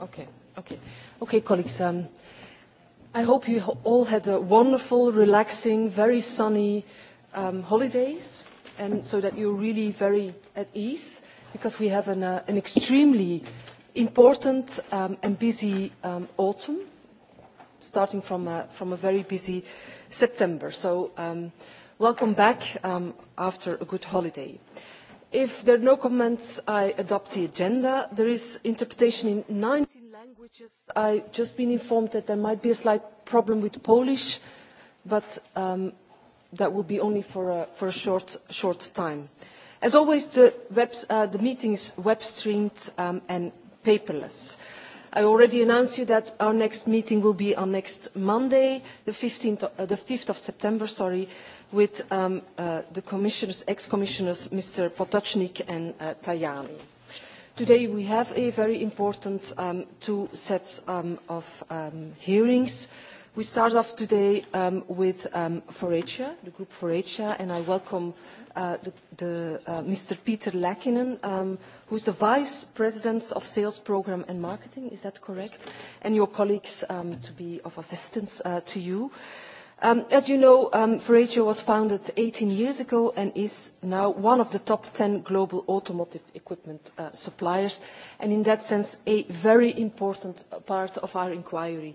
Okay, okay. Okay, colleagues, um, I hope you all had a wonderful, relaxing, very sunny um, holidays, and so that you're really very at ease, because we have an, uh, an extremely important um, and busy um, autumn, starting from a, uh, from a very busy September. So um, welcome back um, after a good holiday. Uh, If there are no comments, I adopt the agenda. There is interpretation in 19 languages. I've just been informed that there might be a slight problem with Polish, but um, that will be only for a, for a short, short time. As always, the, web, uh, the meeting is web-streamed um, and paperless. I already announced you that our next meeting will be on next Monday, the, 15th, uh, the 5th of September, sorry, uh, with um, uh, the commissioners, ex-commissioners Mr. Potocnik and uh, Tajani. Today we have a very important um, two sets um, of um, hearings. We start off today um, with um, Foratia, the group Foratia, and I welcome uh, the, the, uh, Mr. Peter Lackinen, um, who's the Vice President of Sales Program and Marketing, is that correct? And your colleagues um, to be of assistance uh, to you. Uh, Um, as you know, um, Ferragio was founded 18 years ago and is now one of the top 10 global automotive equipment uh, suppliers, and in that sense, a very important uh, part of our inquiry.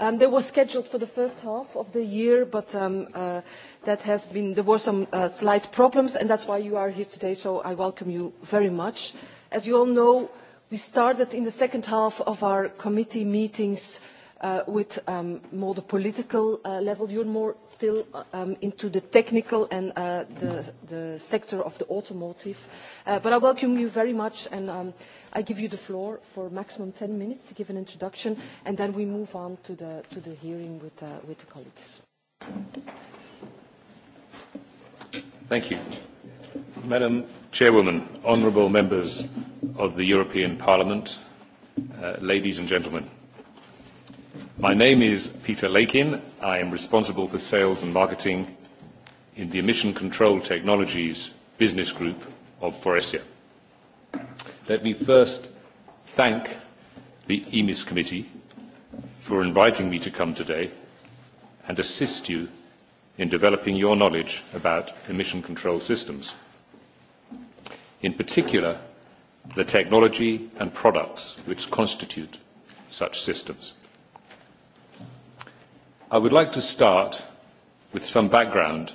Um, they were scheduled for the first half of the year, but um, uh, that has been, there were some uh, slight problems, and that's why you are here today, so I welcome you very much. As you all know, we started in the second half of our committee meetings uh, uh, with um, more the political uh, level. You're more still uh, um, into the technical and uh, the, the sector of the automotive. Uh, but I welcome you very much, and um, I give you the floor for maximum 10 minutes to give an introduction, and then we move on to the, to the hearing with, uh, with the colleagues. Thank you. Madam Chairwoman, honourable members of the European Parliament, uh, ladies and gentlemen. My name is Peter Lakin. I am responsible for sales and marketing in the Emission Control Technologies business group of Faurecia. Let me first thank the EMIS committee for inviting me to come today and assist you in developing your knowledge about emission control systems. In particular, the technology and products which constitute such systems. I would like to start with some background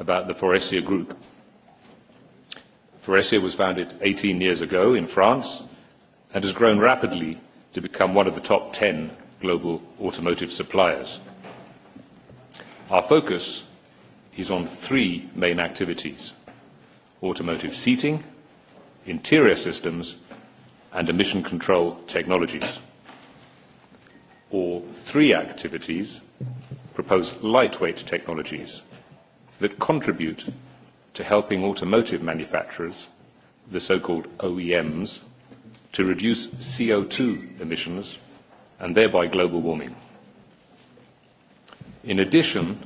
about the Foresia Group. Foresia was founded 18 years ago in France and has grown rapidly to become one of the top 10 global automotive suppliers. Our focus is on three main activities: automotive seating, interior systems, and emission control technologies or three activities, propose lightweight technologies that contribute to helping automotive manufacturers, the so-called OEMs, to reduce CO2 emissions and thereby global warming. In addition,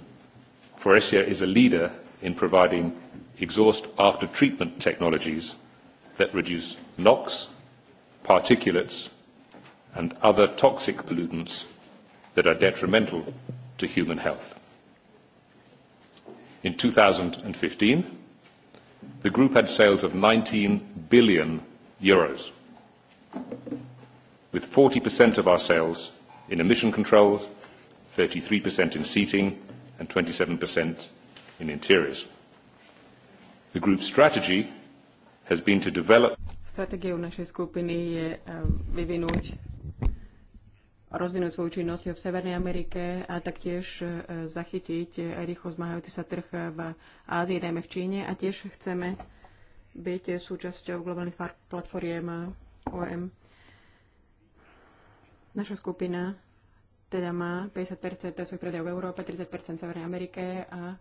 Faurecia is a leader in providing exhaust after-treatment technologies that reduce NOx, particulates, and other toxic pollutants that are detrimental to human health. In 2015, the group had sales of 19 billion euros, with 40% of our sales in emission controls, 33% in seating, and 27% in interiors. The group's strategy has been to develop. Strategiou naší skupiny je eh, vyvinúť rozvinúť svoju činnosť v Severnej Amerike a taktiež e, zachytiť rýchlo zmahajúci sa trh v Ázii, najmä v Číne. A tiež chceme byť súčasťou globálnych platformiem OM. Naša skupina teda má 50 svojich predajov v Európe, 30 v Severnej Amerike a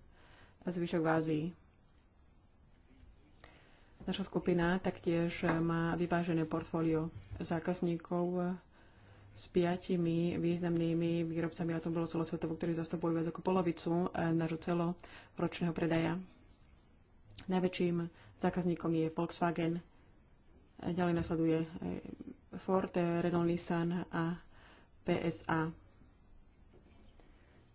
zvyšok v Ázii. Naša skupina taktiež má vyvážené portfólio zákazníkov s piatimi významnými výrobcami automobilov celosvetovo, ktorí zastupujú viac ako polovicu eh, nášho celoročného predaja. Najväčším zákazníkom je Volkswagen, eh, ďalej nasleduje eh, Ford, Renault, Nissan a PSA.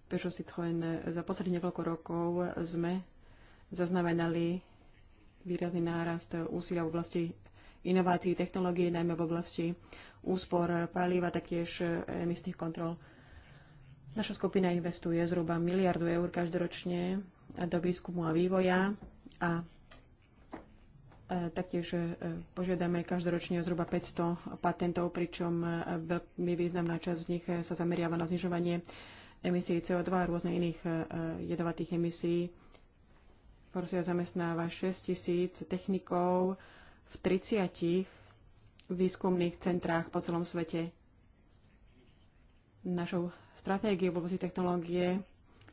Peugeot Citroën za posledných niekoľko rokov sme zaznamenali výrazný nárast úsilia v oblasti inovácií, technológií, najmä v oblasti úspor paliva, taktiež e, emisných kontrol. Naša skupina investuje zhruba miliardu eur každoročne do výskumu a vývoja a e, taktiež e, požiadame každoročne zhruba 500 patentov, pričom veľmi významná časť z nich sa zameriava na znižovanie emisí CO2 a rôzne iných jedovatých emisí. Forsia zamestnáva 6 tisíc technikov v 30 výskumných centrách po celom svete. Našou stratégiou v oblasti technológie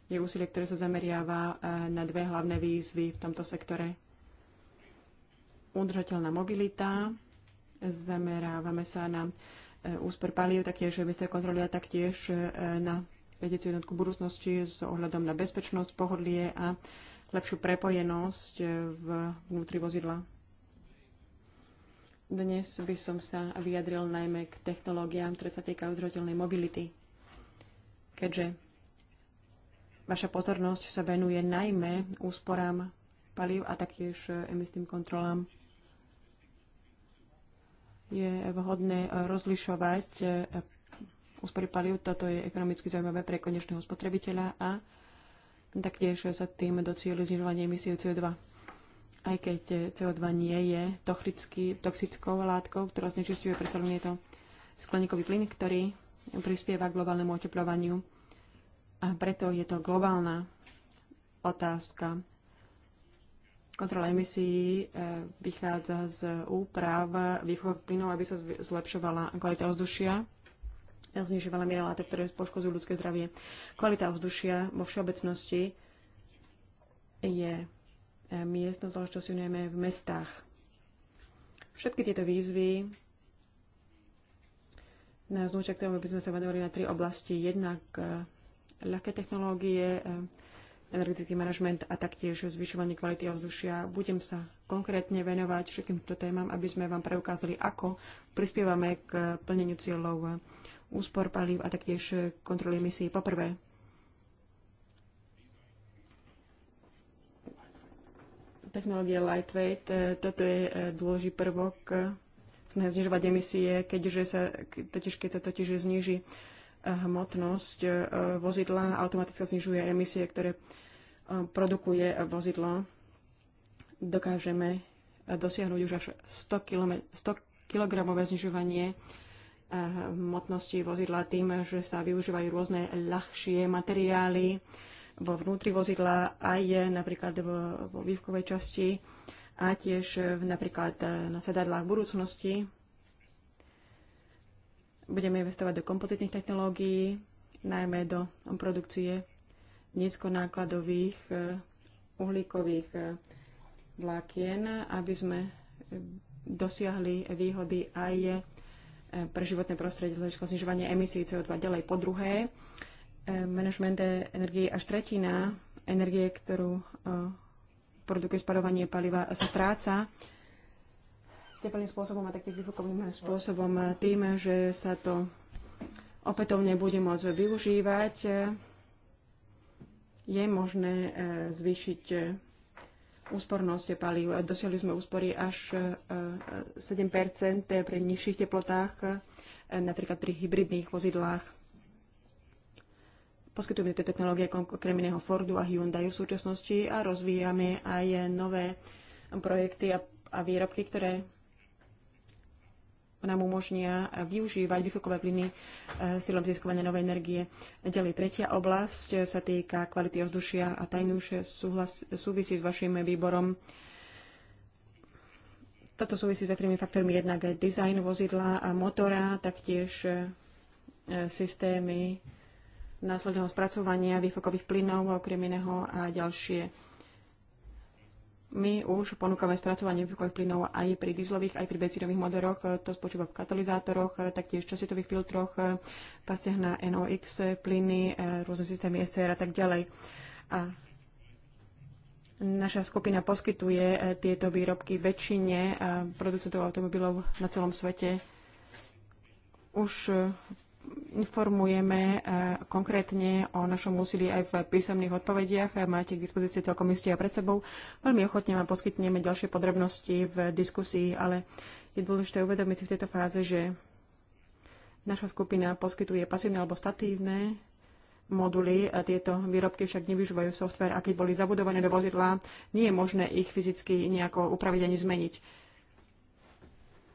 je úsilie, ktoré sa zameriava eh, na dve hlavné výzvy v tomto sektore. Udržateľná mobilita, zamerávame sa na eh, úspor palív, taktiež miestne kontroly a taktiež eh, na riadiacu jednotku budúcnosti s ohľadom na bezpečnosť, pohodlie a lepšiu prepojenosť vnútri vozidla. Dnes by som sa vyjadril najmä k technológiám, ktoré sa týkajú zrotelnej mobility, keďže vaša pozornosť sa venuje najmä úsporám palív a taktiež emisným kontrolám. Je vhodné rozlišovať e, úspory palív, toto je ekonomicky zaujímavé pre konečného spotrebiteľa a taktiež sa tým docieli znižovanie emisie CO2 aj keď e, CO2 nie je toxický, toxickou látkou, ktorá znečistuje, predsa len je to skleníkový plyn, ktorý prispieva k globálnemu oteplovaniu. A preto je to globálna otázka. Kontrola emisí e, vychádza z úprav výfukových plynov, aby sa zlepšovala kvalita ovzdušia a znižovala miera látok, ktoré poškodzujú ľudské zdravie. Kvalita ovzdušia vo všeobecnosti je E, miestnou záležitosťou najmä v mestách. Všetky tieto výzvy nás núčia k tomu, aby sme sa venovali na tri oblasti. Jednak e, ľahké technológie, e, energetický manažment a taktiež zvyšovanie kvality ovzdušia. Budem sa konkrétne venovať všetkým týmto témam, aby sme vám preukázali, ako prispievame k plneniu cieľov úspor palív a taktiež kontroly emisí. Poprvé, technológie lightweight, e, toto je e, dôležitý prvok e, snahy znižovať emisie, keďže sa, totiž, keď sa totiž zniží hmotnosť vozidla, automaticky znižuje emisie, ktoré produkuje vozidlo. Dokážeme dosiahnuť už až 100, km, 100 kg znižovanie hmotnosti vozidla tým, že sa využívajú rôzne ľahšie materiály, vo vnútri vozidla, aj napríklad vo, vo vývkovej časti a tiež napríklad e, na sedadlách budúcnosti. Budeme investovať do kompozitných technológií, najmä do produkcie nízkonákladových e, uhlíkových e, vlákien, aby sme dosiahli výhody aj pre životné prostredie z hľadiska znižovania emisí CO2 ďalej. Po druhé, E, manažmente energie až tretina energie, ktorú e, produkuje spalovanie paliva, sa stráca teplným spôsobom a taktiež výfukovým spôsobom e, tým, že sa to opätovne bude môcť využívať. Je možné zvýšiť úspornosť palív. Dosiahli sme úspory až 7 pri nižších teplotách, napríklad pri hybridných vozidlách poskytujeme tie technológie okrem iného Fordu a Hyundai v súčasnosti a rozvíjame aj nové projekty a, a výrobky, ktoré nám umožnia využívať výfukové plyny e, silom získovania novej energie. Ďalej tretia oblasť sa týka kvality ovzdušia a tajnúšie súhlas, súvisí s vašim výborom. Toto súvisí s viacerými faktormi jednak dizajn vozidla a motora, taktiež e, systémy následného spracovania výfokových plynov, okrem iného a ďalšie. My už ponúkame spracovanie výfokových plynov aj pri dizlových, aj pri benzínových motoroch. To spočíva v katalizátoroch, taktiež časitových filtroch, pastiach na NOx, plyny, e, rôzne systémy SCR a tak ďalej. A naša skupina poskytuje e, tieto výrobky väčšine e, producentov automobilov na celom svete. Už informujeme e, konkrétne o našom úsilí aj v písomných odpovediach. E, máte k dispozícii celkom isté a pred sebou. Veľmi ochotne vám poskytneme ďalšie podrobnosti v diskusii, ale je dôležité uvedomiť si v tejto fáze, že naša skupina poskytuje pasívne alebo statívne moduly. A e, tieto výrobky však nevyužívajú software a keď boli zabudované do vozidla, nie je možné ich fyzicky nejako upraviť ani zmeniť.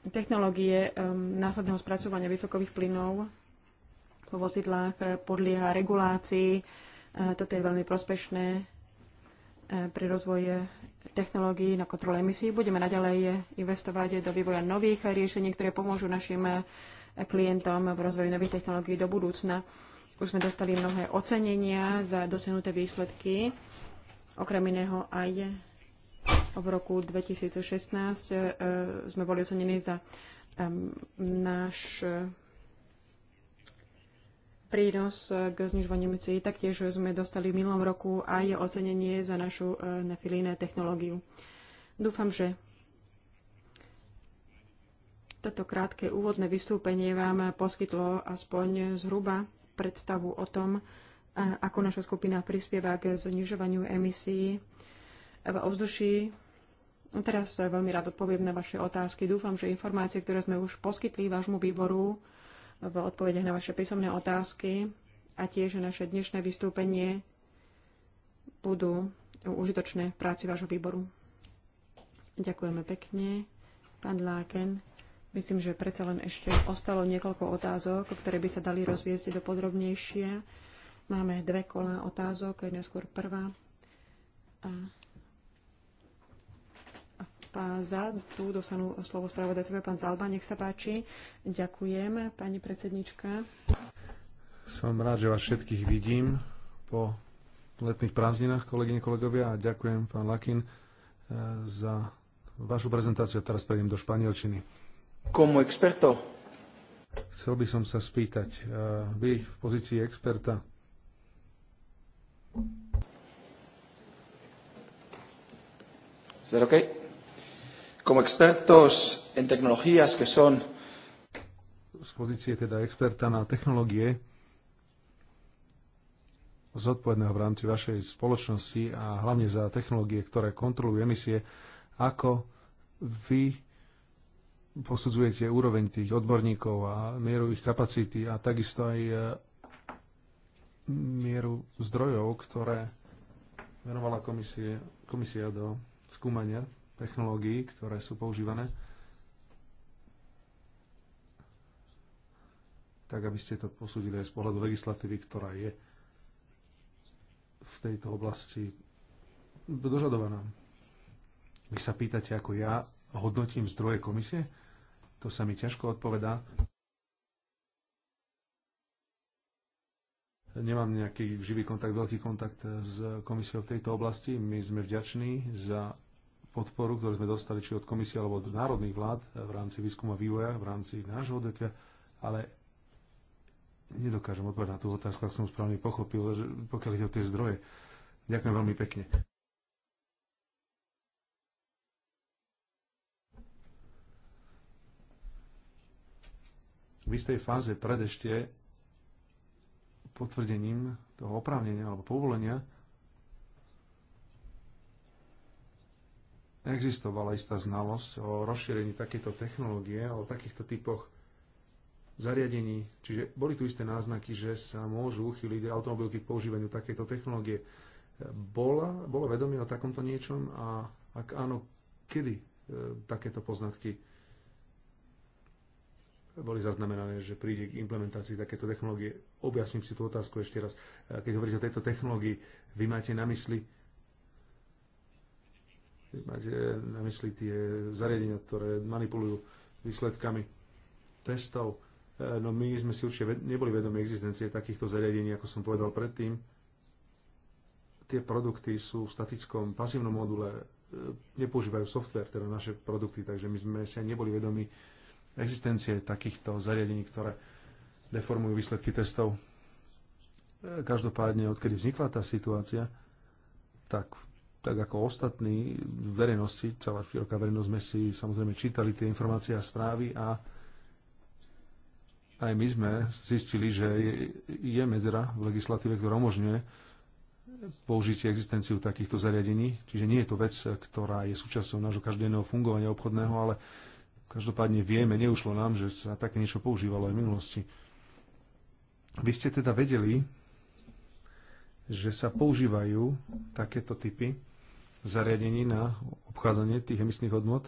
Technológie um, následného spracovania výfokových plynov vo vozidlách eh, podlieha regulácii. Eh, toto je veľmi prospešné eh, pri rozvoji technológií na kontrole emisí. Budeme naďalej investovať do vývoja nových riešení, ktoré pomôžu našim klientom v rozvoji nových technológií do budúcna. Už sme dostali mnohé ocenenia za dosiahnuté výsledky, okrem iného aj v roku 2016 sme boli ocenení za náš prínos e, k znižovaniu emisí taktiež sme dostali v minulom roku a je ocenenie za našu e, nefilíne technológiu. Dúfam, že toto krátke úvodné vystúpenie vám poskytlo aspoň zhruba predstavu o tom, e, ako naša skupina prispieva k znižovaniu emisí v ovzduší. Teraz veľmi rád odpoviem na vaše otázky. Dúfam, že informácie, ktoré sme už poskytli vášmu výboru, v odpovede na vaše písomné otázky a tiež naše dnešné vystúpenie budú užitočné v práci vášho výboru. Ďakujeme pekne. Pán Láken, myslím, že predsa len ešte ostalo niekoľko otázok, ktoré by sa dali rozviesť do podrobnejšie. Máme dve kola otázok, je neskôr prvá. A páza. Tu dostanú slovo spravodajcovia pán Zalba. Nech sa páči. Ďakujem, pani predsednička. Som rád, že vás všetkých vidím po letných prázdninách, kolegyne, kolegovia, a ďakujem, pán Lakin, eh, za vašu prezentáciu. Teraz prejdem do španielčiny. Komu experto? Chcel by som sa spýtať, eh, vy v pozícii experta, Is that okay? como expertos en tecnologías que son z pozície teda experta na technológie zodpovedného v rámci vašej spoločnosti a hlavne za technológie, ktoré kontrolujú emisie, ako vy posudzujete úroveň tých odborníkov a mieru ich kapacity a takisto aj e, mieru zdrojov, ktoré venovala komisie, komisia do skúmania technológií, ktoré sú používané, tak aby ste to posúdili aj z pohľadu legislatívy, ktorá je v tejto oblasti dožadovaná. Vy sa pýtate, ako ja hodnotím zdroje komisie? To sa mi ťažko odpovedá. Nemám nejaký živý kontakt, veľký kontakt s komisiou v tejto oblasti. My sme vďační za podporu, ktorú sme dostali či od komisie alebo od národných vlád v rámci výskuma vývoja, v rámci nášho odvetvia, ale nedokážem odpovedať na tú otázku, ak som správne pochopil, že pokiaľ ide o tie zdroje. Ďakujem veľmi pekne. V istej fáze pred ešte potvrdením toho oprávnenia alebo povolenia existovala istá znalosť o rozšírení takéto technológie, o takýchto typoch zariadení. Čiže boli tu isté náznaky, že sa môžu uchyliť automobilky k používaniu takéto technológie. Bola, bolo vedomie o takomto niečom a ak áno, kedy e, takéto poznatky boli zaznamenané, že príde k implementácii takéto technológie. Objasním si tú otázku ešte raz. E, keď hovoríte o tejto technológii, vy máte na mysli máte eh, na mysli tie zariadenia, ktoré manipulujú výsledkami testov. Eh, no my sme si určite neboli vedomi existencie takýchto zariadení, ako som povedal predtým. Tie produkty sú v statickom pasívnom module, eh, nepoužívajú software, teda naše produkty, takže my sme si neboli vedomi existencie takýchto zariadení, ktoré deformujú výsledky testov. Každopádne, odkedy vznikla tá situácia, tak tak ako ostatní v verejnosti, celá široká verejnosť sme si samozrejme čítali tie informácie a správy a aj my sme zistili, že je medzera v legislatíve, ktorá umožňuje použitie existenciu takýchto zariadení. Čiže nie je to vec, ktorá je súčasťou nášho každodenného fungovania obchodného, ale každopádne vieme, neušlo nám, že sa také niečo používalo aj v minulosti. Vy ste teda vedeli, že sa používajú takéto typy zariadení na obchádzanie tých emisných hodnot,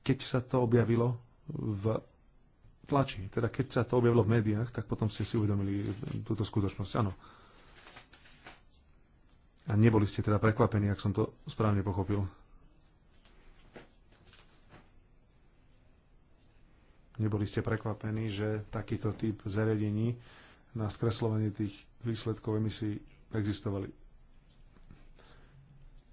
keď sa to objavilo v tlači. Teda keď sa to objavilo v médiách, tak potom ste si uvedomili túto skutočnosť. Áno. A neboli ste teda prekvapení, ak som to správne pochopil. Neboli ste prekvapení, že takýto typ zariadení na skreslovanie tých výsledkov emisí existovali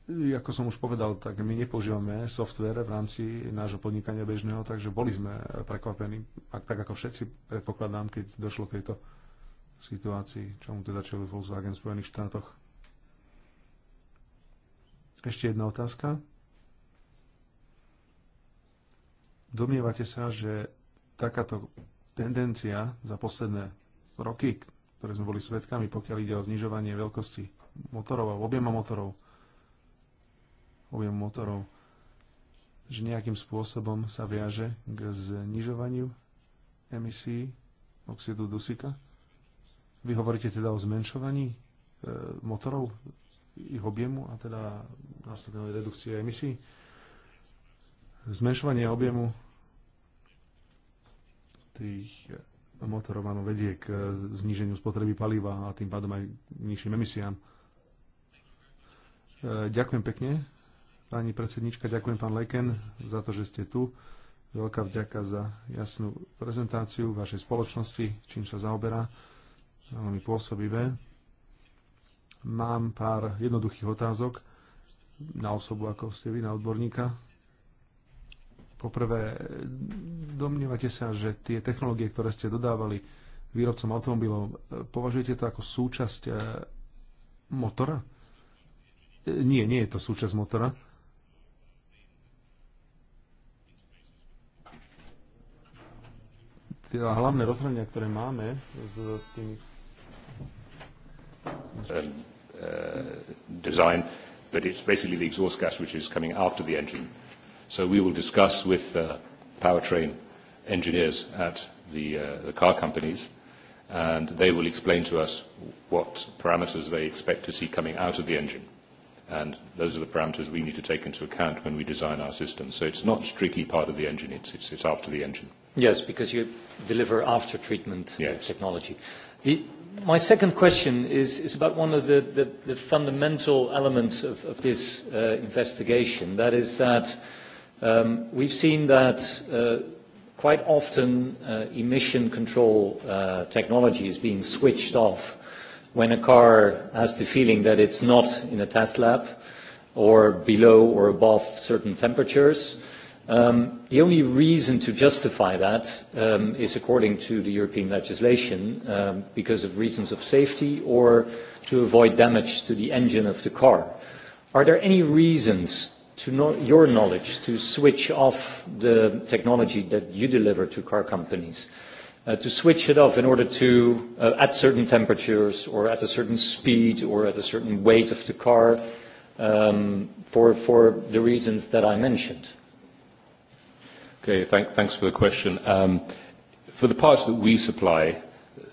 ako som už povedal, tak my nepoužívame softvere v rámci nášho podnikania bežného, takže boli sme prekvapení, ak, tak ako všetci predpokladám, keď došlo k tejto situácii, čomu teda čelil Volkswagen v Spojených štátoch. Ešte jedna otázka. Domnievate sa, že takáto tendencia za posledné roky, ktoré sme boli svedkami, pokiaľ ide o znižovanie veľkosti motorov a objema motorov, objem motorov, že nejakým spôsobom sa viaže k znižovaniu emisí oxidu dusíka. Vy hovoríte teda o zmenšovaní e, motorov, ich objemu a teda následnej redukcie emisí. Zmenšovanie objemu tých motorov áno, vedie k zníženiu spotreby paliva a tým pádom aj k nižším emisiám. E, ďakujem pekne Pani predsednička, ďakujem pán Leken za to, že ste tu. Veľká vďaka za jasnú prezentáciu vašej spoločnosti, čím sa zaoberá. Veľmi pôsobivé. Mám pár jednoduchých otázok na osobu, ako ste vy, na odborníka. Poprvé, domnievate sa, že tie technológie, ktoré ste dodávali výrobcom automobilov, považujete to ako súčasť eh, motora? Nie, nie je to súčasť motora teda hlavné rozhrania, ktoré máme s tými um, uh, design, but it's basically the exhaust gas which is coming after the engine. So we will discuss with uh, powertrain engineers at the, uh, the car companies, and they will explain to us what parameters they expect to see coming out of the engine. And those are the parameters we need to take into account when we design our system. So it's not strictly part of the engine, it's, it's, it's after the engine. Yes, because you deliver after treatment yes. technology. The, my second question is, is about one of the, the, the fundamental elements of, of this uh, investigation. That is that um, we've seen that uh, quite often uh, emission control uh, technology is being switched off when a car has the feeling that it's not in a test lab or below or above certain temperatures. Uh, Um, the only reason to justify that um, is according to the European legislation um, because of reasons of safety or to avoid damage to the engine of the car. Are there any reasons, to no your knowledge, to switch off the technology that you deliver to car companies? Uh, to switch it off in order to, uh, at certain temperatures or at a certain speed or at a certain weight of the car, um, for, for the reasons that I mentioned? Okay, thank, thanks for the question. Um, for the parts that we supply,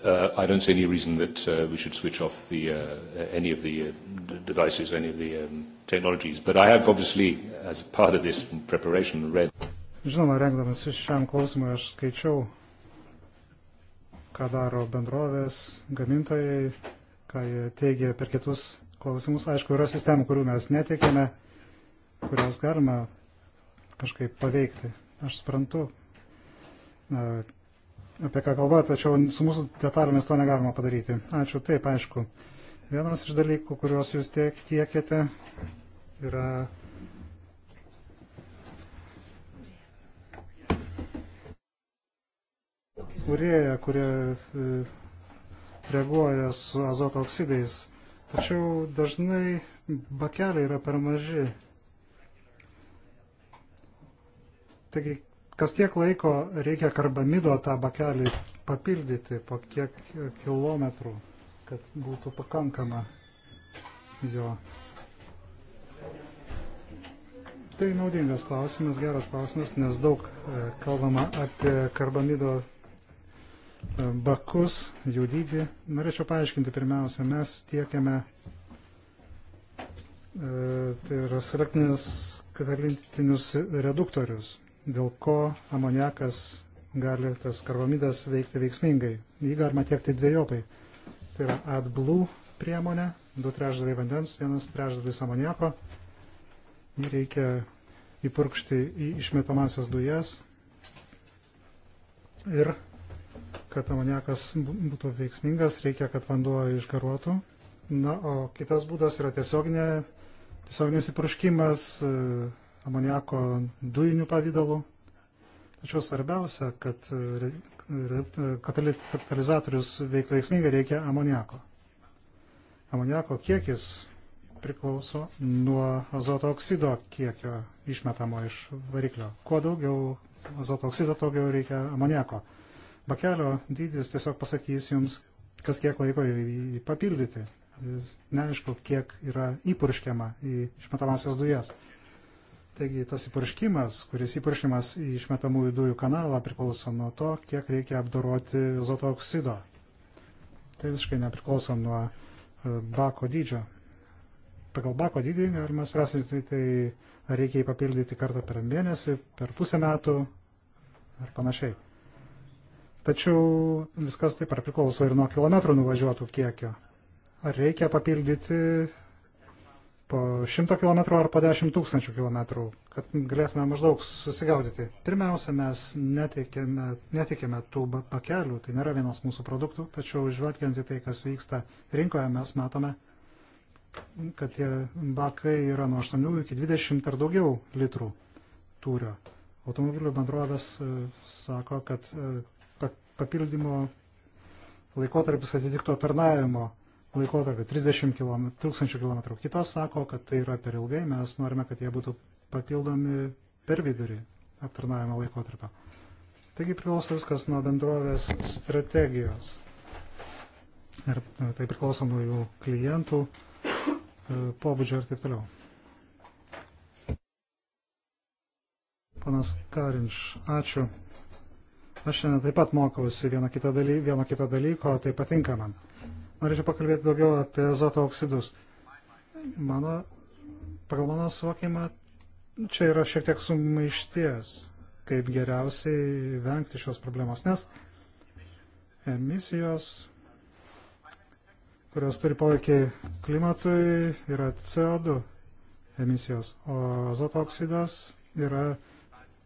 uh, I don't see any reason that uh, we should switch off the, uh, any of the uh, d- devices, any of the um, technologies. But I have obviously, as part of this preparation, read. Žinoma, rengdamas šiam klausimui aš skaičiau, ką daro bendrovės, gamintojai, ką jie teigia per kitus klausimus. Aišku, yra sistemų, kurių mes netikime, kurios galima kažkaip paveikti. Aš suprantu, e, apie ką kalba, tačiau su mūsų detalėmis to negalima padaryti. Ačiū, taip, aišku. Vienas iš dalykų, kuriuos jūs tiek tiekėte, yra kurieja, kurie e, reaguoja su azoto oksidais. Tačiau dažnai bakeliai yra per maži Taigi, kas tiek laiko reikia karbamido tą bakelį papildyti, po kiek kilometrų, kad būtų pakankama jo. Tai naudingas klausimas, geras klausimas, nes daug e, kalbama apie karbamido e, bakus, jų dydį. Norėčiau paaiškinti pirmiausia, mes tiekiame e, tai yra selektinės katalintinius reduktorius dėl ko amoniakas gali tas karbamidas veikti veiksmingai. Jį galima tiekti dviejopai. Tai yra atblų priemonė, du trešdaliai vandens, vienas trešdalis amoniako. Jį reikia įpurkšti į išmetamasias dujas ir kad amoniakas būtų veiksmingas, reikia, kad vanduo išgaruotų. Na, o kitas būdas yra tiesioginė, tiesioginis įpurškimas, amoniako dujinių pavydalų. Tačiau svarbiausia, kad katalizatorius veik veiksmingai reikia amoniako. Amoniako kiekis priklauso nuo azoto oksido kiekio išmetamo iš variklio. Kuo daugiau azoto oksido, to daugiau reikia amoniako. Bakelio dydis tiesiog pasakys jums, kas kiek laiko jį papildyti. Neaišku, kiek yra įpurškiama į išmetamasias dujas. Taigi tas įpurškimas, kuris įpurškimas į išmetamųjų dujų kanalą priklauso nuo to, kiek reikia apdoroti azoto oksido. Tai visiškai nepriklauso nuo e, bako dydžio. Pagal bako dydį galima spręsti, tai, tai reikia jį papildyti kartą per mėnesį, per pusę metų ar panašiai. Tačiau viskas taip ar priklauso ir nuo kilometrų nuvažiuotų kiekio. Ar reikia papildyti po 100 km ar po 10 tūkstančių km, kad galėtume maždaug susigaudyti. Pirmiausia, mes netikime, netikime tų pakelių, tai nėra vienas mūsų produktų, tačiau žvelgiant į tai, kas vyksta rinkoje, mes matome, kad tie bakai yra nuo 8 iki 20 ar daugiau litrų tūrio. Automobilių bendrovės e, sako, kad e, papildymo laikotarpis atitiktų aptarnavimo laikotarpį 30 km, 1000 km. Kitos sako, kad tai yra per ilgai, mes norime, kad jie būtų papildomi per vidurį aptarnavimo laikotarpio. Taigi priklauso viskas nuo bendrovės strategijos. Ir e, tai priklauso nuo jų klientų, e, pobūdžio ir taip toliau. Panas Karinš, ačiū. Aš šiandien taip pat mokausi vieno kito dalyko, tai patinka man. Norėčiau pakalbėti daugiau apie azoto oksidus. Mano, pagal mano suvokimą, čia yra šiek tiek sumaišties, kaip geriausiai vengti šios problemos, nes emisijos, kurios turi poveikį klimatui, yra CO2 emisijos, o azoto oksidas yra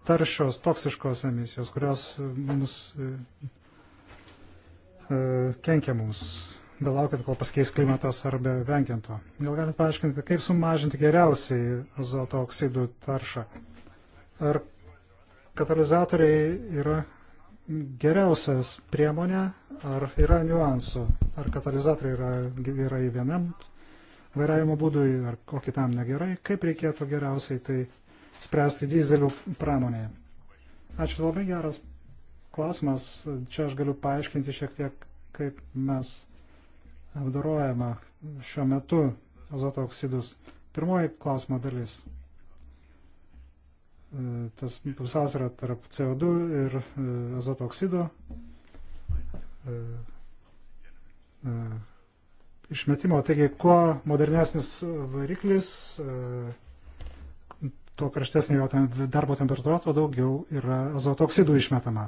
taršios, toksiškos emisijos, kurios mums e, kenkia mums belaukiant, kol pasikeis klimatas ar be vengiant to. Gal galite paaiškinti, kaip sumažinti geriausiai azoto oksidų taršą? Ar katalizatoriai yra geriausias priemonė, ar yra niuansų? Ar katalizatoriai yra gerai vienam vairavimo būdui, ar o kitam negerai? Kaip reikėtų geriausiai tai spręsti dizelių pramonėje? Ačiū labai geras klausimas. Čia aš galiu paaiškinti šiek tiek, kaip mes apdorojama šiuo metu azoto oksidus. Pirmoji klausimo dalis. E, tas pusiausvyrą tarp CO2 ir e, azoto oksido e, išmetimo. Taigi, kuo modernesnis variklis, tuo karštesnė jo darbo temperatūra, tuo daugiau yra azoto oksidų išmetama.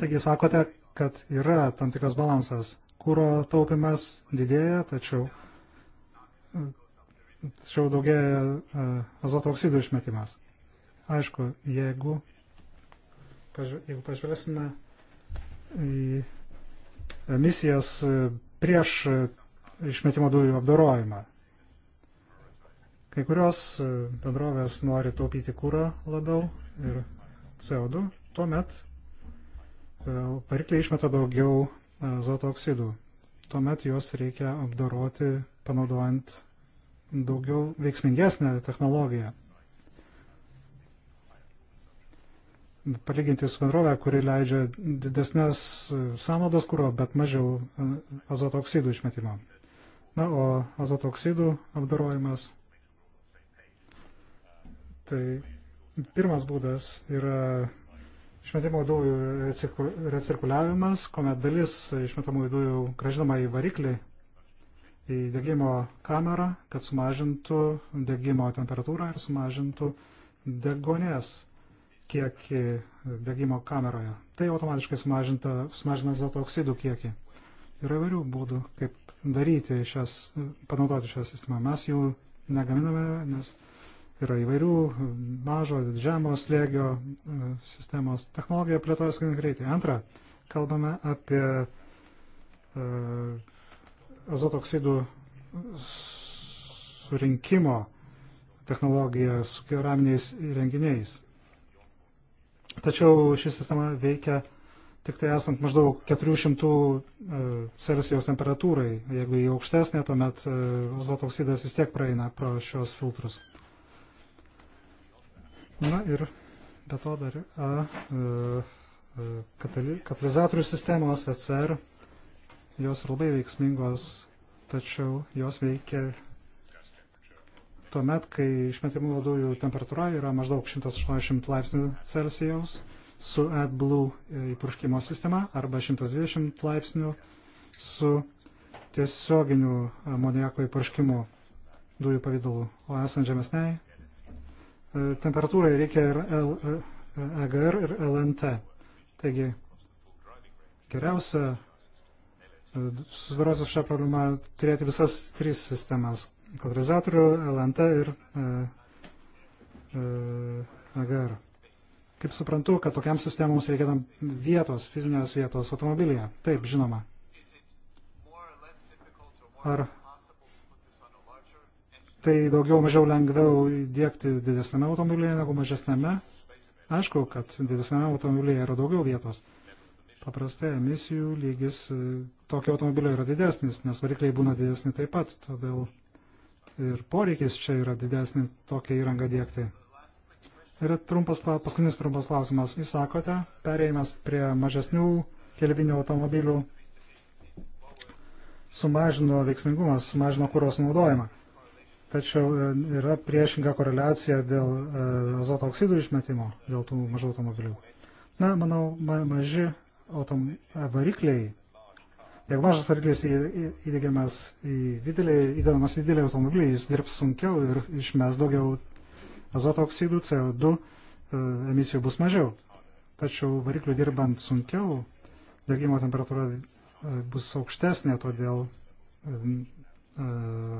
Taigi sakote, kad yra tam tikras balansas kūro taupimas didėja, tačiau, tačiau daugėja e, azoto oksidų išmetimas. Aišku, jeigu, jeigu pažvelgsime į emisijas e, prieš e, išmetimo dujų apdorojimą. Kai kurios bendrovės nori taupyti kūrą labiau ir CO2, tuomet varikliai išmeta daugiau E, azoto oksidų. Tuomet juos reikia apdoroti panaudojant daugiau veiksmingesnę technologiją. Palyginti su bendrovė, kuri leidžia didesnės sąnaudos kūro, bet mažiau e, azoto oksidų išmetimo. Na, o azoto oksidų apdorojimas. Tai pirmas būdas yra Išmetamų dujų recirkuliavimas, kuomet dalis išmetamų dujų gražinama į variklį, į degimo kamerą, kad sumažintų degimo temperatūrą ir sumažintų degonės kiekį degimo kameroje. Tai automatiškai sumažina azoto oksidų kiekį. Yra įvairių būdų, kaip daryti šias, panaudoti šią sistemą. Mes jų negaminame, nes Yra įvairių mažo, žemo slėgio e, sistemos. Technologija plėtojasi gan greitai. Antra, kalbame apie e, azotoksidų surinkimo technologiją su keraminiais renginiais. Tačiau ši sistema veikia tik tai esant maždaug 400 e, Celsijos temperatūrai. Jeigu į aukštesnė, tuomet azotoksidas vis tiek praeina pro šios filtrus. Na ir be to dar A, e, e, katali, katalizatorių sistemos ECR, jos labai veiksmingos, tačiau jos veikia tuo met, kai išmetimų dujų temperatūra yra maždaug 180 laipsnių Celsijaus su AdBlue e, įpurškimo sistema arba 120 laipsnių su tiesioginiu amoniako įpurškimo dujų pavydalu, o esant žemesniai temperatūrai reikia ir L, EGR ir LNT. Taigi geriausia e, susidarosiu šią problemą turėti visas tris sistemas - katalizatorių, LNT ir e, e, AGR. E Kaip suprantu, kad tokiam sistemoms reikia tam vietos, fizinės vietos automobilyje. Taip, žinoma. Ar tai daugiau mažiau lengviau įdėkti didesnėme automobilyje negu mažesnėme. Aišku, kad didesnėme automobilyje yra daugiau vietos. Paprastai emisijų lygis e, tokio automobilio yra didesnis, nes varikliai būna didesni taip pat, todėl ir poreikis čia yra didesnį tokią įrangą dėkti. Ir trumpas, paskutinis trumpas klausimas. Jūs sakote, perėjimas prie mažesnių kelvinių automobilių sumažino veiksmingumą, sumažino kūros naudojimą. Tačiau e, yra priešinga koreliacija dėl e, azoto oksidų išmetimo, dėl tų mažų automobilių. Na, manau, ma maži autom e, varikliai, jeigu mažas variklis įdėgiamas į didelį, įdedamas į didelį automobilį, jis dirbs sunkiau ir išmes daugiau azoto oksidų, CO2 emisijų bus mažiau. Tačiau variklių dirbant sunkiau, degimo temperatūra bus aukštesnė, todėl E,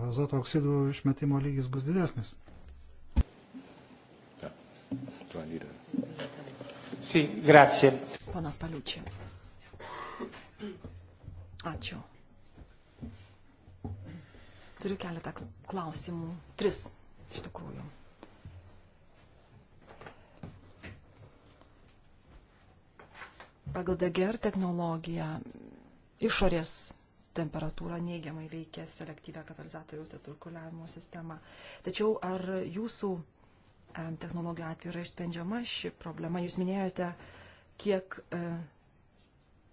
azoto oksidų išmetimo lygis bus didesnis. Sì, grazie. Ponas Paliučė. Ačiū. Turiu keletą klausimų. Tris, iš tikrųjų. Pagal DGR technologiją išorės temperatūra neigiamai veikia selektyvę katalizatoriaus atvirkuliavimo sistemą. Tačiau ar jūsų technologijų atveju yra išsprendžiama ši problema? Jūs minėjote, kiek e,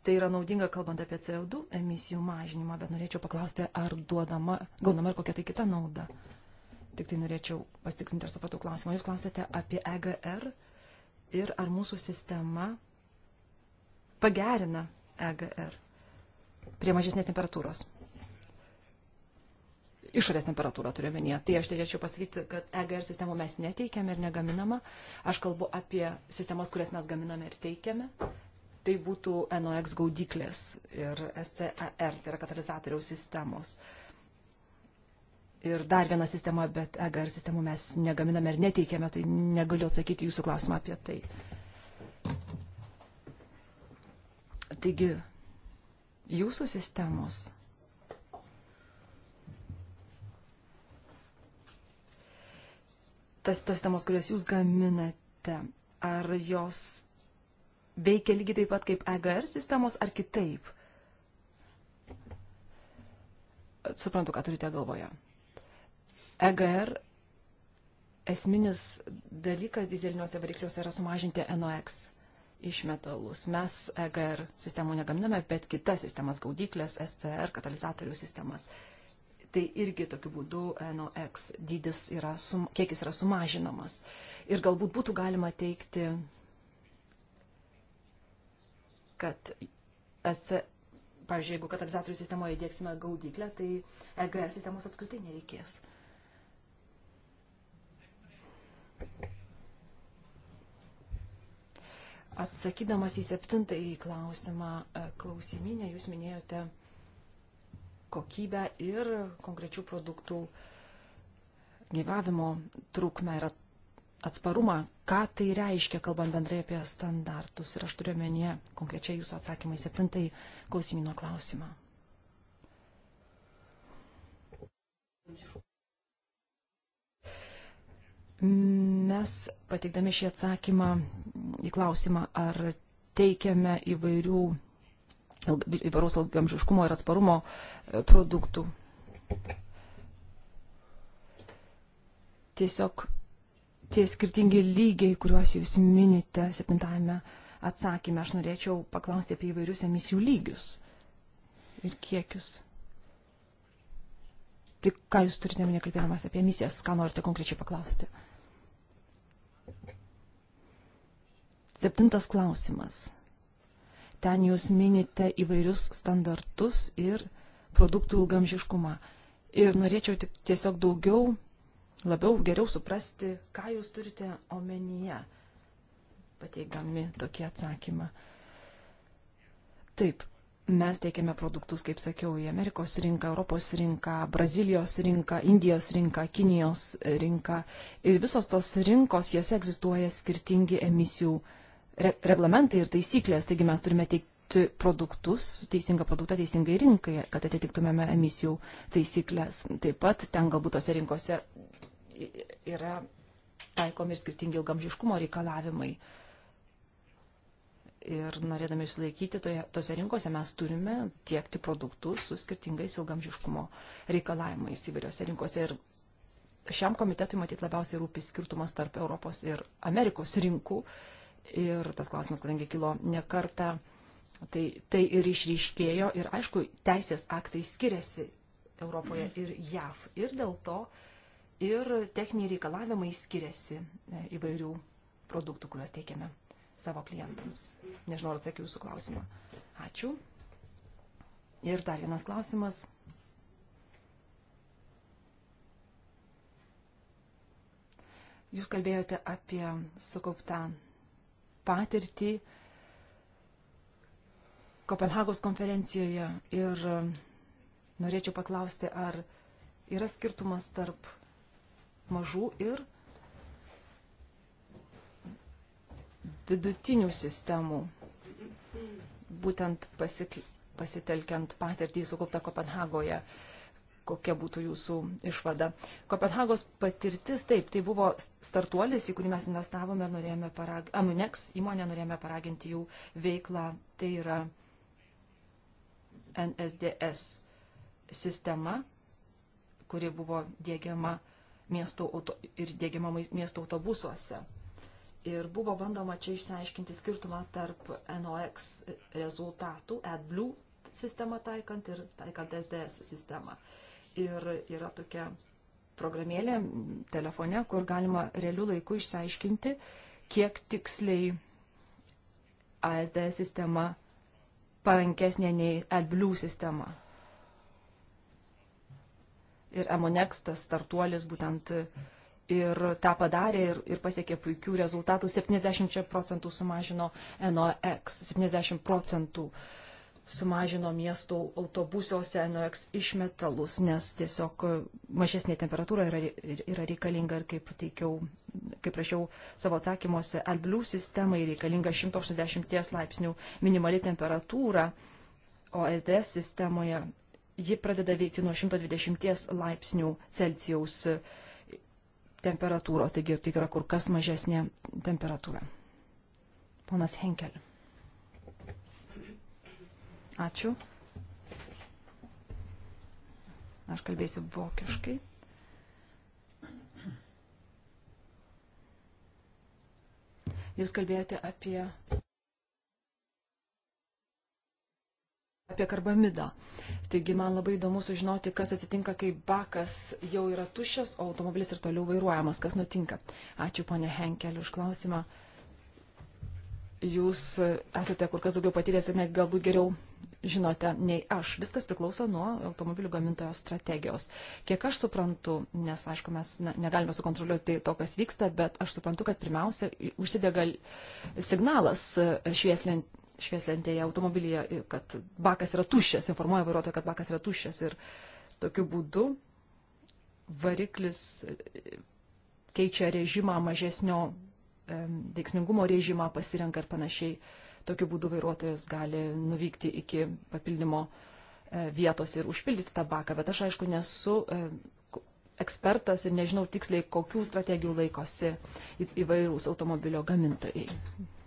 tai yra naudinga, kalbant apie CO2 emisijų mažinimą, bet norėčiau paklausti, ar duodama, gaunama ir kokia tai kita nauda. Tik tai norėčiau pastiksinti ir supratau klausimą. Jūs klausėte apie EGR ir ar mūsų sistema pagerina EGR prie mažesnės temperatūros. Išorės temperatūrą turiu menyje. Tai aš turėčiau pasakyti, kad EGR sistemų mes neteikiame ir negaminama. Aš kalbu apie sistemas, kurias mes gaminame ir teikiame. Tai būtų NOX gaudyklės ir SCAR, e tai yra katalizatoriaus sistemos. Ir dar viena sistema, bet EGR sistemų mes negaminame ir neteikiame, tai negaliu atsakyti jūsų klausimą apie tai. Taigi, jūsų sistemos. Tas tos sistemos, kurias jūs gaminate, ar jos veikia lygiai taip pat kaip EGR sistemos, ar kitaip? Suprantu, ką turite galvoje. EGR esminis dalykas dizeliniuose varikliuose yra sumažinti NOx išmetalus. Mes EGR sistemų negaminame, bet kitas sistemas, gaudyklės, SCR, katalizatorių sistemas. Tai irgi tokiu būdu NOx dydis yra, sum, kiekis yra sumažinamas. Ir galbūt būtų galima teikti, kad SCR, pavyzdžiui, jeigu katalizatorių sistemoje įdėksime gaudyklę, tai EGR sistemos apskritai nereikės. Thank you. Atsakydamas į septintąjį klausimą e, klausiminę, jūs minėjote kokybę ir konkrečių produktų gyvavimo trukmę ir atsparumą. Ką tai reiškia, kalbant bendrai apie standartus? Ir aš turiu menyje konkrečiai jūsų atsakymą į septintąjį klausimino klausimą. Mes pateikdami šį atsakymą į klausimą, ar teikiame įvairių, įvairaus ilgamžiškumo ir atsparumo e, produktų. Tiesiog tie skirtingi lygiai, kuriuos jūs minite septintame atsakymė, aš norėčiau paklausti apie įvairius emisijų lygius ir kiekius. Tai ką jūs turite mane kalbėdamas apie emisijas, ką norite konkrečiai paklausti? Septintas klausimas. Ten jūs minite įvairius standartus ir produktų ilgamžiškumą. Ir norėčiau tik tiesiog daugiau, labiau, geriau suprasti, ką jūs turite omenyje, pateikdami tokį atsakymą. Taip, Mes teikiame produktus, kaip sakiau, į Amerikos rinką, Europos rinką, Brazilijos rinką, Indijos rinką, Kinijos rinką. Ir visos tos rinkos, jose egzistuoja skirtingi emisijų re reglamentai ir taisyklės. Taigi mes turime teikti produktus, teisingą produktą teisingai rinkai, kad atitiktumėme emisijų taisyklės. Taip pat ten galbūt tose rinkose yra taikomi ir skirtingi ilgamžiškumo reikalavimai. Uh, Ir norėdami išsilaikyti toje, tose rinkose mes turime tiekti produktus su skirtingais ilgamžiškumo reikalavimais įvairiose rinkose. Ir šiam komitetui matyt labiausiai rūpi skirtumas tarp Europos ir Amerikos rinkų. Ir tas klausimas, kadangi kilo ne kartą, tai, tai ir išryškėjo. Ir aišku, teisės aktai skiriasi Europoje ir JAV. Ir dėl to ir techniniai reikalavimai skiriasi e, įvairių produktų, kuriuos teikiame savo klientams. Nežinau, ar atsakiau jūsų klausimą. Ačiū. Ir dar vienas klausimas. Jūs kalbėjote apie sukauptą patirtį Kopenhagos konferencijoje ir norėčiau paklausti, ar yra skirtumas tarp mažų ir didelių vidutinių sistemų, būtent pasitelkiant patirtį sukauptą Kopenhagoje. Kokia būtų jūsų išvada? Kopenhagos patirtis, taip, tai buvo startuolis, į kurį mes investavome ir norėjome paraginti, Amunex nu, įmonę norėjome paraginti jų veiklą, tai yra NSDS sistema, kuri buvo dėgiama miesto auto, ir dėgiama miesto autobusuose ir buvo bandoma čia išsiaiškinti skirtumą tarp NOX rezultatų, AdBlue sistemą taikant ir taikant SDS sistemą. Ir yra tokia programėlė telefone, kur galima realių laikų išsiaiškinti, kiek tiksliai ASDS sistema parankesnė nei AdBlue sistema. Ir Amonex, tas startuolis, būtent uh, ir tą padarė ir, ir pasiekė puikių rezultatų. 70 procentų sumažino NOX, 70 procentų sumažino miesto autobusiuose NOX išmetalus, nes tiesiog mažesnė temperatūra yra, yra reikalinga ir kaip teikiau, kaip rašiau savo atsakymuose, AdBlue sistemai reikalinga 180 laipsnių minimali temperatūra, o LTS sistemoje ji pradeda veikti nuo 120 laipsnių Celsijaus temperatūros temperatūros, taigi tai yra kur kas mažesnė temperatūra. Ponas Henkel. Ačiū. Aš kalbėsiu vokiškai. Jūs kalbėjote apie apie karbamidą. Taigi man labai įdomu sužinoti, kas atsitinka, kai bakas jau yra tuščias, o automobilis ir toliau vairuojamas. Kas nutinka? Ačiū, ponė Henkel, už klausimą. Jūs esate kur kas daugiau patyręs ir net galbūt geriau žinote nei aš. Viskas priklauso nuo automobilių gamintojo strategijos. Kiek aš suprantu, nes aišku, mes negalime sukontroliuoti to, kas vyksta, bet aš suprantu, kad pirmiausia užsidega signalas švieslint švieslentėje automobilyje, kad bakas yra tuščias, informuoja vairuotoją, kad bakas yra tuščias ir tokiu būdu variklis e, keičia režimą mažesnio e, veiksmingumo režimą pasirenka ir panašiai. Tokiu būdu vairuotojas gali nuvykti iki papildymo e, vietos ir užpildyti tą baką. Bet aš aišku nesu ekspertas ir nežinau tiksliai, kokių strategijų laikosi įvairūs automobilio gamintojai,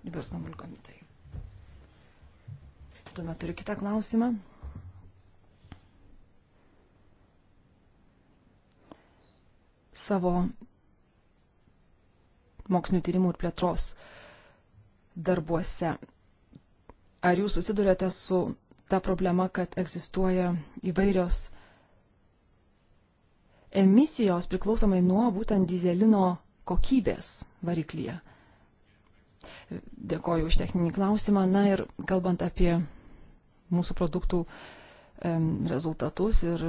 įvairūs automobilio gamintojai. Tuomet turiu kitą klausimą. Savo mokslinių tyrimų ir plėtros darbuose. Ar jūs susidurėte su ta problema, kad egzistuoja įvairios emisijos priklausomai nuo būtent dizelino kokybės variklyje? Dėkoju už techninį klausimą. Na ir kalbant apie mūsų produktų rezultatus ir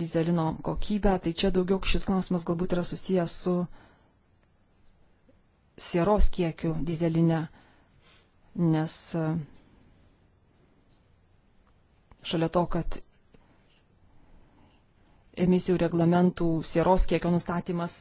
dizelino kokybę. Tai čia daugiau šis klausimas galbūt yra susijęs su sieros kiekiu dizelinė, nes šalia to, kad emisijų reglamentų sieros kiekio nustatymas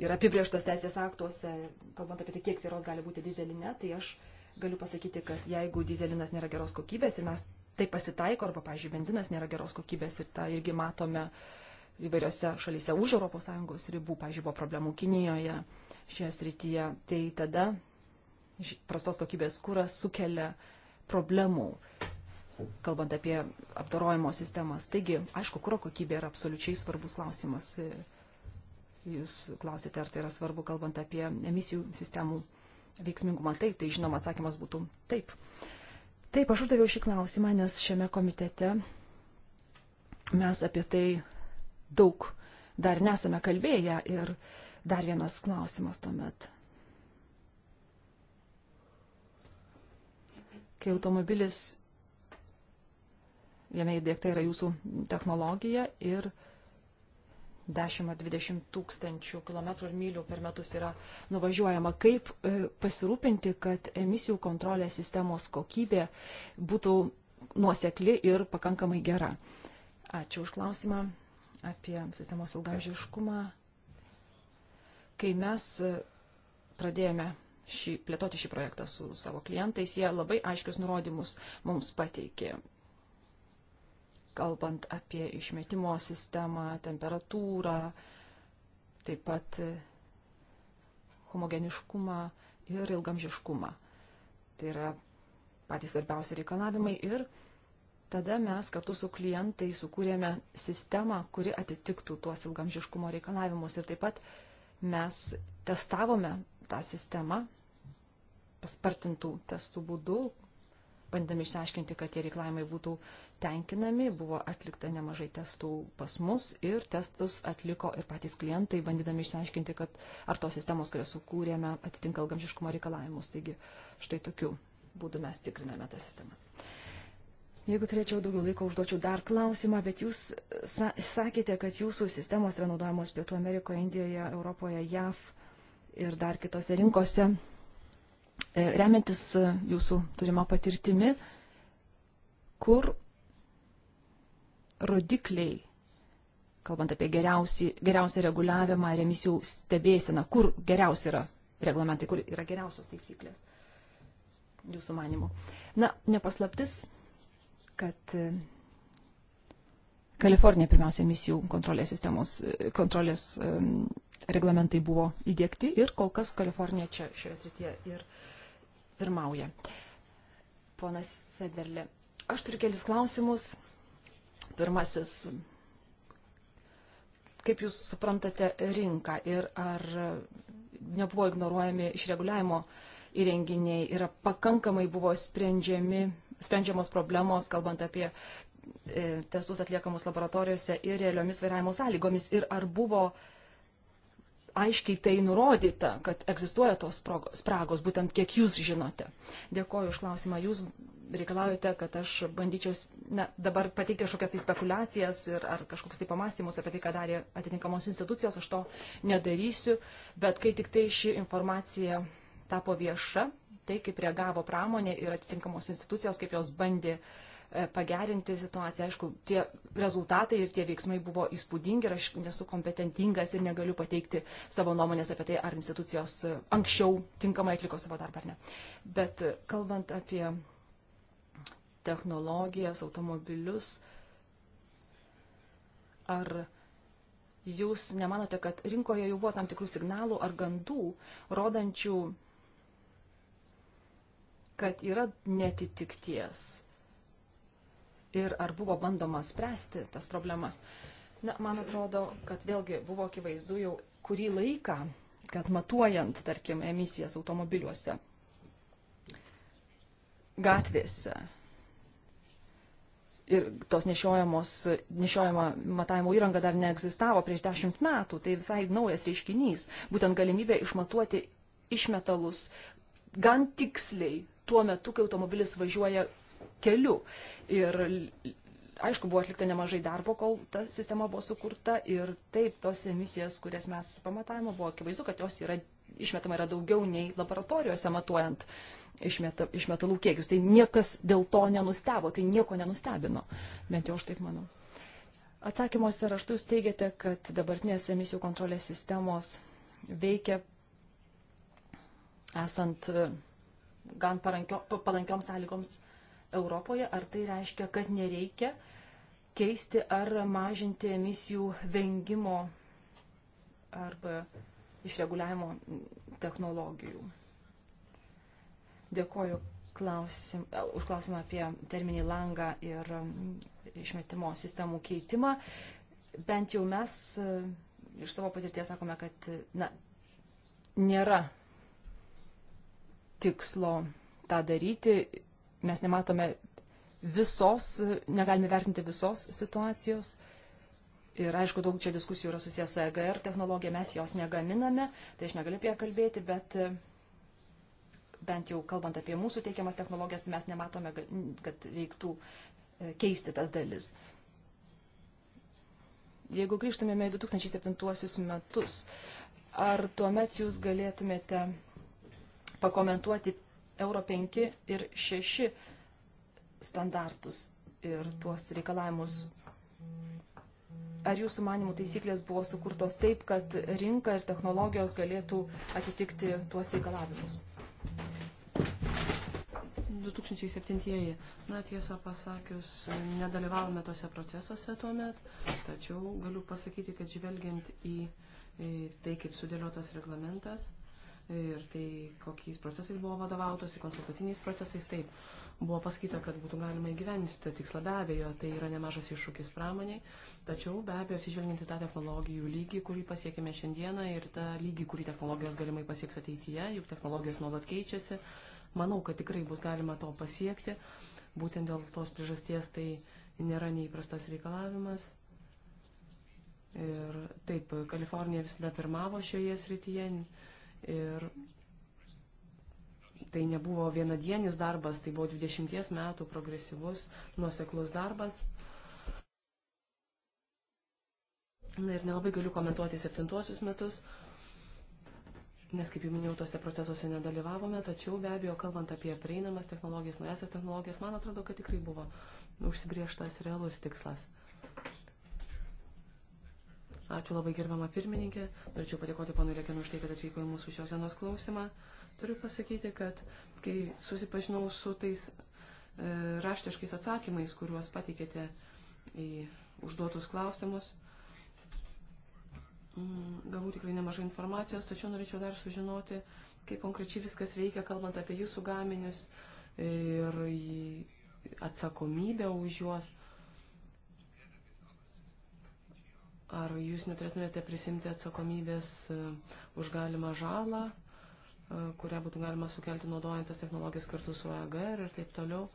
yra apibrieštas teisės aktuose, kalbant apie tai, kiek sieros gali būti dizelinė, tai aš galiu pasakyti, kad jeigu dizelinas nėra geros kokybės ir mes tai pasitaiko, arba, pavyzdžiui, benzinas nėra geros kokybės ir tą irgi matome įvairiose šalyse už ES ribų, pavyzdžiui, buvo problemų Kinijoje šioje srityje, tai tada prastos kokybės kūras sukelia problemų, kalbant apie apdorojimo sistemas. Taigi, aišku, kūro kokybė yra absoliučiai svarbus klausimas. Jūs klausite, ar tai yra svarbu, kalbant apie emisijų sistemų veiksmingumą. Taip, tai žinoma, atsakymas būtų taip. Taip, aš uždaviau šį klausimą, nes šiame komitete mes apie tai daug dar nesame kalbėję ir dar vienas klausimas tuomet. Kai automobilis, jame įdėkta yra jūsų technologija ir 10-20 tūkstančių kilometrų ir mylių per metus yra nuvažiuojama. Kaip e, pasirūpinti, kad emisijų kontrolės sistemos kokybė būtų nuosekli ir pakankamai gera? Ačiū už klausimą apie sistemos ilgamžiškumą. Kai mes e, pradėjome šį, plėtoti šį projektą su savo klientais, jie labai aiškius nurodymus mums pateikė kalbant apie išmetimo sistemą, temperatūrą, taip pat homogeniškumą ir ilgamžiškumą. Tai yra patys svarbiausi reikalavimai ir tada mes kartu su klientai sukūrėme sistemą, kuri atitiktų tuos ilgamžiškumo reikalavimus ir taip pat mes testavome tą sistemą paspartintų testų būdu, bandami išsiaiškinti, kad tie reikalavimai būtų tenkinami, buvo atlikta nemažai testų pas mus ir testus atliko ir patys klientai, bandydami išsiaiškinti, kad ar tos sistemos, kurias sukūrėme, atitinka ilgamžiškumo reikalavimus. Taigi štai tokiu būdu mes tikriname tas sistemas. Jeigu turėčiau daugiau laiko, užduočiau dar klausimą, bet jūs sa sakėte, kad jūsų sistemos yra naudojamos Pietų Amerikoje, Indijoje, Europoje, JAV ir dar kitose rinkose. E, remiantis jūsų turima patirtimi, kur rodikliai, kalbant apie geriausią reguliavimą ir emisijų stebėseną, kur geriausi yra reglamentai, kur yra geriausios taisyklės, jūsų manimu. Na, nepaslaptis, kad e, Kalifornija pirmiausia emisijų kontrolės sistemos, e, kontrolės um, reglamentai buvo įdėkti ir kol kas Kalifornija čia šioje srityje ir pirmauja. Ponas Federle, aš turiu kelis klausimus Pirmasis, kaip Jūs suprantate rinką ir ar nebuvo ignoruojami išreguliavimo įrenginiai, yra pakankamai buvo sprendžiami, sprendžiamos problemos, kalbant apie e, testus atliekamus laboratorijose ir realiomis vairavimo sąlygomis ir ar buvo uh, aiškiai tai nurodyta, kad egzistuoja tos spragos, būtent kiek jūs žinote. Dėkoju už klausimą. Jūs reikalaujate, kad aš bandyčiau na, dabar pateikti kažkokias tai spekulacijas ir, ar kažkokius tai pamastymus apie tai, ką darė atitinkamos institucijos, aš to nedarysiu, bet kai tik tai ši informacija tapo vieša, tai kaip reagavo pramonė ir atitinkamos institucijos, kaip jos bandė uh, E, pagerinti situaciją. Aišku, tie rezultatai ir tie veiksmai buvo įspūdingi ir aš nesu kompetentingas ir negaliu pateikti savo nuomonės apie tai, ar institucijos e, anksčiau tinkamai atliko savo darbą ar ne. Bet e, kalbant apie technologijas, automobilius, ar jūs nemanote, kad rinkoje jau buvo tam tikrų signalų ar gandų, rodančių kad yra netitikties ir ar buvo bandoma spręsti tas problemas. Na, man atrodo, kad vėlgi buvo akivaizdu jau kurį laiką, kad matuojant, tarkim, emisijas automobiliuose, gatvėse ir tos nešiojamos, nešiojama matavimo įranga dar neegzistavo prieš dešimt metų, tai visai naujas reiškinys, būtent galimybė išmatuoti išmetalus gan tiksliai tuo metu, kai automobilis važiuoja keliu. Ir aišku, buvo atlikta nemažai darbo, kol ta sistema buvo sukurta ir taip tos emisijas, kurias mes pamatavimo, buvo akivaizdu, kad jos yra išmetama yra daugiau nei laboratorijose matuojant išmeta, išmetalų kiekius. Tai niekas dėl to nenustebo, tai nieko nenustebino. Bent jau aš taip manau. Atsakymuose raštus teigiate, kad dabartinės emisijų kontrolės sistemos veikia esant e, gan palankioms sąlygoms Europoje, ar tai reiškia, kad nereikia keisti ar mažinti emisijų vengimo arba išreguliavimo technologijų. Dėkoju klausim, už klausimą apie terminį langą ir išmetimo sistemų keitimą. Bent jau mes e, iš savo patirties sakome, kad na, nėra tikslo tą daryti mes nematome visos, negalime vertinti visos situacijos. Ir aišku, daug čia diskusijų yra susijęs su EGR technologija, mes jos negaminame, tai aš negaliu apie ją kalbėti, bet e, bent jau kalbant apie mūsų teikiamas technologijas, tai mes nematome, kad reiktų e, keisti tas dalis. Jeigu grįžtumėme į 2007 metus, ar tuomet jūs galėtumėte pakomentuoti Euro 5 ir 6 standartus ir tuos reikalavimus. Ar jūsų manimų taisyklės buvo sukurtos taip, kad rinka ir technologijos galėtų atitikti tuos reikalavimus? 2007-ieji. Na, tiesą pasakius, nedalyvavome tose procesuose tuo met, tačiau galiu pasakyti, kad žvelgiant į, į tai, kaip sudėliotas reglamentas, ir tai, kokiais procesais buvo vadovautasi, konsultatiniais procesais. Taip, buvo pasakyta, kad būtų galima įgyvendinti tą tikslą. Be abejo, tai yra nemažas iššūkis pramoniai, tačiau be abejo, atsižvelginti tą technologijų lygį, kurį pasiekėme šiandieną ir tą lygį, kurį technologijos galimai pasieks ateityje, juk technologijos nuolat keičiasi. Manau, kad tikrai bus galima to pasiekti. Būtent dėl tos priežasties tai nėra neįprastas reikalavimas. Ir taip, Kalifornija visada pirmavo šioje srityje, Ir tai nebuvo vienadienis darbas, tai buvo 20 metų progresyvus, nuoseklus darbas. Na ir nelabai galiu komentuoti septintuosius metus, nes, kaip jau minėjau, tuose procesuose nedalyvavome, tačiau be abejo, kalbant apie prieinamas technologijas, naujasias technologijas, man atrodo, kad tikrai buvo užsibrieštas realus tikslas. Ačiū labai gerbama pirmininkė. Norėčiau padėkoti panui Lekinu už tai, kad atvyko į mūsų šios dienos klausimą. Turiu pasakyti, kad kai susipažinau su tais e, raštiškais atsakymais, kuriuos patikėte į užduotus klausimus, m, gavau tikrai nemažai informacijos, tačiau norėčiau dar sužinoti, kaip konkrečiai viskas veikia, kalbant apie jūsų gaminius ir atsakomybę už juos. Ar jūs neturėtumėte prisimti atsakomybės e, už galimą žalą, e, kurią būtų galima sukelti naudojant tas technologijas kartu su AGR e ir taip toliau?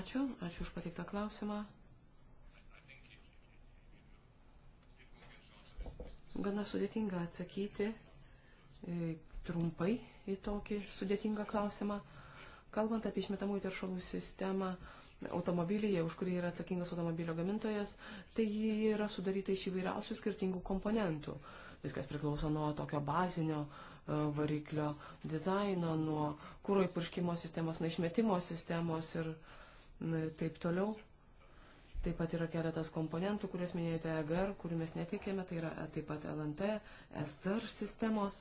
Ačiū, ačiū už pateiktą klausimą. Gana sudėtinga atsakyti trumpai į tokį sudėtingą klausimą. Kalbant apie išmetamųjų teršalų sistemą automobilyje, už kurį yra atsakingas automobilio gamintojas, tai ji yra sudaryta iš įvairiausių skirtingų komponentų. Viskas priklauso nuo tokio bazinio e, variklio dizaino, nuo kūro įpurškimo sistemos, nuo išmetimo sistemos ir taip toliau. Taip pat yra keletas komponentų, kuriuos minėjote EGR, kurių mes netikėme, tai yra e, taip pat LNT, SCR sistemos.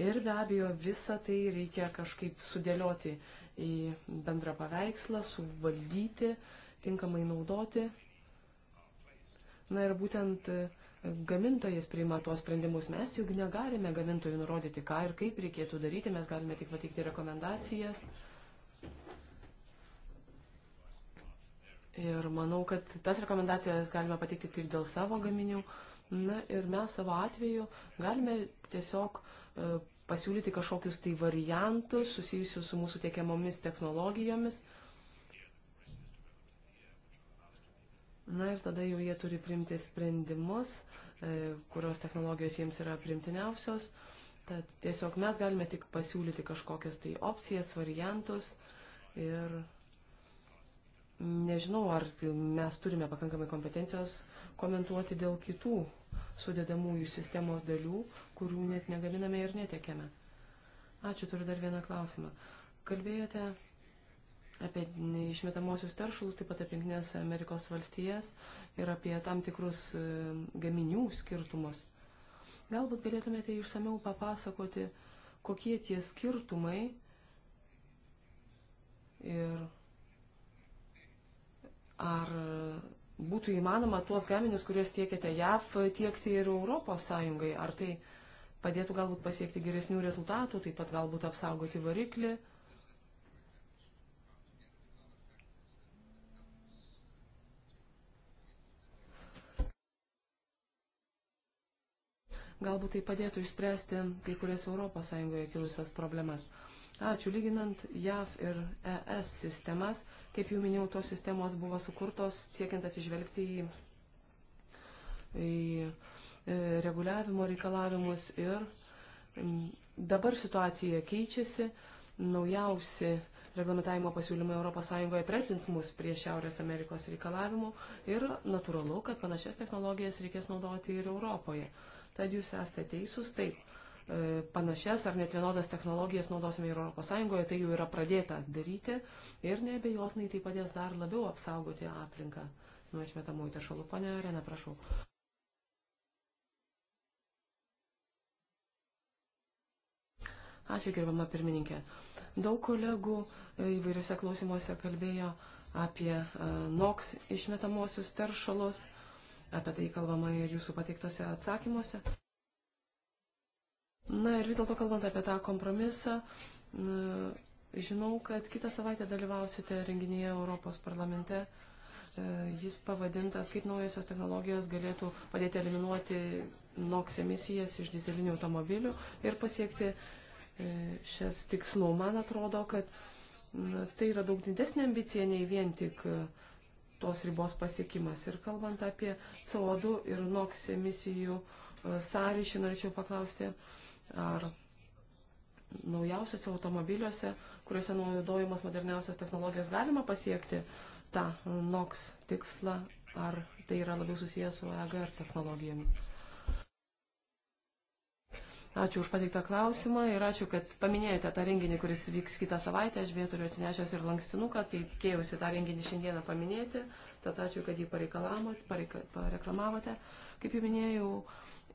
Ir be abejo, visą tai reikia kažkaip sudėlioti į bendrą paveikslą, suvaldyti, tinkamai naudoti. Na ir būtent e, gamintojas priima tuos sprendimus. Mes juk negalime gamintojui nurodyti, ką ir kaip reikėtų daryti, mes galime tik pateikti rekomendacijas. Ir manau, kad tas rekomendacijas galime pateikti tik dėl savo gaminių. Na ir mes savo atveju galime tiesiog e, pasiūlyti kažkokius tai variantus susijusius su mūsų tiekiamomis technologijomis. Na ir tada jau jie turi priimti sprendimus, e, kurios technologijos jiems yra primtiniausios. Tad tiesiog mes galime tik pasiūlyti kažkokias tai opcijas, variantus ir nežinau, ar mes turime pakankamai kompetencijos komentuoti dėl kitų sudėdamųjų sistemos dalių, kurių net negaminame ir netekėme. Ačiū, turiu dar vieną klausimą. Kalbėjote apie išmetamosius teršalus, taip pat apie Junktinės Amerikos valstijas ir apie tam tikrus e, gaminių skirtumus. Galbūt galėtumėte išsameu papasakoti, kokie tie skirtumai ir ar būtų įmanoma tuos gaminius, kuriuos tiekėte JAV, tiekti ir Europos Sąjungai? Ar tai padėtų galbūt pasiekti geresnių rezultatų, taip pat galbūt apsaugoti variklį? Galbūt tai padėtų išspręsti kai kurias ES kilusias problemas. Ačiū. Lyginant JAV ir ES sistemas, kaip jau minėjau, tos sistemos buvo sukurtos siekiant atižvelgti į, į e, reguliavimo reikalavimus ir dabar situacija keičiasi. Naujausi reglamentavimo pasiūlymai ES pretins mus prie Šiaurės Amerikos reikalavimų ir natūralu, kad panašias technologijas reikės naudoti ir Europoje. Tad jūs esate teisūs, taip, E, panašias ar net vienodas technologijas naudosime ir ES, tai jau yra pradėta daryti ir nebejotinai tai padės dar labiau apsaugoti aplinką nuo išmetamųjų teršalų. Pone Arena, prašau. Ačiū, gerbama pirmininkė. Daug kolegų įvairiuose klausimuose kalbėjo apie e, NOX išmetamosius teršalus, apie tai kalbama ir jūsų pateiktose atsakymuose. Na ir vis dėlto kalbant apie tą kompromisą, žinau, kad kitą savaitę dalyvausite renginyje Europos parlamente. E, jis pavadintas, kaip naujosios technologijos galėtų padėti eliminuoti NOX emisijas iš dizelinių automobilių ir pasiekti e, šias tikslų. Man atrodo, kad na, tai yra daug didesnė ambicija nei vien tik e, tos ribos pasiekimas. Ir kalbant apie CO2 ir NOX emisijų sąryšį, norėčiau paklausti, ar naujausiuose automobiliuose, kuriuose naudojamos moderniausios technologijos, galima pasiekti tą NOX tikslą, ar tai yra labiau susijęs su EGR technologijomis. Ačiū už pateiktą klausimą ir ačiū, kad paminėjote tą renginį, kuris vyks kitą savaitę. Aš beje turiu atsinešęs ir lankstinuką, tai tikėjausi tą renginį šiandieną paminėti. Tad ačiū, kad jį pareik, pareklamavote. Kaip jau minėjau,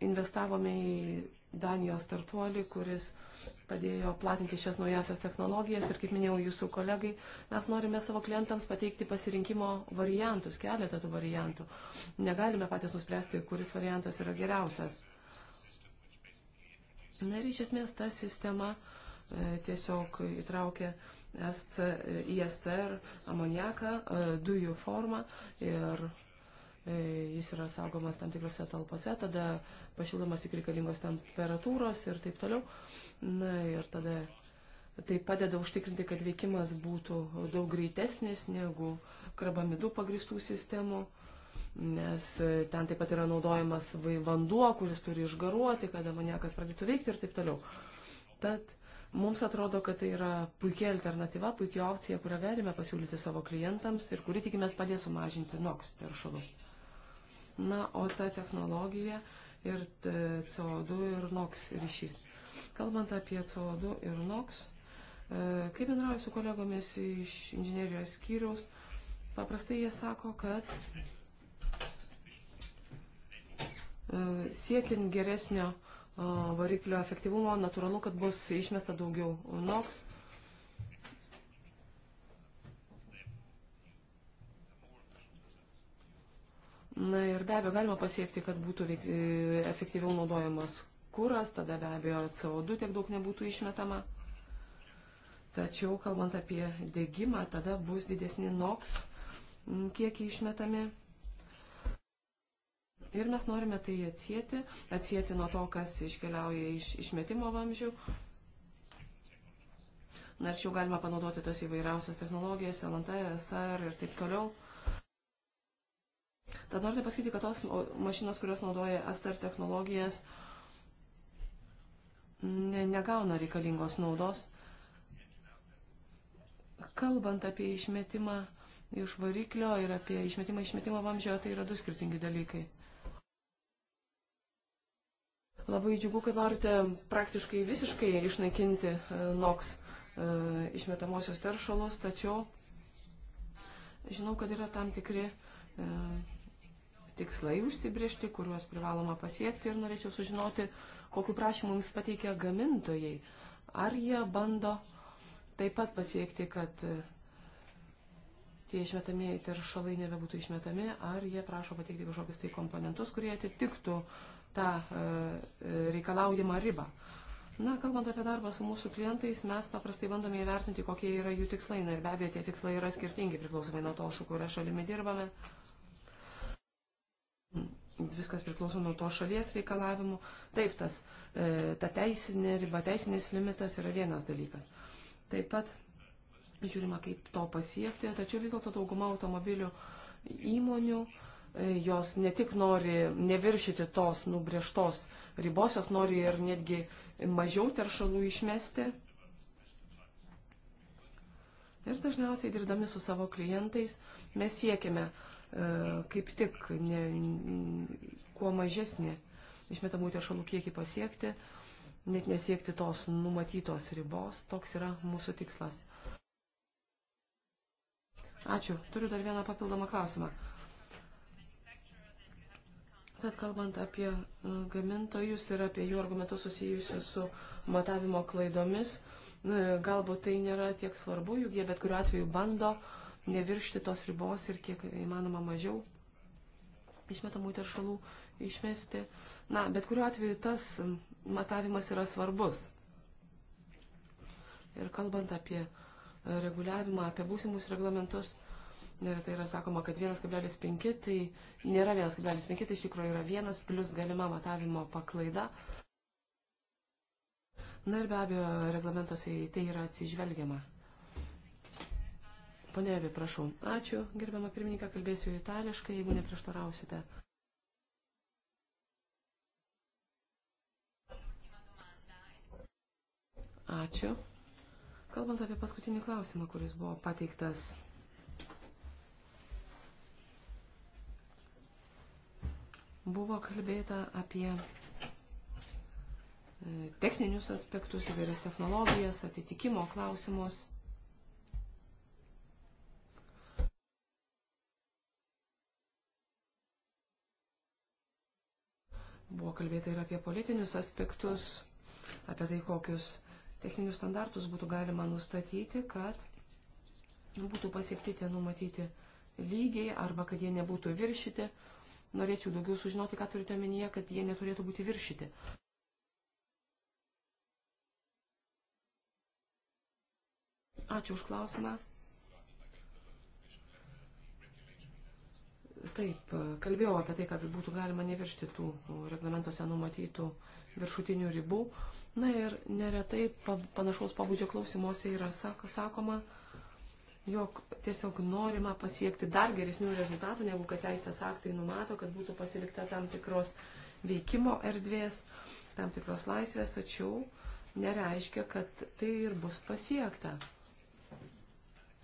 Investavome į Danijos startuolį, kuris padėjo platinti šias naujasias technologijas ir, kaip minėjau, jūsų kolegai, mes norime savo klientams pateikti pasirinkimo variantus, keletą tų variantų. Negalime patys nuspręsti, kuris variantas yra geriausias. Na ir iš esmės ta sistema e, tiesiog įtraukia ISCR amoniaką, e, dujų formą ir E, jis yra saugomas tam tikrose talpose, tada pašildomas iki reikalingos temperatūros ir taip toliau. Na ir tada tai padeda užtikrinti, kad veikimas būtų daug greitesnis negu krabamidų pagristų sistemų, nes ten taip pat yra naudojamas vanduo, kuris turi išgaruoti, kad amoniakas pradėtų veikti ir taip toliau. Tad mums atrodo, kad tai yra puikia alternatyva, puikia opcija, kurią galime pasiūlyti savo klientams ir kuri tikimės padės sumažinti NOX teršalus. Tai Na, o ta technologija ir e, CO2 ir NOX ryšys. Kalbant apie CO2 ir NOX, e, kaip bendrauju su kolegomis iš inžinierijos skyriaus, paprastai jie sako, kad e, siekiant geresnio variklio efektyvumo, natūralu, kad bus išmesta daugiau NOX Na ir be abejo galima pasiekti, kad būtų e, efektyviau naudojamas kuras, tada be abejo CO2 tiek daug nebūtų išmetama. Tačiau, kalbant apie degimą, tada bus didesni NOX kiekiai išmetami. Ir mes norime tai atsijėti, atsijėti nuo to, kas iškeliauja iš išmetimo vamzdžių. Na, arčiau galima panaudoti tas įvairiausias technologijas, LNT, SR ir taip toliau. Tad norite pasakyti, kad tos mašinos, kurios naudoja ASTAR technologijas, ne, negauna reikalingos naudos. Kalbant apie išmetimą iš variklio ir apie išmetimą išmetimo vamzdžio, tai yra du skirtingi dalykai. Labai džiugu, kad norite praktiškai visiškai išnaikinti e, NOX e, išmetamosius teršalus, tačiau žinau, kad yra tam tikri e, tikslai užsibriežti, kuriuos privaloma pasiekti ir norėčiau sužinoti, kokiu prašymu jums pateikia gamintojai. Ar jie bando taip pat pasiekti, kad e, tie išmetamieji teršalai nebebūtų išmetami, ar jie prašo pateikti kažkokius tai komponentus, kurie atitiktų tą e, e, reikalaujamą ribą. Na, kalbant apie darbą su mūsų klientais, mes paprastai bandome įvertinti, kokie yra jų tikslai. Na ir be abejo, tie tikslai yra skirtingi priklausomai nuo to, su kuria šalimi dirbame. Uh, viskas priklauso nuo to šalies reikalavimų. Taip, tas, e, ta teisinė riba, teisinės limitas yra vienas dalykas. Taip pat žiūrima, kaip to pasiekti, tačiau vis dėlto dauguma automobilių įmonių, e, jos ne tik nori neviršyti tos nubrieštos ribos, jos nori ir netgi mažiau teršalų išmesti. Ir dažniausiai dirbdami su savo klientais mes siekime uh, E, kaip tik ne, kuo mažesnį išmetamų teršalų kiekį pasiekti, net nesiekti tos numatytos ribos. Toks yra mūsų tikslas. Ačiū. Turiu dar vieną papildomą klausimą. Tad kalbant apie e, gamintojus ir apie jų argumentus susijusius su matavimo klaidomis, e, galbūt tai nėra tiek svarbu, juk jie bet kuriuo atveju bando uh, neviršti tos ribos ir kiek įmanoma mažiau išmetamų teršalų išmesti. Na, bet kuriuo atveju tas matavimas yra svarbus. Ir kalbant apie reguliavimą, apie būsimus reglamentus, neretai yra sakoma, kad 1,5 tai nėra 1,5, tai iš tikrųjų yra 1 plus galima matavimo paklaida. Na ir be abejo, reglamentuose į tai yra atsižvelgiama. Pone Evi, prašau. Ačiū, gerbiamą pirmininką, kalbėsiu itališkai, jeigu neprieštarausite. Ačiū. Kalbant apie paskutinį klausimą, kuris buvo pateiktas. Buvo kalbėta apie e, techninius aspektus, įvairias technologijas, atitikimo klausimus. Buvo kalbėta ir apie politinius aspektus, apie tai, kokius techninius standartus būtų galima nustatyti, kad būtų pasiekti tie numatyti lygiai arba kad jie nebūtų viršyti. Norėčiau daugiau sužinoti, ką turite omenyje, kad jie neturėtų būti viršyti. Ačiū už klausimą. Taip, kalbėjau apie tai, kad būtų galima neviršti tų reglamentuose numatytų viršutinių ribų. Na ir neretai panašaus pabudžio klausimuose yra sakoma, jog tiesiog norima pasiekti dar geresnių rezultatų, negu kad teisės aktai numato, kad būtų pasilikta tam tikros veikimo erdvės, tam tikros laisvės, tačiau nereiškia, kad tai ir bus pasiekta.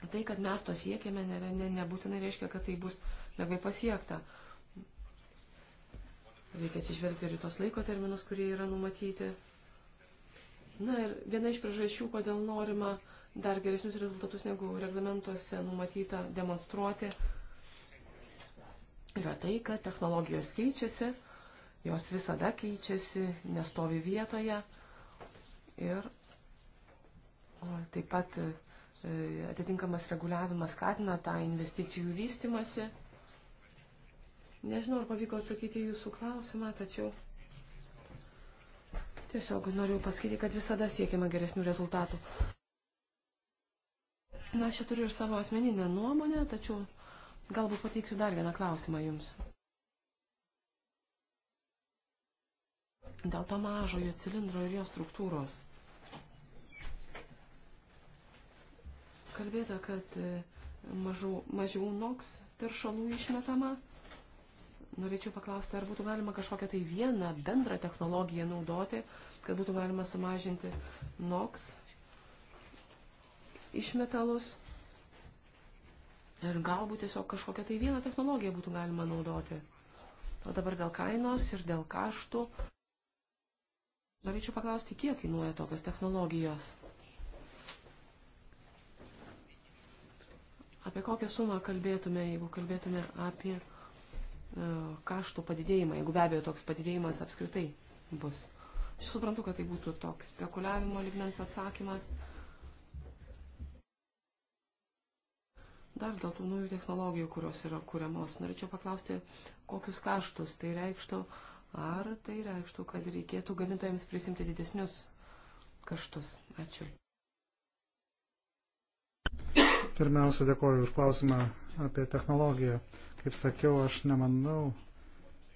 Tai, kad mes to siekiame, ne, ne, nebūtinai reiškia, kad tai bus lengvai pasiekta. Reikia atsižvelgti ir į tos laiko terminus, kurie yra numatyti. Na ir viena iš priežasčių, kodėl norima dar geresnius rezultatus negu reglamentuose numatyta demonstruoti, yra tai, kad technologijos keičiasi, jos visada keičiasi, nestovi vietoje ir o, taip pat E, atitinkamas reguliavimas skatina tą investicijų vystimasi. Nežinau, ar pavyko atsakyti jūsų klausimą, tačiau tiesiog noriu pasakyti, kad visada siekime geresnių rezultatų. Na, aš čia turiu ir savo asmeninę nuomonę, tačiau galbūt pateiksiu dar vieną klausimą jums. Dėl to mažojo cilindro ir jo struktūros. kalbėta, kad e, mažau, mažiau NOX teršalų išmetama. Norėčiau paklausti, ar būtų galima kažkokią tai vieną bendrą technologiją naudoti, kad būtų galima sumažinti NOX išmetalus. Ir galbūt tiesiog kažkokią tai vieną technologiją būtų galima naudoti. O dabar dėl kainos ir dėl kaštų. Norėčiau paklausti, kiek kainuoja tokios technologijos. Apie kokią sumą kalbėtume, jeigu kalbėtume apie e, kaštų padidėjimą, jeigu be abejo toks padidėjimas apskritai bus. Aš suprantu, kad tai būtų toks spekuliavimo ligmens atsakymas. Dar dėl tų naujų technologijų, kurios yra kuriamos, norėčiau paklausti, kokius kaštus tai reikštų, ar tai reikštų, kad reikėtų gamintojams prisimti didesnius kaštus. Ačiū. Pirmiausia, dėkoju už klausimą apie technologiją. Kaip sakiau, aš nemanau,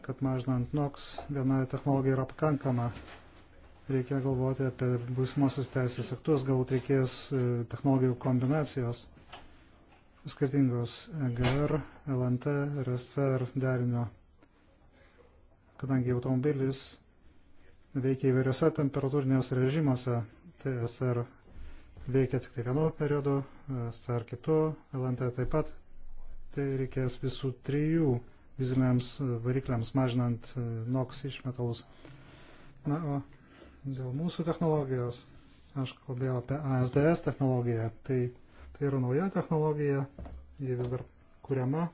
kad mažinant NOX viena technologija yra pakankama. Reikia galvoti apie būsimosius teisės aktus, galbūt reikės e, technologijų kombinacijos skirtingos EGR, LNT, RSR derinio, kadangi automobilis veikia įvairiose temperatūrinėse režimuose, tai SR veikia tik tai vienu periodu ar kitu, LNT taip pat, tai reikės visų trijų dizeliams varikliams mažinant e, NOX išmetalus. Na, o dėl mūsų technologijos, aš kalbėjau apie ASDS technologiją, tai, tai yra nauja technologija, ji vis dar kuriama,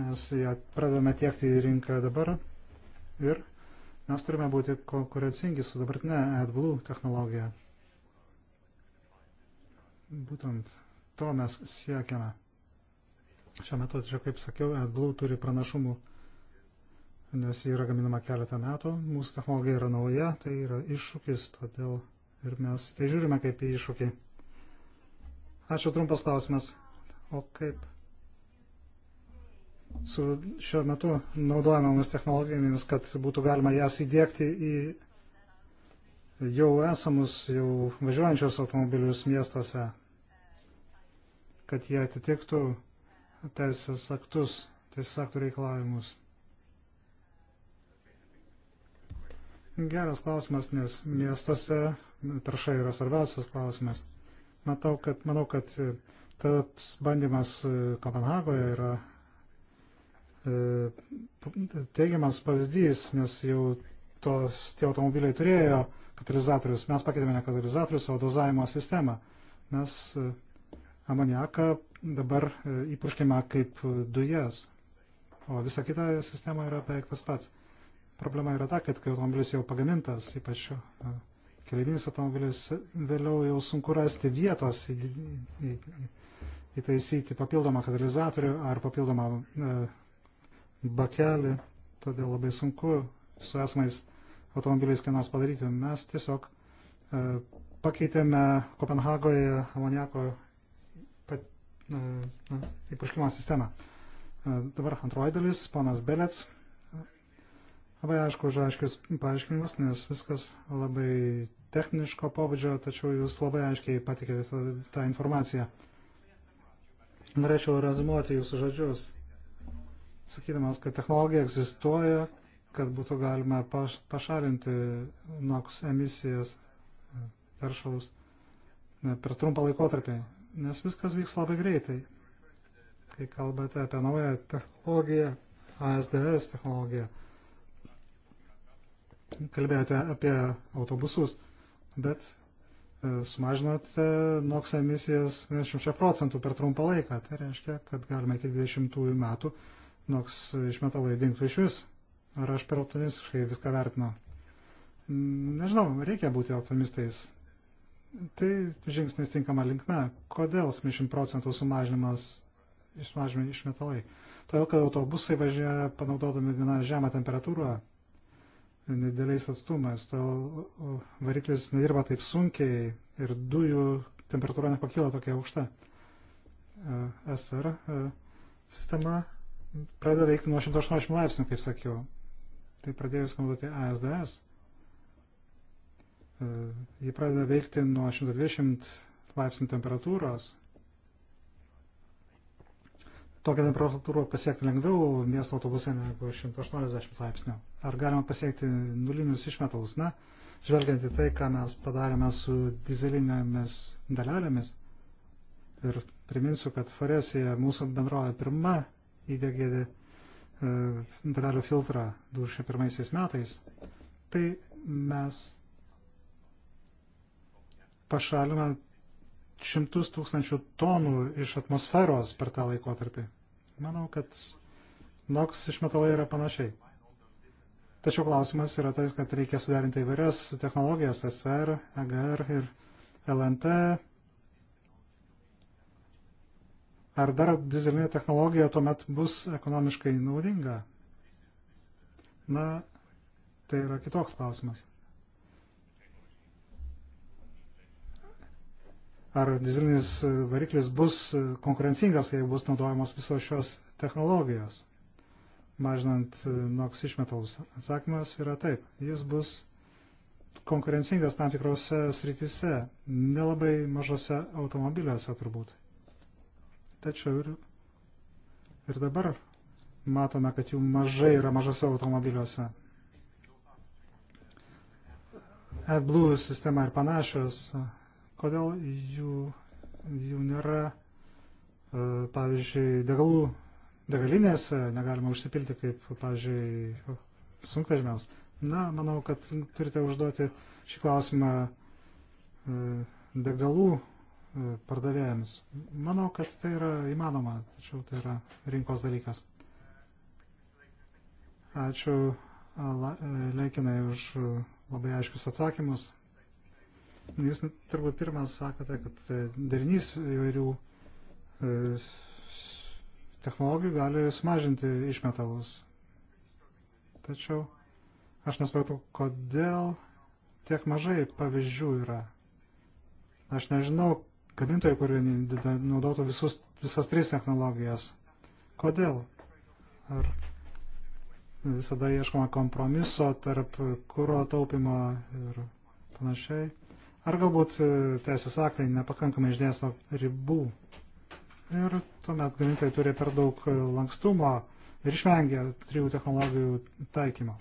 mes ją pradedame tiekti į rinką dabar ir mes turime būti konkurencingi su dabartinė AdBlue technologija. Būtent to mes siekiame. Šiuo metu, čia kaip sakiau, AdBlue turi pranašumų, nes jį yra gaminama keletą metų. Mūsų technologija yra nauja, tai yra iššūkis, todėl ir mes tai žiūrime kaip į iššūkį. Ačiū trumpas klausimas. O kaip su šiuo metu naudojamomis technologijomis, kad būtų galima jas įdėkti į jau esamus, jau važiuojančius automobilius miestuose, kad jie atitiktų teisės aktus, teisės aktų reikalavimus. Geras klausimas, nes miestuose tarša yra svarbiausias klausimas. Matau, kad, manau, kad tas bandymas Kopenhagoje yra e, teigiamas pavyzdys, nes jau tos, tie automobiliai turėjo katalizatorius. Mes pakeitėme ne katalizatorius, o dozavimo sistemą. Mes e, amoniaką dabar e, įpurškime kaip dujas, o visa kita sistema yra beveik tas pats. Problema yra ta, kad kai automobilis jau pagamintas, ypač e, keliaivinis automobilis, vėliau jau sunku rasti vietos į, į, įtaisyti papildomą katalizatorių ar papildomą e, bakelį, todėl labai sunku su esamais automobiliais kainuos padaryti. Mes tiesiog e, pakeitėme Kopenhagoje amoniako pat, e, e, įpurškimo sistemą. E, dabar antroji dalis, ponas Belets. Labai aišku už aiškius paaiškinimus, nes viskas labai techniško pobūdžio, tačiau jūs labai aiškiai patikėte tą, tą informaciją. Norėčiau rezumuoti jūsų žodžius, sakydamas, kad technologija egzistuoja, kad būtų galima pašalinti NOX emisijas e, teršalus e, per trumpą laikotarpį, nes viskas vyks labai greitai. Kai kalbate apie naują technologiją, ASDS technologiją, kalbėjote apie autobusus, bet e, sumažinote NOX emisijas 26 procentų per trumpą laiką. Tai reiškia, kad galima iki 20 metų NOX išmetalai dinktų iš vis. Ar aš per optimistiškai viską vertinu? Nežinau, reikia būti optimistais. Tai žingsnis tinkama linkme. Kodėl 70 procentų sumažinimas išmažinami išmetalai? Todėl, kad autobusai važiuoja panaudodami gana žemą temperatūrą, nedėliais atstumais, todėl variklis nedirba taip sunkiai ir dujų temperatūra nepakyla tokia aukšta. E, SR e, sistema pradeda veikti nuo 180 laipsnių, kaip sakiau tai pradėjus naudoti ASDS, e, jį pradeda veikti nuo 120 laipsnių temperatūros. Tokią temperatūrą pasiekti lengviau miesto autobuse negu 180 laipsnių. Ar galima pasiekti nulinius išmetalus? Na, žvelgiant į tai, ką mes padarėme su dizelinėmis dalelėmis. Ir priminsiu, kad Faresija mūsų bendrovė pirma įdėgė E, dalelių filtrą 2001 metais, tai mes pašalime šimtus tūkstančių tonų iš atmosferos per tą laikotarpį. Manau, kad NOX išmetalai yra panašiai. Tačiau klausimas yra tas, kad reikia suderinti įvairias technologijas SR, EGR ir LNT, Ar dar dizelinė technologija tuomet bus ekonomiškai naudinga? Na, tai yra kitoks klausimas. Ar dizelinis variklis bus konkurencingas, jeigu bus naudojamos visos šios technologijos, mažinant e, NOX išmetalus? Atsakymas yra taip. Jis bus konkurencingas tam tikrose srityse, nelabai mažose automobiliuose turbūt. Tačiau ir, ir dabar matome, kad jų mažai yra mažose automobiliuose. AdBlue sistema ir panašios, kodėl jų, jų nėra, e, pavyzdžiui, degalų, degalinėse negalima užsipilti kaip, pavyzdžiui, sunkvežimiaus. Na, manau, kad turite užduoti šį klausimą e, degalų E, pardavėjams. Manau, kad tai yra įmanoma, tačiau tai yra rinkos dalykas. Ačiū e, Leikinai už e, labai aiškius atsakymus. Jūs turbūt pirmas sakote, kad derinys įvairių technologijų gali sumažinti išmetalus. Tačiau aš nesupratau, kodėl tiek mažai pavyzdžių yra. Aš nežinau, gamintojai, kurie naudotų visus, visas tris technologijas. Kodėl? Ar visada ieškoma kompromiso tarp kūro taupimo ir panašiai? Ar galbūt e, teisės aktai nepakankamai išdėsto ribų? Ir tuomet gamintojai turi per daug lankstumo ir išvengia trijų technologijų taikymo.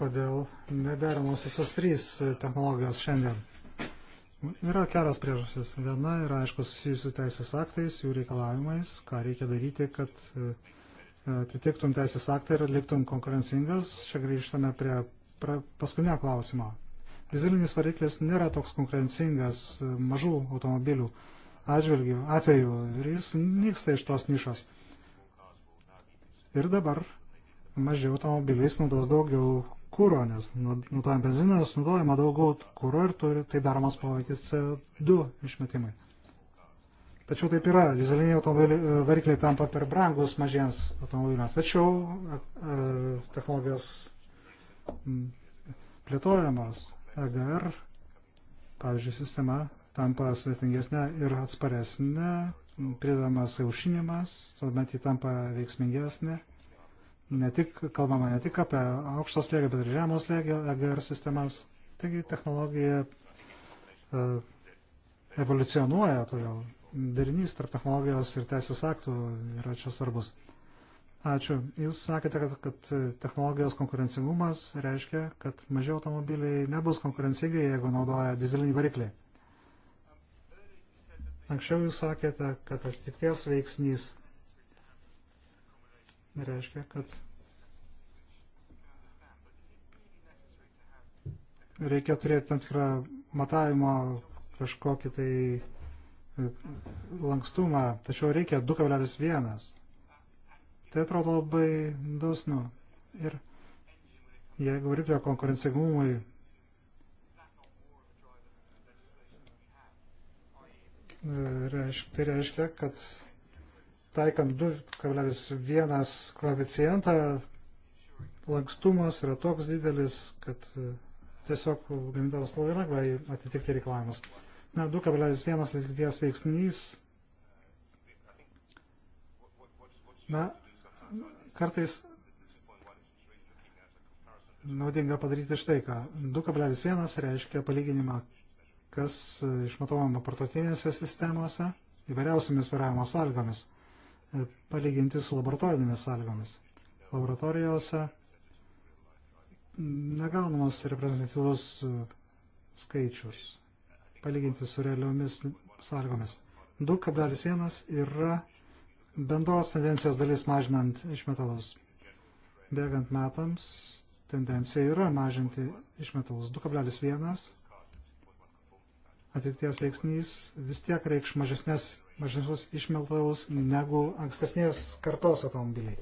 kodėl nederamos visos trys e, technologijos šiandien. Yra kelios priežastis. Viena yra, aišku, susijusių teisės aktais, jų reikalavimais, ką reikia daryti, kad e, atitiktum teisės aktą ir liktum konkurencingas. Čia grįžtame prie paskutinio klausimo. Dizelinis variklis nėra toks konkurencingas e, mažų automobilių atžvilgių, atveju ir jis nyksta iš tos nišos. Ir dabar mažiau automobiliais naudos daugiau kūro, nes nu, naudojant benzinas, naudojama daugiau kūro ir turi, tai daromas poveikis CO2 išmetimai. Tačiau taip yra, dizeliniai e, varikliai tampa per brangus mažiems automobiliams. Tačiau e, e, technologijos plėtojamos EGR, pavyzdžiui, sistema tampa sudėtingesnė ir atsparesnė, pridamas aušinimas, tuomet ji tampa veiksmingesnė ne tik, kalbama ne tik apie aukštos lėgio, bet ir žemos lėgio EGR sistemas. Taigi technologija e, evoliucionuoja, todėl derinys tarp technologijos ir teisės aktų yra čia svarbus. Ačiū. Jūs sakėte, kad, kad technologijos konkurencingumas reiškia, kad mažiau automobiliai nebus konkurencingi, jeigu naudoja dizelinį variklį. Anksčiau jūs sakėte, kad atitikties veiksnys reiškia, kad reikia turėti tam tikrą matavimo kažkokį tai e, lankstumą, tačiau reikia 2,1. Tai atrodo labai dosnu. Ir jeigu riplio konkurencingumui e, reiškia, tai reiškia, kad taikant 2,1 koeficientą, lankstumas yra toks didelis, kad e, tiesiog gamintojas labai lengvai atitikti reikalavimus. Na, 2,1 atitikties veiksnys. Na, kartais naudinga padaryti štai ką. 2,1 reiškia palyginimą, kas e, išmatuojama partotinėse sistemose įvairiausiamis vairavimo sąlygomis. E, palyginti su laboratorinėmis sąlygomis. Laboratorijose negaunamas reprezentatyvus e, skaičius palyginti su realiomis sąlygomis. 2,1 yra bendros tendencijos dalis mažinant išmetalus. Bėgant metams tendencija yra mažinti išmetalus. 2,1 atitikties veiksnys vis tiek reikš mažesnės mažesnius išmetalus negu ankstesnės kartos automobiliai.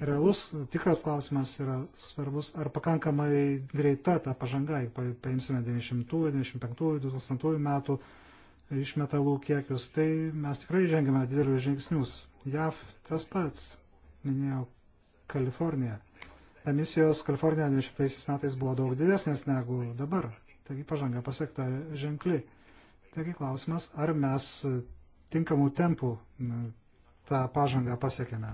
Realus, tikras klausimas yra svarbus, ar pakankamai greita ta pažanga, jeigu paimsime 90, 95, 2000 metų išmetalų kiekius, tai mes tikrai žengėme didelius žingsnius. JAV tas pats, minėjau, Kalifornija. Emisijos Kalifornija 20 metais buvo daug didesnės negu dabar. Taigi pažanga pasiekta ženkli. Taigi klausimas, ar mes tinkamų tempų tą pažangą pasiekėme.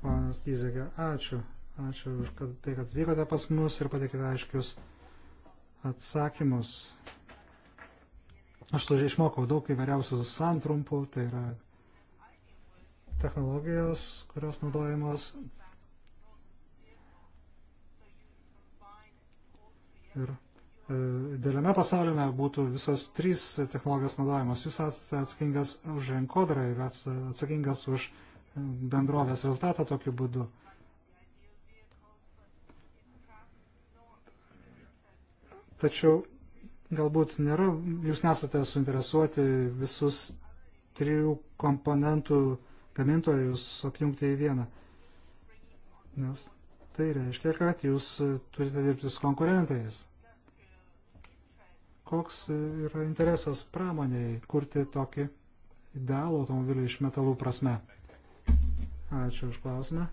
Ponas Gizekė, ačiū. Ačiū už kad, tai, kad vykote pas mus ir patikite aiškius atsakymus. Aš turiu išmokau daug įvairiausių santrumpų, tai yra technologijos, kurios naudojamos. Ir E, dėliame pasaulyme būtų visos trys technologijos naudojamos. Jūs esate atsakingas už rinkodarą ir atsakingas už e, bendrovės rezultatą tokiu būdu. Tačiau galbūt nėra, jūs nesate suinteresuoti visus trijų komponentų gamintojus apjungti į vieną. Nes tai reiškia, kad jūs turite dirbti su konkurentais koks yra interesas pramoniai kurti tokį idealų automobilį iš metalų prasme. Ačiū už klausimą.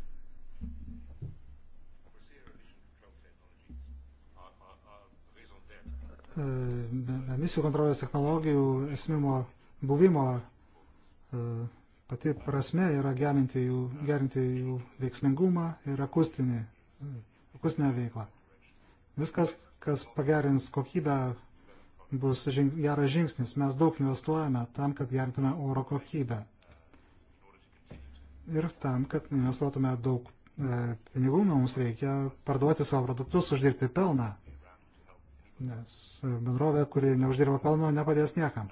E, emisijų kontrolės technologijų esmimo buvimo e, pati prasme yra gerinti jų, gerinti jų veiksmingumą ir akustinį, akustinę veiklą. Viskas, kas pagerins kokybę bus žing, geras žingsnis. Mes daug investuojame tam, kad gerintume oro kokybę. Ir tam, kad investuotume daug e, pinigų, mums reikia parduoti savo produktus, uždirbti pelną. Nes bendrovė, kuri neuždirba pelno, nepadės niekam.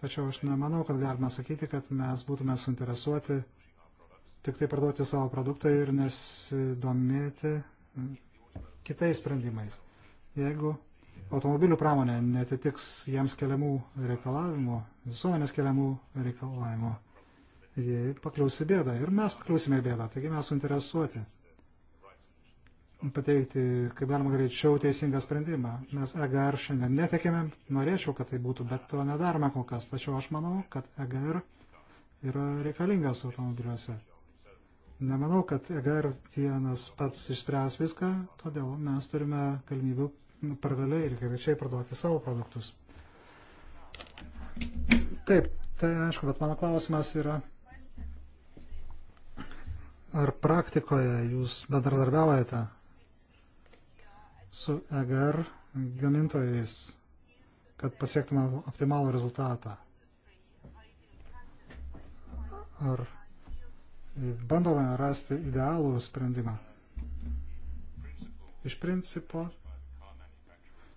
Tačiau aš nemanau, kad galime sakyti, kad mes būtume suinteresuoti tik tai parduoti savo produktą ir nesidomėti kitais sprendimais. Jeigu automobilių pramonė netitiks jiems keliamų reikalavimų, visuomenės keliamų reikalavimų, jie pakliaus į bėdą ir mes pakliausime į bėdą, taigi mes suinteresuoti pateikti, kaip galima greičiau, teisingą sprendimą. Mes EGR šiandien netekėme, norėčiau, kad tai būtų, bet to nedarome kol kas. Tačiau aš manau, kad EGR yra reikalingas automobiliuose. Nemanau, kad EGR vienas pats išspręs viską, todėl mes turime galimybių Nu, paraleliai ir greičiai parduoti savo produktus. Taip, tai aišku, bet mano klausimas yra, ar praktikoje jūs bendradarbiaujate su EGR gamintojais, kad pasiektume optimalų rezultatą? Ar bandome rasti idealų sprendimą? Iš principo,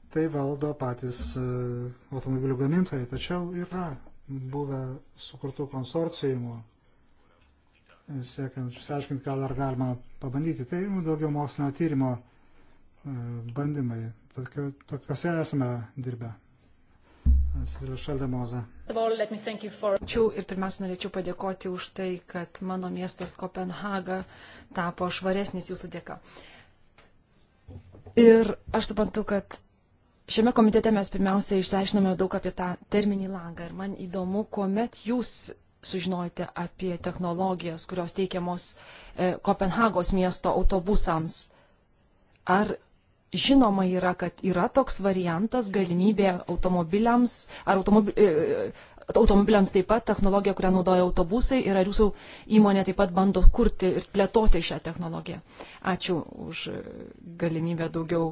tai valdo patys e, automobilių gamintojai. Tačiau yra buvę sukurtų konsorcijumų, e, siekiant išsiaiškinti, ką dar galima pabandyti. Tai daugiau mokslinio tyrimo e, bandymai. Tokiuose esame dirbę. Ačiū ir pirmiausia norėčiau padėkoti už tai, kad mano miestas Kopenhaga tapo švaresnis jūsų dėka. Ir aš suprantu, kad Šiame komitete mes pirmiausia išsiaiškinome daug apie tą terminį langą ir man įdomu, kuomet jūs sužinojote apie technologijas, kurios teikiamos e, Kopenhagos miesto autobusams. Ar žinoma yra, kad yra toks variantas galimybė automobiliams ar automobi, e, e, automobiliams taip pat technologija, kurią naudoja autobusai ir ar jūsų įmonė taip pat bando kurti ir plėtoti šią technologiją. Ačiū už galimybę daugiau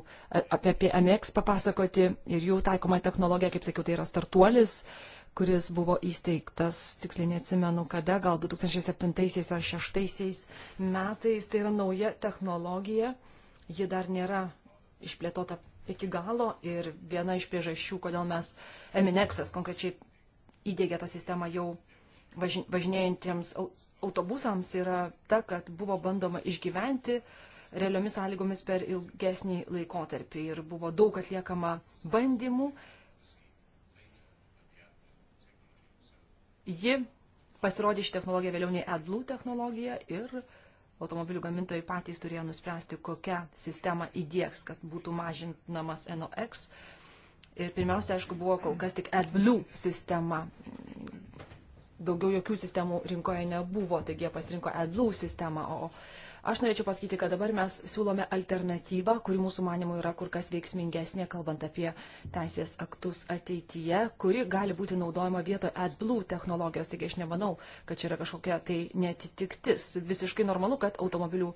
apie, apie MX papasakoti ir jų taikomą technologiją, kaip sakiau, tai yra startuolis kuris buvo įsteigtas, tiksliai neatsimenu kada, gal 2007 ar 2006 metais. Tai yra nauja technologija, ji dar nėra išplėtota iki galo ir viena iš priežasčių, kodėl mes Eminexas konkrečiai įdėgė tą sistemą jau važinėjantiems autobusams yra ta, kad buvo bandoma išgyventi realiomis sąlygomis per ilgesnį laikotarpį ir buvo daug atliekama bandymų. Ji pasirodė ši technologija vėliau nei AdBlue technologija ir automobilių gamintojai patys turėjo nuspręsti, kokią sistemą įdėks, kad būtų mažinamas NOx Ir pirmiausia, aišku, buvo kol kas tik AdBlue sistema. Daugiau jokių sistemų rinkoje nebuvo, taigi jie pasirinko AdBlue sistemą, o Aš norėčiau pasakyti, kad dabar mes siūlome alternatyvą, kuri mūsų manimų yra kur kas veiksmingesnė, kalbant apie teisės aktus ateityje, kuri gali būti naudojama vietoje AdBlue technologijos. Taigi aš nemanau, kad čia yra kažkokia tai netitiktis. Visiškai normalu, kad automobilių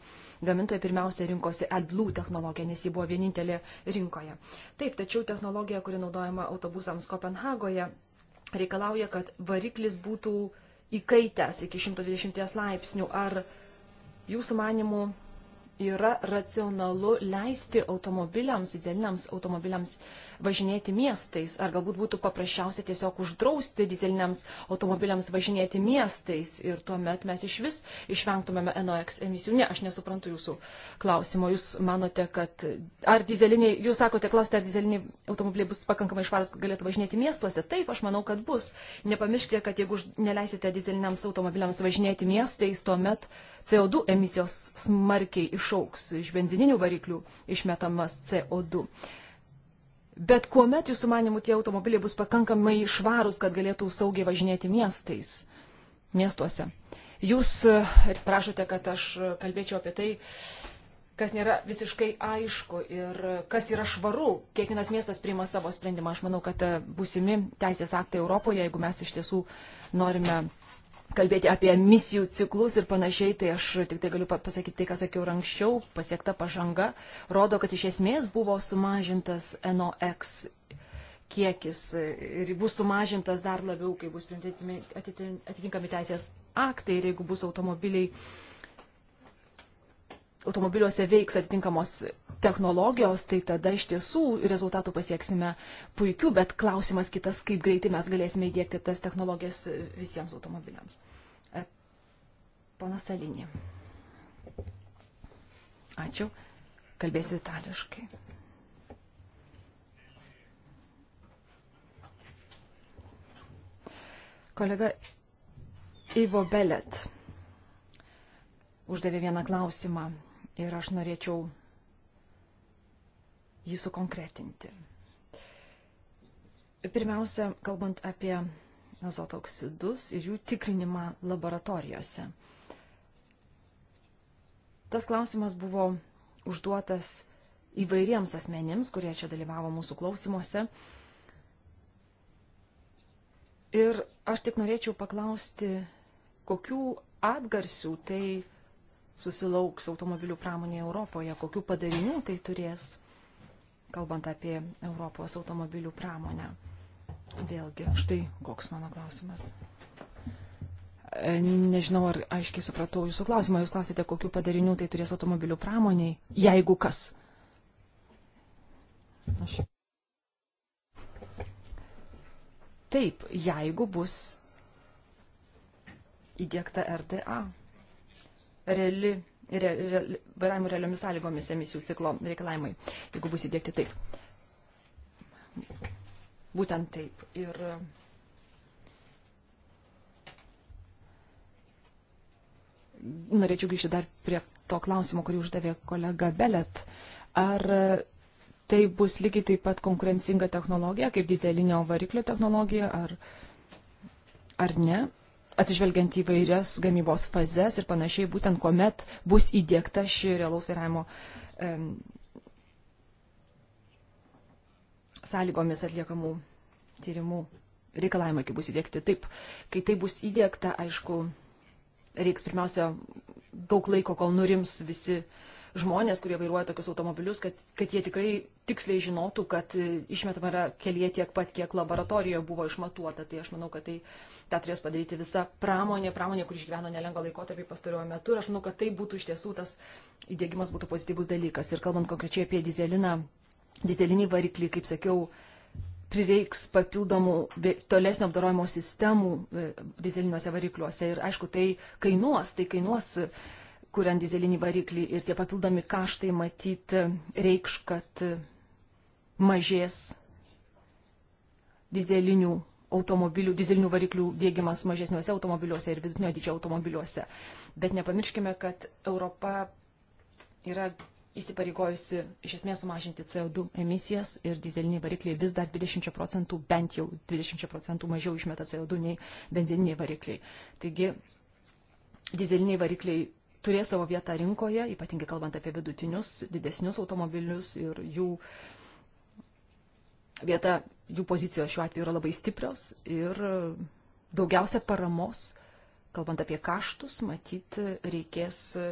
gamintojai pirmiausia rinkosi AdBlue technologiją, nes ji buvo vienintelė rinkoje. Taip, tačiau technologija, kuri naudojama autobusams Kopenhagoje, reikalauja, kad variklis būtų įkaitęs iki 120 laipsnių. Ar jūsų manimų yra racionalu leisti automobiliams, dizeliniams automobiliams važinėti miestais, ar galbūt būtų paprasčiausia tiesiog uždrausti dizeliniams automobiliams važinėti miestais ir tuomet mes iš vis išvengtumėme NOx emisijų. Ne, aš nesuprantu jūsų klausimo. Jūs manote, kad ar dizeliniai, jūs sakote, klausite, ar dizeliniai automobiliai bus pakankamai švaras, galėtų važinėti miestuose. Taip, aš manau, kad bus. Nepamirškite, kad jeigu neleisite dizeliniams automobiliams važinėti miestais, tuomet... met CO2 emisijos smarkiai išauks iš benzininių variklių išmetamas CO2. Bet kuomet jūsų manimų tie automobiliai bus pakankamai švarūs, kad galėtų saugiai važinėti miestais, miestuose. Jūs e, prašote, kad aš kalbėčiau apie tai, kas nėra visiškai aišku ir kas yra švaru. Kiekvienas miestas priima savo sprendimą. Aš manau, kad e, būsimi teisės aktai Europoje, jeigu mes iš tiesų norime kalbėti apie misijų ciklus ir panašiai, tai aš tik tai galiu pasakyti tai, ką sakiau ir anksčiau, pasiekta pažanga rodo, kad iš esmės buvo sumažintas NOX kiekis ir bus sumažintas dar labiau, kai bus atitinkami teisės aktai ir jeigu bus automobiliai, automobiliuose veiks atitinkamos technologijos, tai tada iš tiesų rezultatų pasieksime puikių, bet klausimas kitas, kaip greitai mes galėsime įdėkti tas technologijas visiems automobiliams. E, ponas Salinė. Ačiū. Kalbėsiu itališkai. Kolega Ivo Belet uždavė vieną klausimą ir aš norėčiau jį sukonkretinti. Pirmiausia, kalbant apie azoto oksidus ir jų tikrinimą laboratorijose. Tas klausimas buvo užduotas įvairiems asmenims, kurie čia dalyvavo mūsų klausimuose. Ir aš tik norėčiau paklausti, kokių atgarsių tai susilauks automobilių pramonėje Europoje, kokių padarinių tai turės kalbant apie Europos automobilių pramonę. Vėlgi, štai koks mano klausimas. E, nežinau, ar aiškiai supratau jūsų klausimą. Jūs klausite, kokiu padariniu tai turės automobilių pramoniai, jeigu kas. Aš. Taip, jeigu bus įdėkta RDA, reali re, re, vairavimo realiomis sąlygomis emisijų ciklo reikalavimai, jeigu bus įdėkti taip. Būtent taip. Ir norėčiau grįžti dar prie to klausimo, kurį uždavė kolega Belet. Ar tai bus lygiai taip pat konkurencinga technologija, kaip dizelinio variklio technologija, ar, ar ne? atsižvelgiant į vairias gamybos fazes ir panašiai, būtent kuomet bus įdėkta ši realaus vairavimo um, sąlygomis atliekamų tyrimų reikalavimai, kai bus įdėkti. Taip, kai tai bus įdėkta, aišku, reiks pirmiausia daug laiko, kol nurims visi uh, žmonės, kurie vairuoja tokius automobilius, kad, kad jie tikrai tiksliai žinotų, kad e, išmetama yra kelyje tiek pat, kiek laboratorijoje buvo išmatuota. Tai aš manau, kad tai tą turės padaryti visa pramonė, pramonė, kur išgyveno nelengvą laikotarpį pastaruoju metu. Ir aš manau, kad tai būtų iš tiesų tas įdėgymas būtų pozityvus dalykas. Ir kalbant konkrečiai apie dizeliną, dizelinį variklį, kaip sakiau, prireiks papildomų tolesnio apdarojimo sistemų e, dizeliniuose varikliuose. Ir aišku, tai kainuos, tai kainuos kuriant dizelinį variklį ir tie papildomi kaštai matyti reikš, kad mažės dizelinių automobilių, dizelinių variklių dėgymas mažesniuose automobiliuose ir vidutinio dydžio automobiliuose. Bet nepamirškime, kad Europa yra įsipareigojusi iš esmės sumažinti CO2 emisijas ir dizeliniai varikliai vis dar 20 procentų, bent jau 20 procentų mažiau išmeta CO2 nei benzininiai varikliai. Taigi dizeliniai varikliai turės savo vietą rinkoje, ypatingai kalbant apie vidutinius, didesnius automobilius ir jų vieta, jų pozicijos šiuo atveju yra labai stiprios ir daugiausia paramos, kalbant apie kaštus, matyt, reikės e,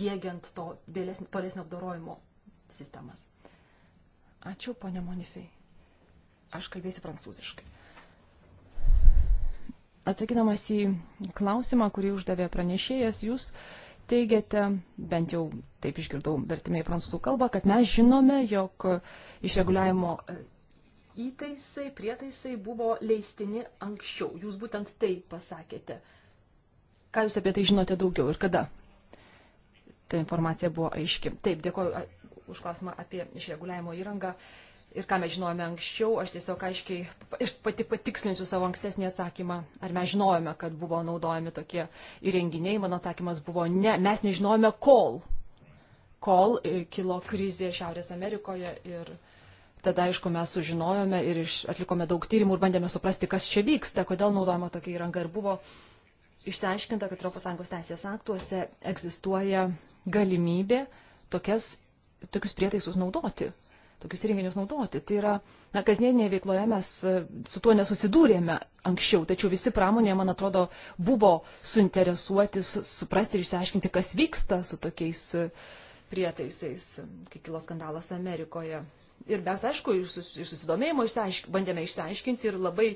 dėgiant to vėlesnio, tolesnio apdorojimo sistemas. Ačiū, ponia Monifei. Aš kalbėsiu prancūziškai. Atsakydamas į klausimą, kurį uždavė pranešėjas, jūs teigiate, bent jau taip išgirdau vertimai į prancūzų kalbą, kad mes žinome, jog iš reguliavimo e, įtaisai, prietaisai buvo leistini anksčiau. Jūs būtent tai pasakėte. Ką jūs apie tai žinote daugiau ir kada? Ta informacija buvo aiški. Taip, dėkoju už klausimą apie išreguliavimo įrangą ir ką mes žinojome anksčiau. Aš tiesiog aiškiai pati patikslinsiu savo ankstesnį atsakymą. Ar mes žinojome, kad buvo naudojami tokie įrenginiai? Mano atsakymas buvo ne. Mes nežinojome kol. Kol e, kilo krizė Šiaurės Amerikoje ir tada, aišku, mes sužinojome ir atlikome daug tyrimų ir bandėme suprasti, kas čia vyksta, kodėl naudojama tokia įranga ir buvo išsiaiškinta, kad ES teisės aktuose egzistuoja galimybė tokias tokius prietaisus naudoti, tokius įrenginius naudoti. Tai yra, na, kasdieninėje veikloje mes e, su tuo nesusidūrėme anksčiau, tačiau visi pramonėje, man atrodo, buvo suinteresuoti, su, suprasti ir išsiaiškinti, kas vyksta su tokiais e, prietaisais, kai kilo skandalas Amerikoje. Ir mes, aišku, iš susidomėjimo išsiaišk, bandėme išsiaiškinti ir labai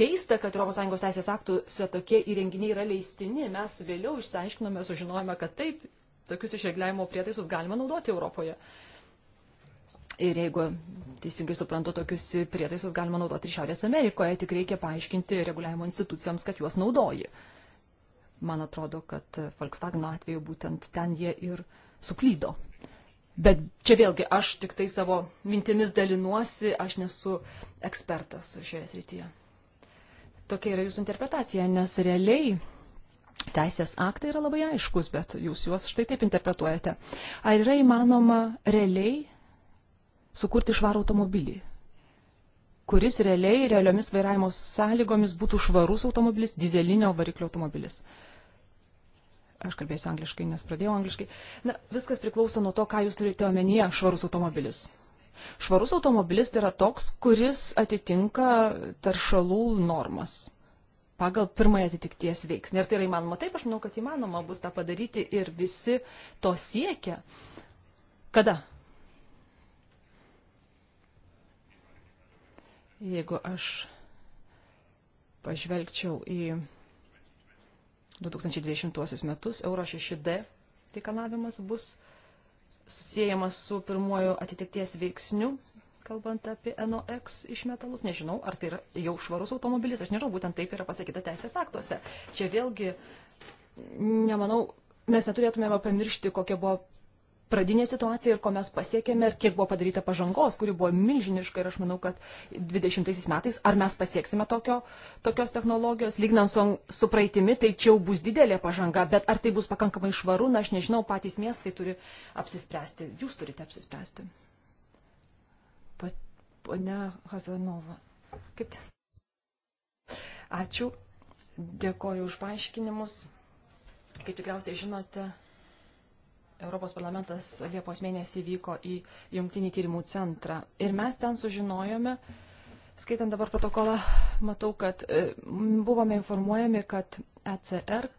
keista, kad ES teisės aktuose tokie įrenginiai yra leistini. Mes vėliau išsiaiškinome, sužinojome, kad taip tokius išregliavimo prietaisus galima naudoti Europoje. Ir jeigu teisingai suprantu, tokius prietaisus galima naudoti ir Šiaurės Amerikoje, tik reikia paaiškinti reguliavimo institucijoms, kad juos naudoji. Man atrodo, kad Volkswagen atveju būtent ten jie ir suklydo. Bet čia vėlgi aš tik tai savo mintimis dalinuosi, aš nesu ekspertas šioje srityje. Tokia yra jūsų interpretacija, nes realiai Teisės aktai yra labai aiškus, bet jūs juos štai taip interpretuojate. Ar yra įmanoma realiai sukurti švarų automobilį, kuris realiai realiomis vairavimo sąlygomis būtų švarus automobilis, dizelinio variklio automobilis? aš kalbėsiu angliškai, nes pradėjau angliškai. Na, viskas priklauso nuo to, ką jūs turite omenyje švarus automobilis. Švarus automobilis tai yra toks, kuris atitinka taršalų normas pagal pirmąją atitikties veiksnį. Ir tai yra įmanoma. Taip, aš manau, kad įmanoma bus tą padaryti ir visi to siekia. Kada? Jeigu aš pažvelgčiau į 2020 metus, Euro 6D reikalavimas bus susijęjamas su pirmuoju atitikties veiksniu kalbant apie NOx išmetalus. Nežinau, ar tai yra jau švarus automobilis, aš nežinau, būtent taip yra pasakyta teisės aktuose. Čia vėlgi, nemanau, mes neturėtumėme pamiršti, kokia buvo pradinė situacija ir ko mes pasiekėme ir kiek buvo padaryta pažangos, kuri buvo milžiniška ir aš manau, kad 20 metais ar mes pasieksime tokio, tokios technologijos, lygnant su, su praeitimi, tai čia jau bus didelė pažanga, bet ar tai bus pakankamai švaru, na aš nežinau, patys miestai turi apsispręsti, jūs turite apsispręsti. Pane Hazanova. Kaip? Ačiū. Dėkoju už paaiškinimus. Kaip tikriausiai žinote, Europos parlamentas Liepos mėnesį vyko į Jungtinį tyrimų centrą. Ir mes ten sužinojome, skaitant dabar protokolą, matau, kad e, buvome informuojami, kad ECR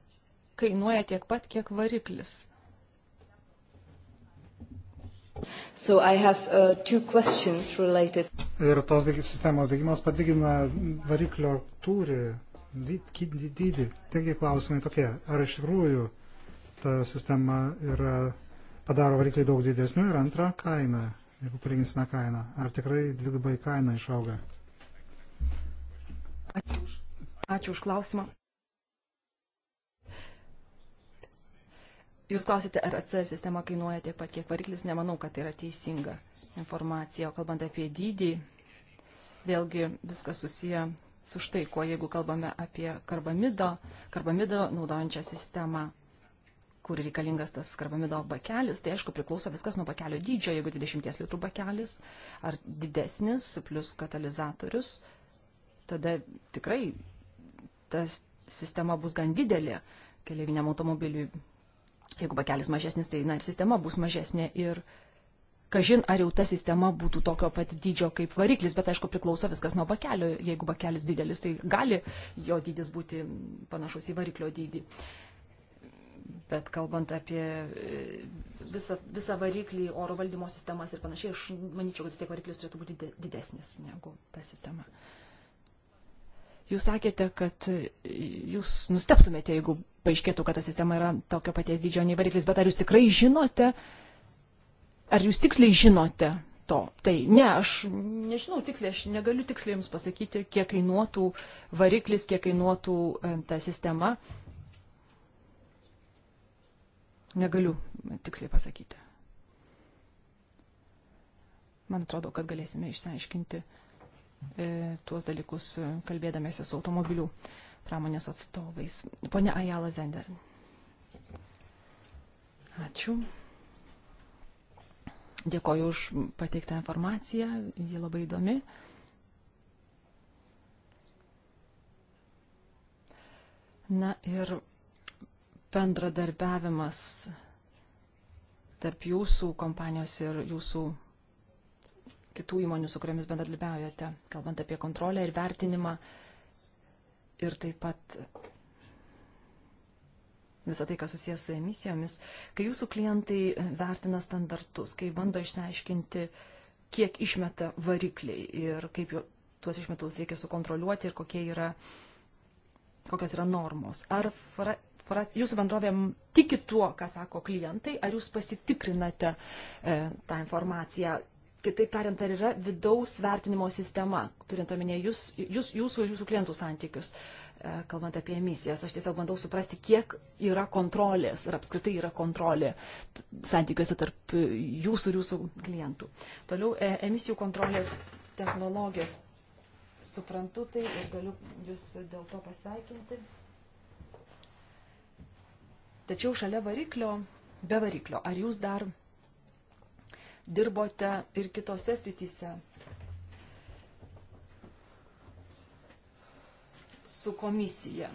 kainuoja tiek pat, kiek variklis. So have, uh, related... Ir tos sistemos dėgymas padigina variklio tūrį, dydį. Taigi klausimai tokie, ar iš tikrųjų ta sistema yra, padaro variklį daug didesnių ir antra kaina, jeigu palyginsime kainą, ar tikrai dvigubai kaina išauga. Ačiū už, Ačiū už klausimą. Jūs klausite, ar ACR sistema kainuoja tiek pat, kiek variklis, nemanau, kad tai yra teisinga informacija. O kalbant apie dydį, vėlgi viskas susiję su štai, kuo jeigu kalbame apie karbamido, karbamido naudojančią sistemą, kur reikalingas tas karbamido bakelis, tai aišku priklauso viskas nuo bakelio dydžio, jeigu 20 litrų bakelis ar didesnis plus katalizatorius, tada tikrai ta sistema bus gan didelė keliaiviniam automobiliui Jeigu pakelis mažesnis, tai na ir sistema bus mažesnė ir kažin ar jau ta sistema būtų tokio pat dydžio kaip variklis, bet aišku priklauso viskas nuo pakelio. Jeigu pakelis didelis, tai gali jo dydis būti panašus į variklio dydį. Bet kalbant apie e, visą, visą variklį, oro valdymo sistemas ir panašiai, aš manyčiau, kad vis tiek variklis turėtų būti didesnis negu ta sistema. Uh, Jūs sakėte, kad jūs nusteptumėte, jeigu paaiškėtų, kad ta sistema yra tokio paties dydžio nei variklis, bet ar jūs tikrai žinote, ar jūs tiksliai žinote to? Tai ne, aš nežinau tiksliai, aš negaliu tiksliai jums pasakyti, kiek kainuotų variklis, kiek kainuotų ta sistema. Negaliu tiksliai pasakyti. Man atrodo, kad galėsime išsiaiškinti E, tuos dalykus e, kalbėdamėsi su automobilių pramonės atstovais. Pone Ajala Zender. Ačiū. Dėkoju už pateiktą informaciją, ji labai įdomi. Na ir bendradarbiavimas tarp jūsų kompanijos ir jūsų kitų įmonių, su kuriamis bendradarbiaujate, kalbant apie kontrolę ir vertinimą ir taip pat visą tai, kas susijęs su emisijomis, kai jūsų klientai vertina standartus, kai bando išsiaiškinti, kiek išmeta varikliai ir kaip jo, tuos išmetalus reikia sukontroliuoti ir kokie yra, kokios yra normos. Ar fra, fra, jūsų bendrovė tiki tuo, ką sako klientai, ar jūs pasitikrinate e, tą informaciją, kitaip tariant, ar yra vidaus vertinimo sistema, turint omenyje jūs, jūs, jūsų ir jūsų klientų santykius, e, kalbant apie emisijas. Aš tiesiog bandau suprasti, kiek yra kontrolės ir apskritai yra kontrolė santykiuose tarp jūsų ir jūsų klientų. Toliau e, emisijų kontrolės technologijos. Suprantu tai ir galiu jūs dėl to pasveikinti. Tačiau šalia variklio, be variklio, ar jūs dar dirbote ir kitose srityse su komisija.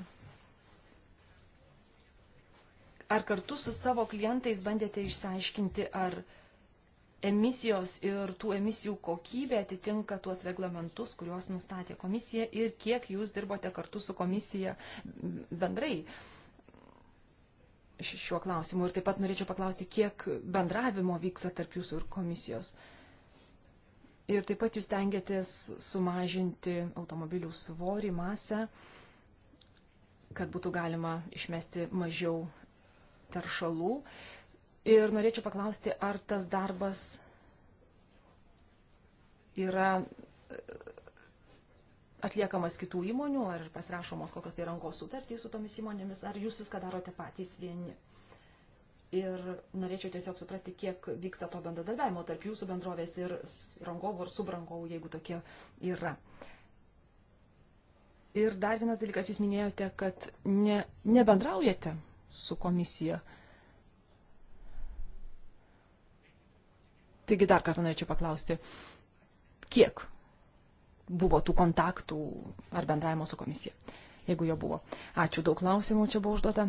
Ar kartu su savo klientais bandėte išsiaiškinti, ar emisijos ir tų emisijų kokybė atitinka tuos reglamentus, kuriuos nustatė komisija ir kiek jūs dirbote kartu su komisija bendrai šiuo klausimu. Ir taip pat norėčiau paklausti, kiek bendravimo vyksta tarp jūsų ir komisijos. Ir taip pat jūs tengiatės sumažinti automobilių svorį, masę, kad būtų galima išmesti mažiau taršalų. Ir norėčiau paklausti, ar tas darbas yra atliekamas kitų įmonių, ar pasirašomos kokios tai rankos sutartys su tomis įmonėmis, ar jūs viską darote patys vieni. Ir norėčiau tiesiog suprasti, kiek vyksta to bendradarbiavimo tarp jūsų bendrovės ir rangovų ar subrangovų, jeigu tokie yra. Ir dar vienas dalykas, jūs minėjote, kad ne, nebendraujate su komisija. Taigi dar kartą norėčiau paklausti, kiek buvo tų kontaktų ar bendravimo su komisija, jeigu jo buvo. Ačiū, daug klausimų čia buvo užduota.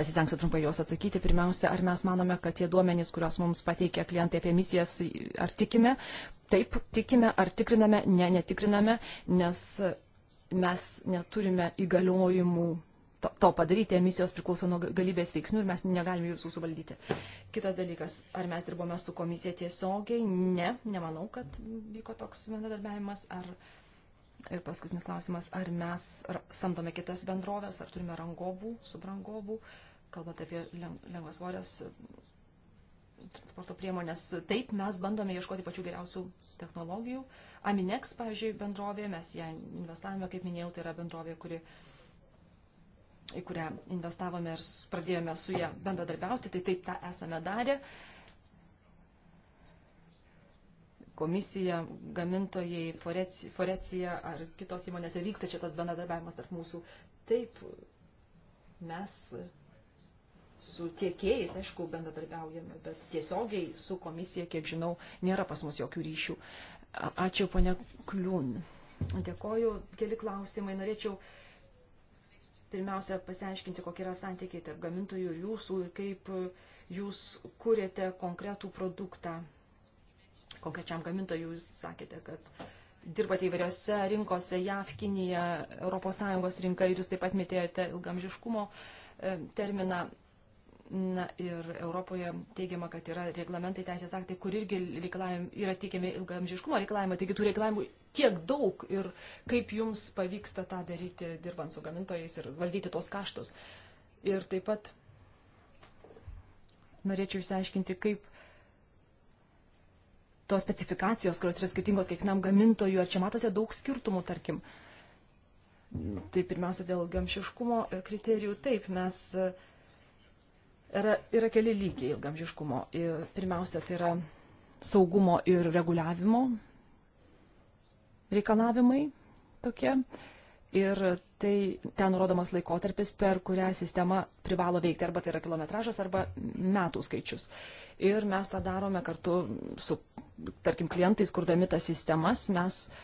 Pasistengsiu trumpai juos atsakyti. Pirmiausia, ar mes manome, kad tie duomenys, kuriuos mums pateikia klientai apie misijas, ar tikime? Taip, tikime, ar tikriname? Ne, netikriname, nes mes neturime įgaliojimų to padaryti, emisijos priklauso nuo galybės veiksnių ir mes negalime jų visų suvaldyti. Kitas dalykas, ar mes dirbome su komisija tiesiogiai? Ne, nemanau, kad vyko toks bendradarbiavimas. Ar, ir paskutinis klausimas, ar mes samdome kitas bendrovės, ar turime rangovų, subrangovų, kalbant apie lengvasvorės e, transporto priemonės. Taip, mes bandome ieškoti pačių geriausių technologijų. Aminex, pavyzdžiui, bendrovė, mes ją investavome, kaip minėjau, tai yra bendrovė, kuri uh, į kurią investavome ir pradėjome su ją bendradarbiauti, tai taip tą esame darę. Komisija, gamintojai, Forecija ar kitos įmonėse vyksta čia tas bendradarbiavimas tarp mūsų. Taip, mes su tiekėjais, aišku, bendradarbiaujame, bet tiesiogiai su komisija, kiek žinau, nėra pas mus jokių ryšių. Ačiū, ponia Kliūn. Dėkoju, keli klausimai. Norėčiau uh, pirmiausia pasiaiškinti, kokie yra santykiai tarp gamintojų ir jūsų ir kaip jūs kūrėte konkretų produktą. Konkrečiam gamintojui jūs sakėte, kad dirbate įvairiose rinkose, JAV, Kinija, ES rinka ir jūs taip pat mitėjote ilgamžiškumo e, terminą. Na ir Europoje teigiama, kad yra reglamentai, teisės aktai, kur irgi yra teikiami ilgamžiškumo reikalavimai, taigi tų reikalavimų tiek daug ir kaip jums pavyksta tą daryti, dirbant su gamintojais ir valdyti tuos kaštus. Ir taip pat norėčiau išsiaiškinti, kaip tos specifikacijos, kurios yra skirtingos kiekvienam gamintojui, ar čia matote daug skirtumų, tarkim. Tai pirmiausia, dėl gamšiškumo kriterijų, taip, mes uh, yra, yra keli lygiai ilgamžiškumo. Ir pirmiausia, tai yra saugumo ir reguliavimo reikalavimai tokie. Ir tai ten nurodomas laikotarpis, per kurią sistema privalo veikti, arba tai yra kilometražas, arba metų skaičius. Ir mes tą darome kartu su, tarkim, klientais, kurdami tas sistemas, mes uh,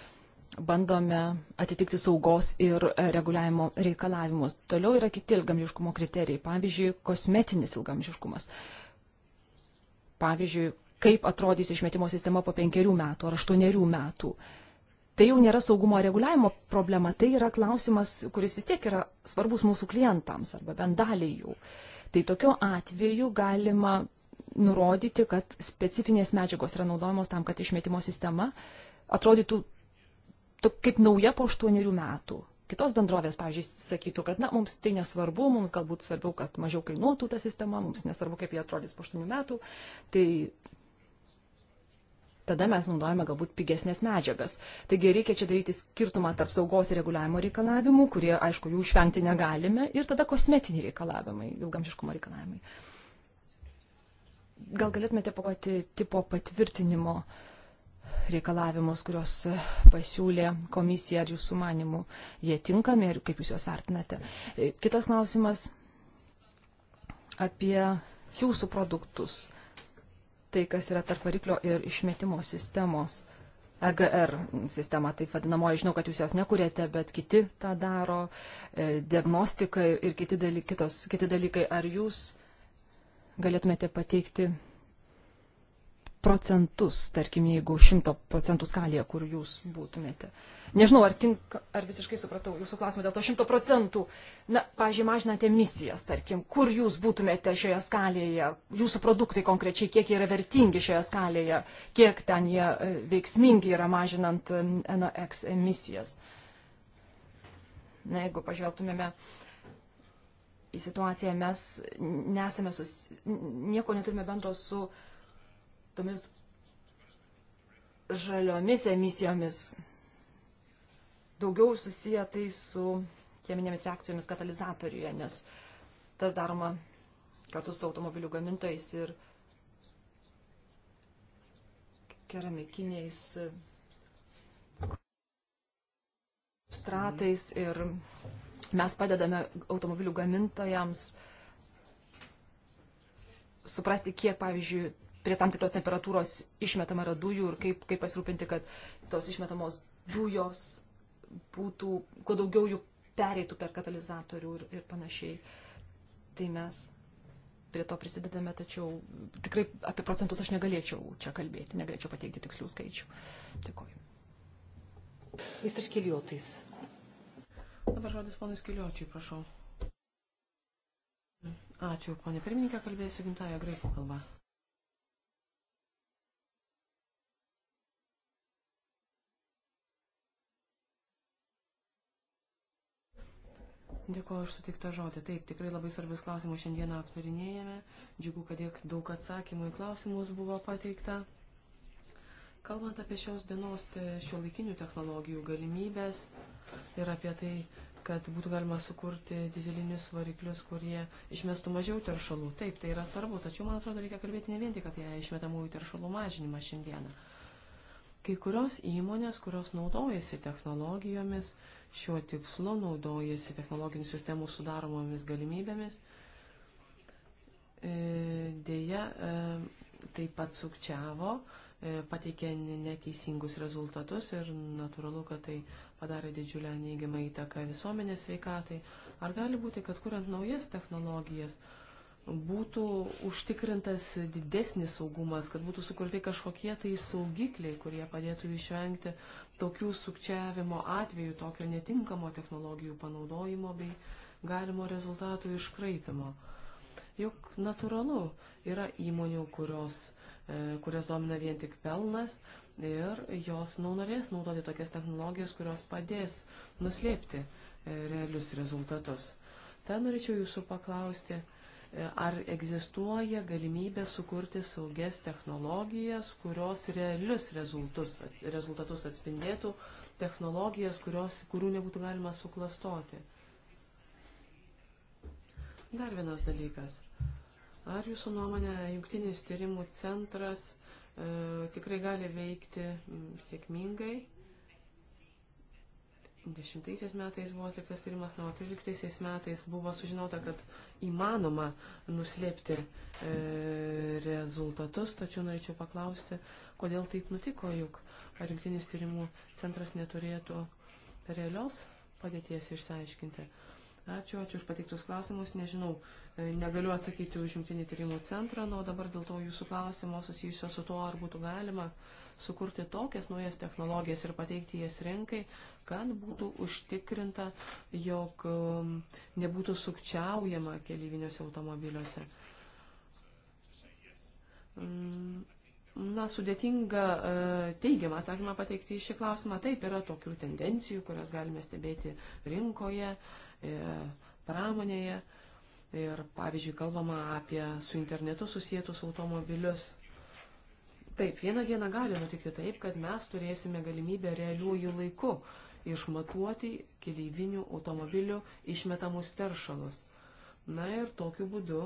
bandome atitikti saugos ir e, reguliavimo reikalavimus. Toliau yra kiti ilgamžiškumo kriterijai, pavyzdžiui, kosmetinis ilgamžiškumas. Pavyzdžiui, kaip atrodys išmetimo sistema po penkerių metų ar aštuonerių metų. Tai jau nėra saugumo reguliavimo problema, tai yra klausimas, kuris vis tiek yra svarbus mūsų klientams arba bent daliai jų. Tai tokiu atveju galima nurodyti, kad specifinės medžiagos yra naudojamos tam, kad išmetimo sistema atrodytų kaip nauja po aštuonerių metų. Kitos bendrovės, pavyzdžiui, sakytų, kad na, mums tai nesvarbu, mums galbūt svarbiau, kad mažiau kainuotų ta sistema, mums nesvarbu, kaip jie atrodys po aštuonių metų. Tai tada mes naudojame galbūt pigesnės medžiagas. Taigi reikia čia daryti skirtumą tarp saugos ir reguliavimo reikalavimų, kurie, aišku, jų išvengti negalime, ir tada kosmetiniai reikalavimai, ilgamžiškumo reikalavimai. Gal galėtumėte pakuoti tipo patvirtinimo uh, reikalavimus, kuriuos e, pasiūlė komisija ar jūsų manimų, jie tinkami ir kaip jūs juos vertinate. E, kitas klausimas apie jūsų produktus, tai kas yra tarp variklio ir išmetimo sistemos. EGR sistema, taip vadinamoji, žinau, kad jūs jos nekuriate, bet kiti tą daro, e, diagnostika ir kiti, daly, kitos, kiti dalykai. Ar jūs galėtumėte pateikti procentus, tarkim, jeigu 100 procentų skalėje, kur jūs būtumėte. Nežinau, ar, tink, ar visiškai supratau jūsų klausimą dėl to 100 procentų. Na, pažiūrėjau, mažinate misijas, tarkim, kur jūs būtumėte šioje skalėje, jūsų produktai konkrečiai, kiek jie yra vertingi šioje skalėje, kiek ten jie e, veiksmingi yra mažinant NOx emisijas. Na, jeigu pažvelgtumėme į situaciją, mes nesame, sus... nieko neturime bendro su uh, tomis žaliomis emisijomis. Daugiau susiję tai su cheminėmis reakcijomis katalizatoriuje, nes tas daroma kartu su automobilių gamintojais ir keramikiniais stratais ir mes padedame automobilių gamintojams suprasti, kiek, pavyzdžiui, prie tam tikros temperatūros išmetama yra dujų ir kaip, kaip pasirūpinti, kad tos išmetamos dujos būtų, kuo daugiau jų pereitų per katalizatorių ir, ir panašiai. Tai mes prie to prisidedame, tačiau tikrai apie procentus aš negalėčiau čia kalbėti, negalėčiau pateikti tikslių skaičių. Dėkuoju. Mr. Skiliotis. Dabar žodis ponui Skiliočiui, prašau. Ačiū, ponė pirmininkė, kalbėsiu gimtają graikų kalbą. Dėkuoju už sutiktą žodį. Taip, tikrai labai svarbius klausimus šiandieną aptarinėjame. Džiugu, kad daug atsakymų į klausimus buvo pateikta. Kalbant apie šios dienos tai šio laikinių technologijų galimybės ir apie tai, kad būtų galima sukurti dizelinius variklius, kurie išmestų mažiau teršalų. Taip, tai yra svarbu, tačiau man atrodo reikia kalbėti ne vien tik apie išmetamųjų teršalų mažinimą šiandieną. Kai kurios įmonės, kurios naudojasi technologijomis, šiuo tikslu, naudojasi technologinių sistemų sudaromomis galimybėmis. E, Deja, e, taip pat sukčiavo, e, pateikė neteisingus rezultatus ir natūralu, kad tai padarė didžiulę neigiamą įtaką visuomenės veikatai. Ar gali būti, kad kuriant naujas technologijas, būtų užtikrintas didesnis saugumas, kad būtų sukurti kažkokie tai saugikliai, kurie padėtų išvengti tokių sukčiavimo atvejų, tokio netinkamo technologijų panaudojimo bei galimo rezultatų iškraipimo. Juk natūralu yra įmonių, kurios, e, kurios domina vien tik pelnas ir jos nu, norės naudoti tokias technologijas, kurios padės nuslėpti e, realius rezultatus. Ten norėčiau jūsų paklausti, ar egzistuoja galimybė sukurti saugias technologijas, kurios realius rezultus, rezultatus atspindėtų, technologijas, kurios, kurių nebūtų galima suklastoti. Dar vienas dalykas. Ar jūsų nuomonė jungtinis tyrimų centras e, tikrai gali veikti m, sėkmingai? Dešimtaisiais metais buvo atliktas tyrimas, nuo 13 metais buvo sužinota, kad įmanoma nuslėpti e, rezultatus, tačiau norėčiau paklausti, kodėl taip nutiko, juk ar rinktinis tyrimų centras neturėtų realios padėties išsiaiškinti. Ačiū, ačiū už patiktus klausimus. Nežinau, e, negaliu atsakyti už jungtinį tyrimų centrą, na, o dabar dėl to jūsų klausimo susijusio su tuo, ar būtų galima uh, sukurti tokias naujas technologijas ir pateikti jas rinkai, kad būtų užtikrinta, jog um, nebūtų sukčiaujama kelyviniuose automobiliuose. Mm, na, sudėtinga e, teigiamą atsakymą pateikti į šį klausimą. Taip, yra tokių tendencijų, kurias galime stebėti rinkoje, e, pramonėje. Ir, pavyzdžiui, kalbama apie su internetu susijėtus automobilius. Taip, vieną dieną gali nutikti taip, kad mes turėsime galimybę realiųjų laiku išmatuoti keleivinių automobilių išmetamus teršalus. Na ir tokiu būdu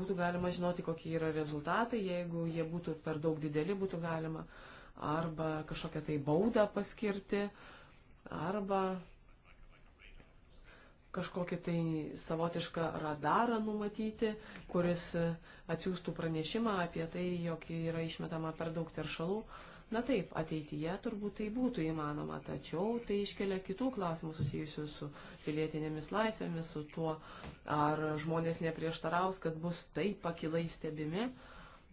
būtų galima žinoti, kokie yra rezultatai, jeigu jie būtų per daug dideli, būtų galima arba kažkokią tai baudą paskirti, arba kažkokį tai savotišką radarą numatyti, kuris atsiųstų pranešimą apie tai, jog yra išmetama per daug teršalų. Na taip, ateityje turbūt tai būtų įmanoma, tačiau tai iškelia kitų klausimų susijusių su pilietinėmis laisvėmis, su tuo, ar žmonės neprieštaraus, kad bus taip pakilai stebimi.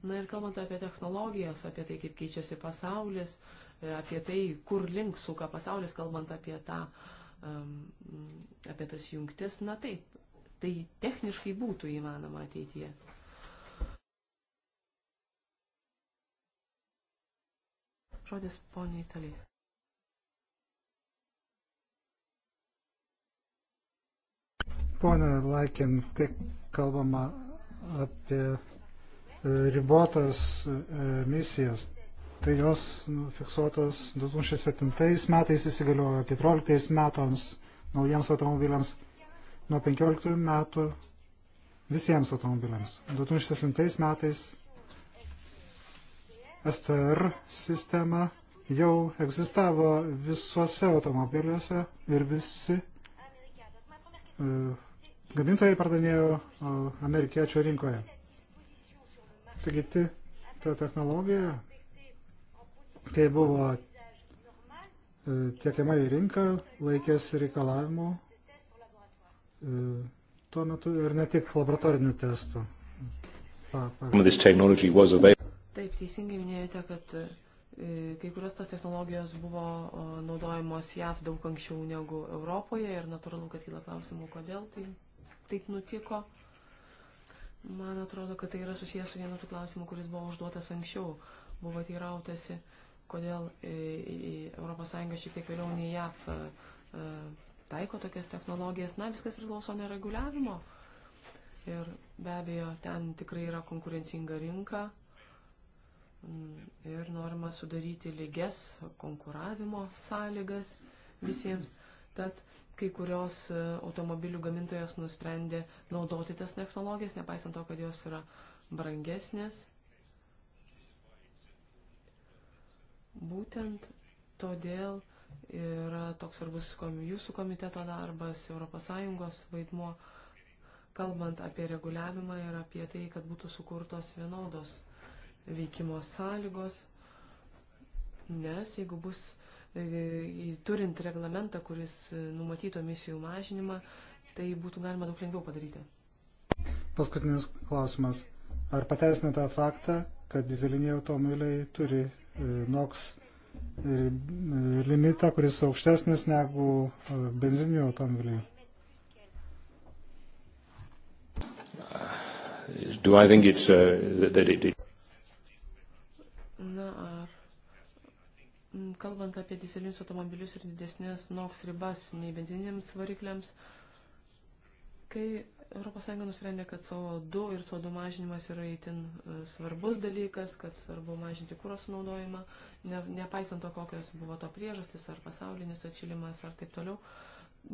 Na ir kalbant apie technologijas, apie tai, kaip keičiasi pasaulis, apie tai, kur link suka pasaulis, kalbant apie tą uh, apie tas jungtis. Na taip, tai techniškai būtų įmanoma ateityje. Žodis ponia Italija. Pone Laikin, kai kalbama apie ribotas e, misijas, tai jos nu, fiksuotos 2007 metais įsigaliojo 14 metams naujiems automobiliams, nuo 15 metų visiems automobiliams. 2007 metais STR sistema jau egzistavo visuose automobiliuose ir visi e, gamintojai pardavinėjo e, amerikiečių rinkoje. Taigi ta technologija kai buvo e, tiekiama į rinką, laikėsi reikalavimų e, tuo metu ir ne tik laboratorinių testų. Pa, pa. Taip, teisingai minėjote, kad e, kai kurios tos technologijos buvo naudojamos JAV daug anksčiau negu Europoje ir natūralu, kad kyla klausimų, kodėl tai taip nutiko. Man atrodo, kad tai yra susijęs su vienu tų klausimų, kuris buvo užduotas anksčiau. Buvo teirautasi. Tai kodėl ES šiek tiek vėliau nei JAF e, e, taiko tokias technologijas. Na, viskas priklauso nuo reguliavimo. Ir be abejo, ten tikrai yra konkurencinga rinka. Mm, ir norima sudaryti lygias konkuravimo sąlygas visiems. Tad kai kurios e, automobilių gamintojos nusprendė naudoti tas technologijas, nepaisant to, kad jos yra brangesnės. Būtent todėl yra toks svarbus jūsų komiteto darbas, ES vaidmuo, kalbant apie reguliavimą ir apie tai, kad būtų sukurtos vienodos veikimo sąlygos, nes jeigu bus e, e, turint reglamentą, kuris e, numatyto emisijų mažinimą, tai būtų galima daug lengviau padaryti. Paskutinis klausimas. Ar pateisinate faktą, kad dizeliniai automobiliai turi e, NOX e, limitą, kuris aukštesnis negu e, benzininių automobiliai. Do I think it's uh, that it, it... Na, ar kalbant apie dizelinius automobilius ir didesnės NOX ribas nei benzininiams varikliams, kai ES nusprendė, kad CO2 ir CO2 mažinimas yra įtin e, svarbus dalykas, kad svarbu mažinti kūro sunaudojimą, ne, nepaisant to, kokios buvo to priežastis, ar pasaulinis atšilimas, ar taip toliau.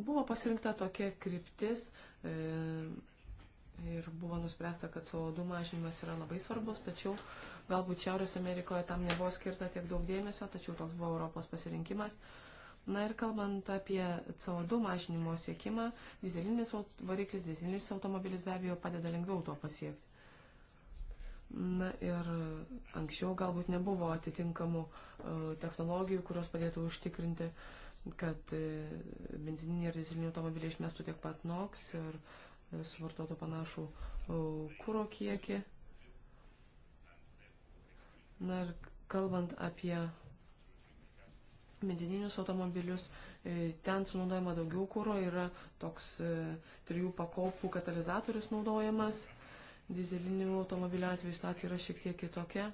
Buvo pasirinkta tokia kryptis e, ir buvo nuspręsta, kad CO2 mažinimas yra labai svarbus, tačiau galbūt Šiaurės Amerikoje tam nebuvo skirta tiek daug dėmesio, tačiau toks buvo Europos pasirinkimas. E, Na ir kalbant apie CO2 mažinimo siekimą, dizelinis variklis, dizelinis automobilis be abejo padeda lengviau to pasiekti. Na ir anksčiau galbūt nebuvo atitinkamų e, technologijų, kurios padėtų užtikrinti, kad e, benzininiai ir dizeliniai automobiliai išmestų tiek pat NOX ir e, suvartotų panašų kūro kiekį. Na ir kalbant apie benzininius automobilius, e, ten sunaudojama daugiau kūro, yra toks e, trijų pakopų katalizatorius naudojamas, dizelinių automobilių atveju situacija yra šiek tiek kitokia.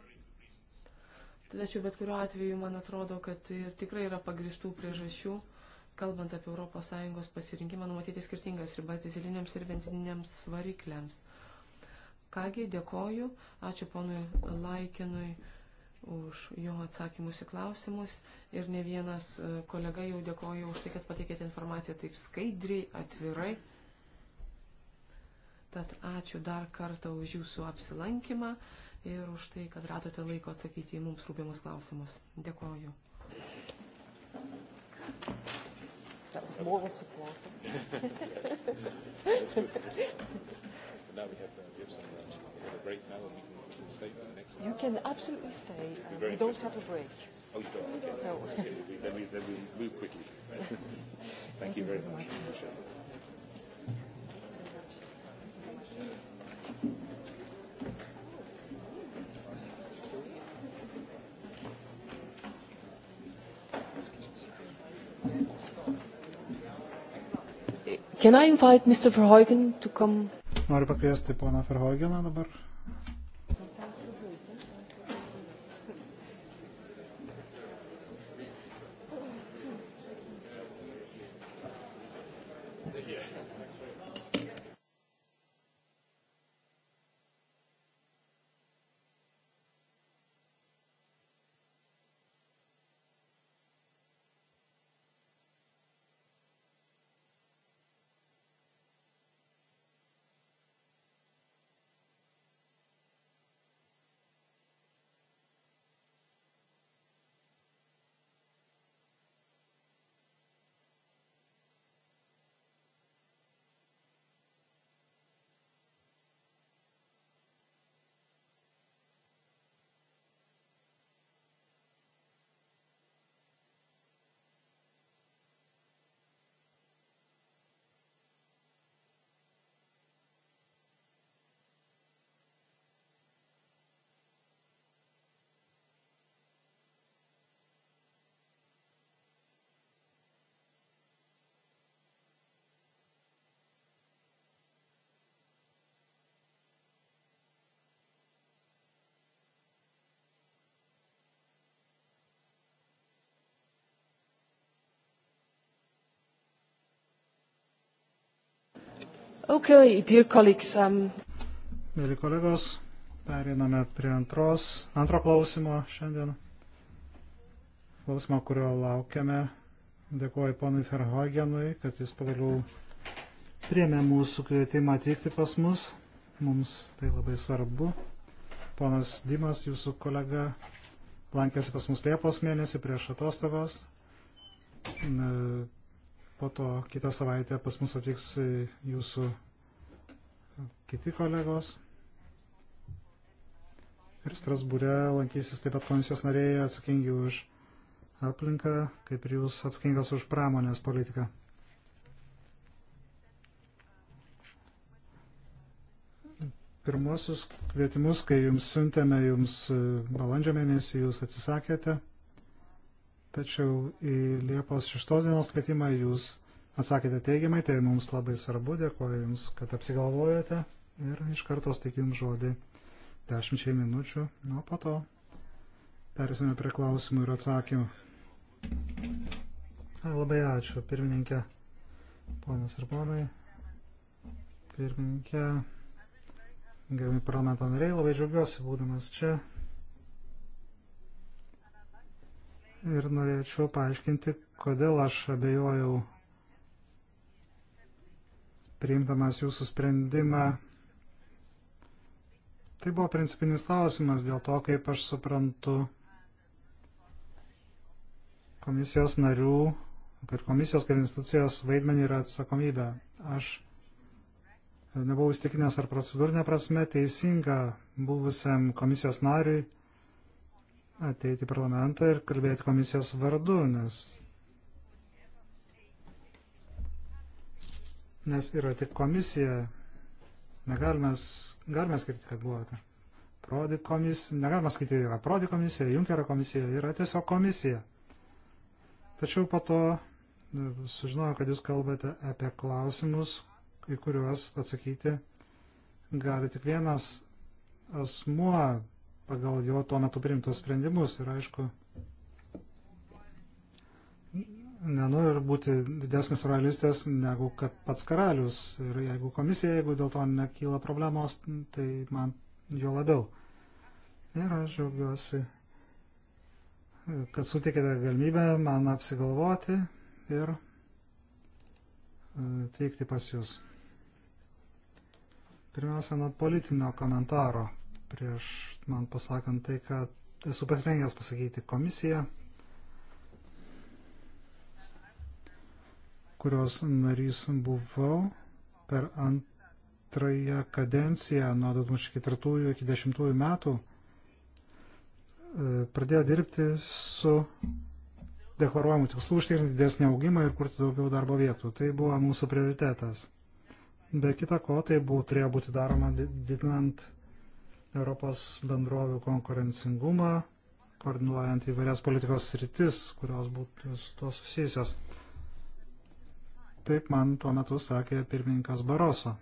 Tačiau bet kuriuo atveju man atrodo, kad tai tikrai yra pagristų priežasčių, kalbant apie ES pasirinkimą, numatyti skirtingas ribas dizeliniams ir benzininiams varikliams. Kągi, dėkoju, ačiū ponui Laikinui už jo atsakymus į klausimus. Ir ne vienas e, kolega jau dėkoju už tai, kad patikėte informaciją taip skaidriai, atvirai. Tad ačiū dar kartą už jūsų apsilankymą ir už tai, kad radote laiko atsakyti į mums rūpimus klausimus. Dėkoju. That was more of a support. yes. That's good. Now we have to give some uh, break now and we can can stay for the next one. You can absolutely stay. Uh, we don't have a break. Oh, you don't? Okay. No. okay. Then, we, then we move quickly. Right? Thank, Thank you very much. much. Can I invite Mr. Verheugen to come? Noriu pakviesti poną Verheugeną dabar. Okay, dear colleagues. Um... Mėly kolegos, periname prie antros, antro klausimo šiandien. Klausimo, kurio laukiame. Dėkuoju ponui Ferhogenui, kad jis pagaliau priemė mūsų kvietimą atvykti pas mus. Mums tai labai svarbu. Ponas Dimas, jūsų kolega, lankėsi pas mus Liepos mėnesį prieš atostogas Po to kitą savaitę pas mus atvyks jūsų kiti kolegos. Ir Strasbūre lankysis taip pat komisijos nariai atsakingi už aplinką, kaip ir jūs atsakingas už pramonės politiką. pirmuosius kvietimus, kai jums siuntėme, jums balandžio mėnesį jūs atsisakėte tačiau į Liepos 6 dienos kvietimą jūs atsakėte teigiamai, tai mums labai svarbu, dėkoju Jums, kad apsigalvojote ir iš karto steikim žodį 10 minučių, nuo po to perėsime prie klausimų ir atsakymų. Labai ačiū, pirmininkė, ponas ir ponai, pirmininkė, gerbimi parlamento nariai, labai džiaugiuosi būdamas čia ir norėčiau paaiškinti, kodėl aš abejojau priimdamas jūsų sprendimą. Tai buvo principinis klausimas dėl to, kaip aš suprantu komisijos narių, kad komisijos kaip institucijos vaidmenį yra atsakomybė. Aš nebuvau įstikinęs ar procedūrinė prasme teisinga buvusiam komisijos nariui ateiti į parlamentą ir kalbėti komisijos vardu, nes, nes yra tik komisija, negalime, galime skirti, kad buvote. Prodi komisija, negalima skaityti, yra Prodi komisija, Junkerio komisija, yra tiesiog komisija. Tačiau po to e, sužinojau, kad jūs kalbate apie klausimus, į kuriuos atsakyti gali tik vienas asmuo pagal jo tuo metu priimtus sprendimus ir aišku, nenoriu būti didesnis realistės negu kad pats karalius ir jeigu komisija, jeigu dėl to nekyla problemos, tai man jo labiau. Ir aš džiaugiuosi, kad sutikėte galimybę man apsigalvoti ir atvykti e, pas jūs. Pirmiausia, nuo politinio komentaro prieš man pasakant tai, ką esu pasirengęs pasakyti komisiją, kurios narys buvau per antrąją kadenciją nuo 2004 iki 2010 metų, e, pradėjo dirbti su deklaruojamų tikslų užtikrinti didesnį augimą ir kurti daugiau darbo vietų. Tai buvo mūsų prioritetas. Be kita ko, tai buvo, turėjo būti daroma didinant Europos bendrovių konkurencingumą, koordinuojant įvairias politikos sritis, kurios būtų su tuo susijusios. Taip man tuo metu sakė pirmininkas Baroso.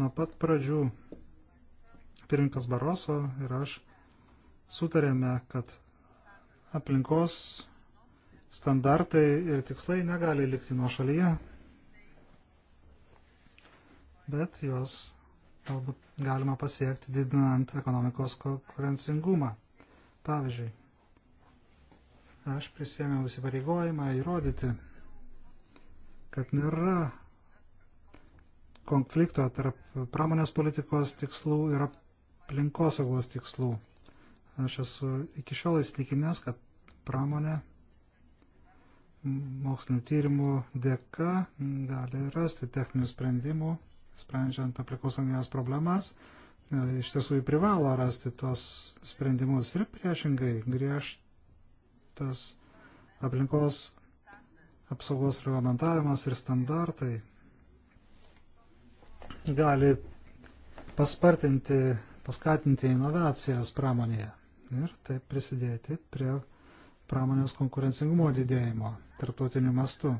Nuo pat pradžių pirmininkas Baroso ir aš sutarėme, kad aplinkos standartai ir tikslai negali likti nuo šalyje, bet juos galbūt galima pasiekti didinant ekonomikos konkurencingumą. Pavyzdžiui, aš prisėmiau įsipareigojimą įrodyti, kad nėra konflikto tarp pramonės politikos tikslų ir aplinkosaugos tikslų. Aš esu iki šiol įsitikinęs, kad pramonė mokslinio tyrimų dėka gali rasti techninių sprendimų sprendžiant aplikosanginės problemas, e, iš tiesų jį privalo rasti tuos sprendimus ir priešingai griežtas aplinkos apsaugos reglamentavimas ir standartai gali paspartinti, paskatinti inovacijas pramonėje ir taip prisidėti prie pramonės konkurencingumo didėjimo tarptautiniu mastu.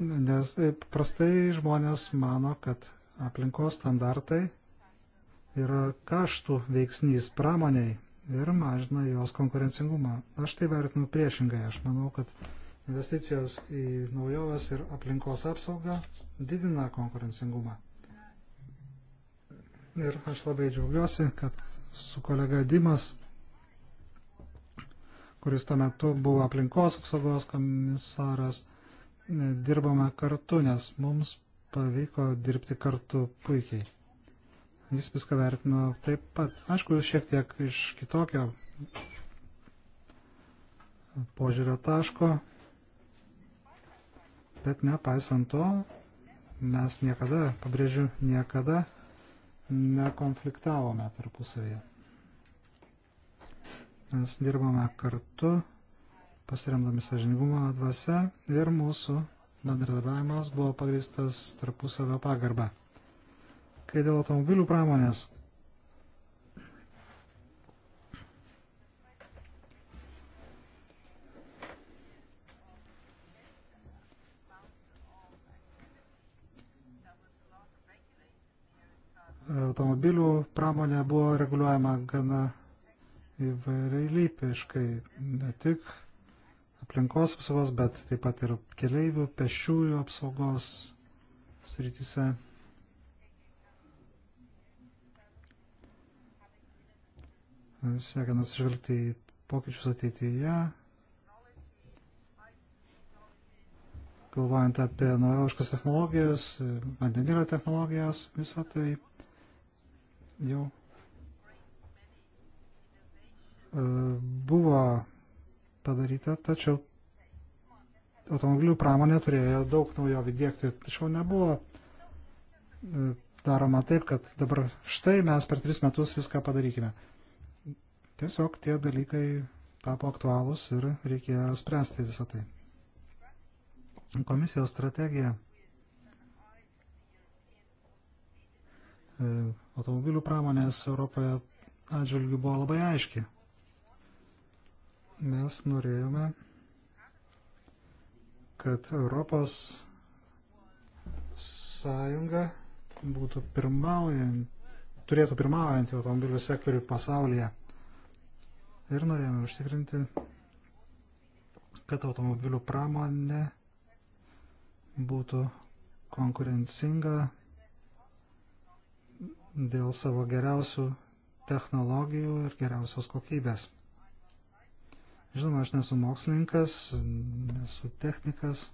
Nes prastai žmonės mano, kad aplinkos standartai yra kaštų veiksnys pramoniai ir mažina jos konkurencingumą. Aš tai vertinu priešingai. Aš manau, kad investicijos į naujoves ir aplinkos apsaugą didina konkurencingumą. Ir aš labai džiaugiuosi, kad su kolega Dimas, kuris tuo metu buvo aplinkos apsaugos komisaras, dirbome kartu, nes mums pavyko dirbti kartu puikiai. Jis viską vertino taip pat. Aišku, šiek tiek iš kitokio požiūrio taško, bet nepaisant to, mes niekada, pabrėžiu, niekada nekonfliktavome tarpusavėje. Mes dirbame kartu pasiremdami sažiningumo dvasia ir mūsų bendradarbiavimas buvo pagristas tarpusavio pagarba. Kai dėl automobilių pramonės automobilių pramonė buvo reguliuojama gana įvairiai lypiškai, ne tik aplinkos apsaugos, bet taip pat ir keleivių, pešiųjų apsaugos srityse. Siekiant atsižvelgti į pokyčius ateityje, galvojant apie naujoviškas technologijas, vandenilio technologijas, visą tai jau e, buvo padaryta, tačiau automobilių pramonė turėjo daug naujovių dėkti, tačiau nebuvo e, daroma taip, kad dabar štai mes per tris metus viską padarykime. Tiesiog tie dalykai tapo aktualūs ir reikėjo spręsti visą tai. Komisijos strategija e, automobilių pramonės Europoje atžvilgių buvo labai aiški mes norėjome, kad Europos sąjunga būtų pirmaujant, turėtų pirmaujantį automobilių sektorių pasaulyje. Ir norėjome užtikrinti, kad automobilių pramonė būtų konkurencinga dėl savo geriausių technologijų ir geriausios kokybės. Žinoma, aš nesu mokslininkas, nesu technikas.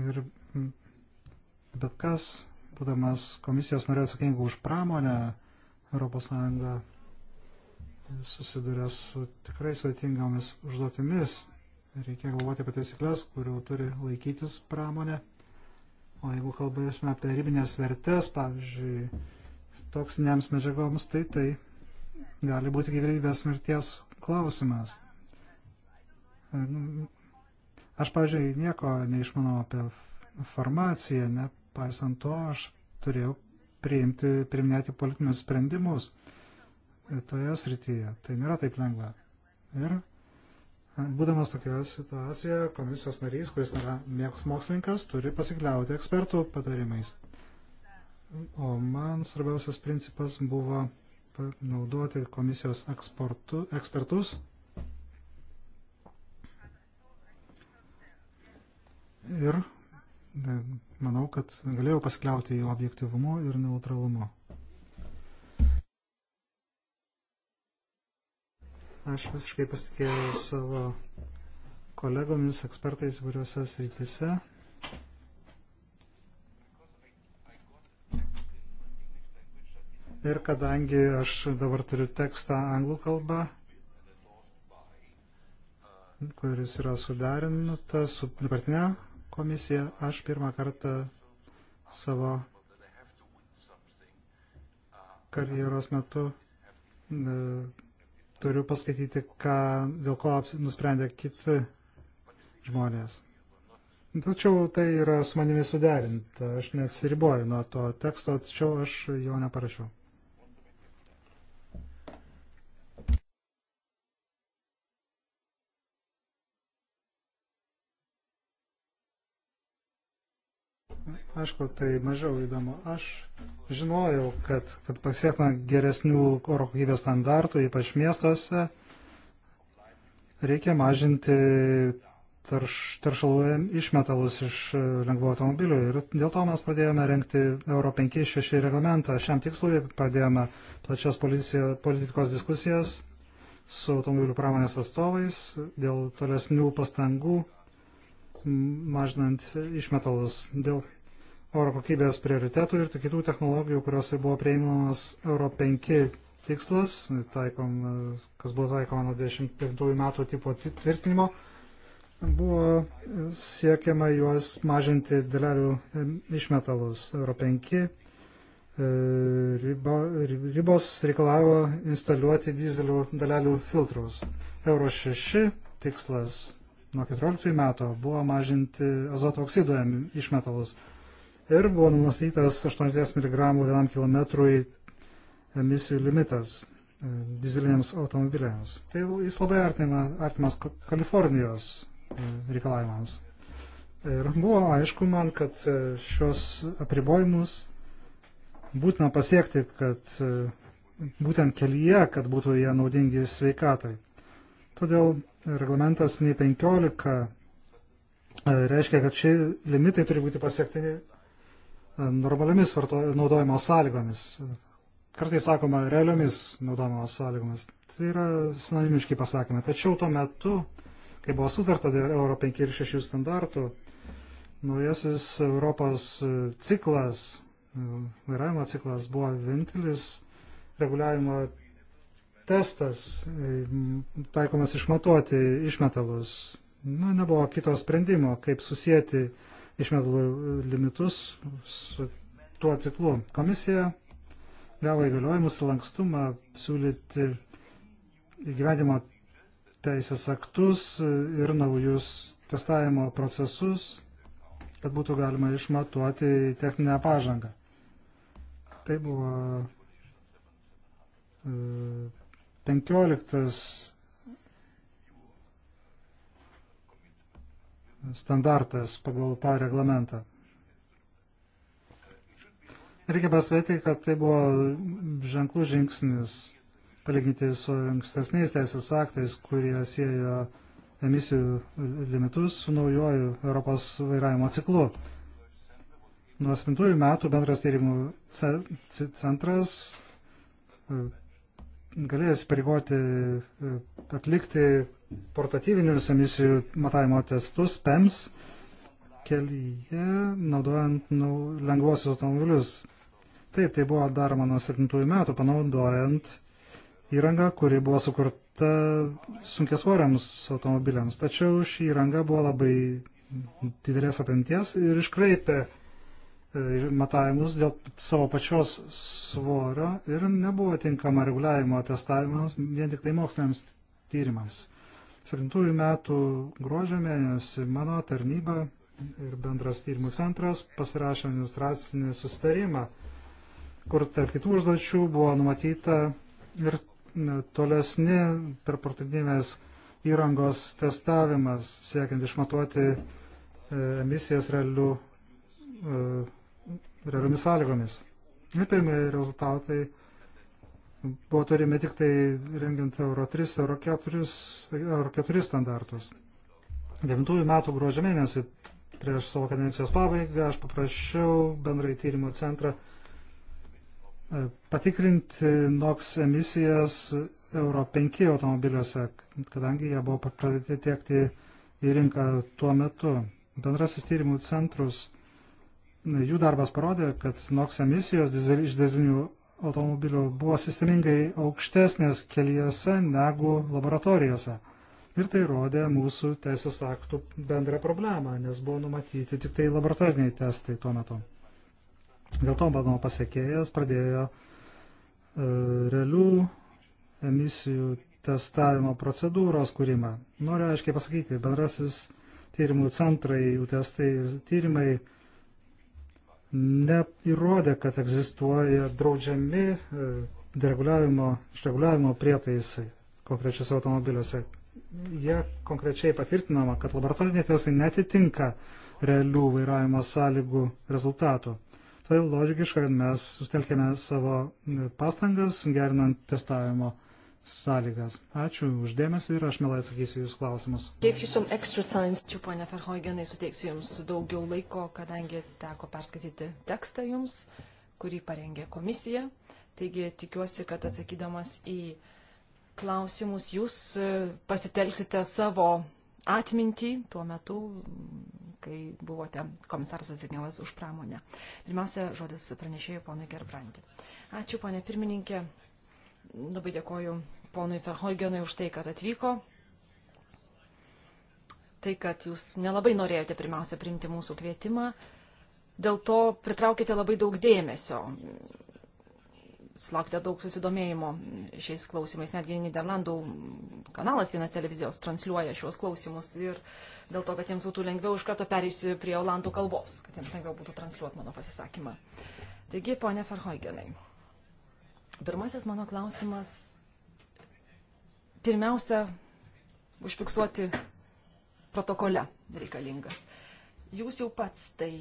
Ir bet kas, būdamas komisijos norė atsakingų už pramonę, ES susiduria su tikrai sudėtingomis užduotimis. Reikia galvoti apie taisyklės, kurių turi laikytis pramonė. O jeigu kalbėsime apie ribinės vertės, pavyzdžiui, toksinėms medžiagoms, tai tai gali būti gyvybės mirties klausimas. Aš, pažiūrėjau, nieko neišmanau apie farmaciją, nepaisant to, aš turėjau priimti, priminėti politinius sprendimus toje srityje. Tai nėra taip lengva. Ir būdamas tokioje situacijoje, komisijos narys, kuris nėra mėgos mokslininkas, turi pasikliauti ekspertų patarimais. O man svarbiausias principas buvo naudoti komisijos eksportu, ekspertus. Ir e, manau, kad galėjau paskliauti jų objektivumu ir neutralumu. Aš visiškai pasitikėjau savo kolegomis, ekspertais įvairiuose srityse. Ir kadangi aš dabar turiu tekstą anglų kalbą, kuris yra suderintas su dabartinė komisija, aš pirmą kartą savo karjeros metu e, turiu paskaityti, ką, dėl ko nusprendė kiti žmonės. Tačiau tai yra su manimi suderinta, aš nesiriboju nuo to teksto, tačiau aš jo neparašiau. Aišku, tai mažiau įdomu. Aš žinojau, kad, kad pasiekna geresnių oro kokybės standartų, ypač miestuose, reikia mažinti tarš, taršalų išmetalus iš e, lengvo automobilių. Ir dėl to mes pradėjome renkti Euro 5-6 reglamentą. Šiam tikslui pradėjome plačias policijo, politikos diskusijas su automobilių pramonės atstovais dėl tolesnių pastangų mažinant išmetalus. Dėl oro kokybės prioritetų ir kitų technologijų, kurios buvo prieinamas Euro 5 tikslas, taikom, kas buvo taikoma nuo 25 metų tipo tvirtinimo, buvo siekiama juos mažinti dalelių išmetalus. Euro 5 e, riba, ribos reikalavo instaliuoti dizelių dalelių filtrus. Euro 6 tikslas nuo 14 metų buvo mažinti azoto oksidų išmetalus ir buvo numastytas 80 mg vienam kilometrui emisijų limitas e, dizeliniams automobiliams. Tai jis labai artima, artimas Kalifornijos e, reikalavimams. Ir buvo aišku man, kad e, šios apribojimus būtina pasiekti, kad būtent kelyje, kad būtų jie naudingi sveikatai. Todėl reglamentas nei 15 reiškia, kad šie limitai turi būti pasiekti E, normaliamis varto, naudojimo sąlygomis. Kartais sakoma, realiomis naudojimo sąlygomis. Tai yra sinonimiški pasakymai. Tačiau tuo metu, kai buvo sutarta dėl Euro 5 ir 6 standartų, naujasis Europos ciklas, e, vairavimo ciklas buvo vienintelis reguliavimo testas, e, taikomas išmatuoti išmetalus. Nu, nebuvo kito sprendimo, kaip susijęti išmetalų limitus su tuo ciklu. Komisija gavo įgaliojimus ir lankstumą siūlyti įgyvenimo teisės aktus ir naujus testavimo procesus, kad būtų galima išmatuoti techninę pažangą. Tai buvo 15 e, standartas pagal tą reglamentą. Reikia pasveiti, kad tai buvo ženklų žingsnis palyginti su ankstesniais teisės aktais, kurie sieja emisijų limitus su naujoju Europos vairavimo ciklu. Nuo 7 metų bendras tyrimų centras e, galės pareigoti e, atlikti portatyvinius emisijų matavimo testus PEMS kelyje, naudojant nu, lengvosius automobilius. Taip, tai buvo daroma nuo 7 metų, panaudojant įrangą, kuri buvo sukurta sunkiasvoriams automobiliams. Tačiau ši įranga buvo labai didelės apimties ir iškreipė e, matavimus dėl savo pačios svorio ir nebuvo tinkama reguliavimo testavimams, vien tik tai moksliniams tyrimams. 2007 metų gruodžio mėnesį mano tarnyba ir bendras tyrimų centras pasirašė administracinį sustarimą, kur tarp kitų užduočių buvo numatyta ir e, tolesni perportinės įrangos testavimas, siekiant išmatuoti e, emisijas realių, e, realiomis sąlygomis. Ir pirmieji rezultatai buvo turimi tik tai rengiant Euro 3, Euro 4, Euro 4 standartus. 9 metų gruodžio mėnesį prieš savo kadencijos pabaigą aš paprašiau bendrai tyrimo centrą e, patikrinti NOX emisijas Euro 5 automobiliuose, kadangi jie buvo pradėti tiekti į rinką tuo metu. Bendrasis tyrimų centrus, e, jų darbas parodė, kad NOX emisijos iš dizelinių automobilių buvo sistemingai aukštesnės keliuose negu laboratorijose. Ir tai rodė mūsų teisės aktų bendrą problemą, nes buvo numatyti tik tai laboratoriniai testai tuo metu. Dėl to mano pasiekėjas pradėjo e, realių emisijų testavimo procedūros kūrimą. Noriu aiškiai pasakyti, bendrasis tyrimų centrai, jų testai ir tyrimai neįrodė, kad egzistuoja draudžiami e, dereguliavimo, išreguliavimo prietaisai konkrečiuose automobiliuose. Jie konkrečiai patvirtinama, kad laboratoriniai testai netitinka realių vairavimo sąlygų rezultatų. Todėl logiška, kad mes sutelkėme savo e, pastangas gerinant testavimo sąlygas. Ačiū uždėmesi ir aš mielai atsakysiu Jūsų klausimus. Ačiū, ponia Ferhoigenai, suteiksiu Jums daugiau laiko, kadangi teko perskaityti tekstą Jums, kurį parengė komisija. Taigi tikiuosi, kad atsakydamas į klausimus Jūs e, pasitelksite savo atmintį tuo metu, kai buvote komisaras atsakingas už pramonę. Pirmiausia, žodis pranešėjo ponui Gerbrandi. Ačiū, ponė pirmininkė. Labai dėkoju ponui Ferhoigenui už tai, kad atvyko. Tai, kad jūs nelabai norėjote pirmiausia priimti mūsų kvietimą, dėl to pritraukite labai daug dėmesio. Slaukite daug susidomėjimo šiais klausimais. Netgi Niderlandų kanalas vienas televizijos transliuoja šiuos klausimus ir dėl to, kad jiems būtų lengviau, iš karto pereisiu prie olandų kalbos, kad jiems lengviau būtų transliuoti mano pasisakymą. Taigi, ponė Ferhoigenai. Pirmasis mano klausimas. Pirmiausia, užfiksuoti protokole reikalingas. Jūs jau pats tai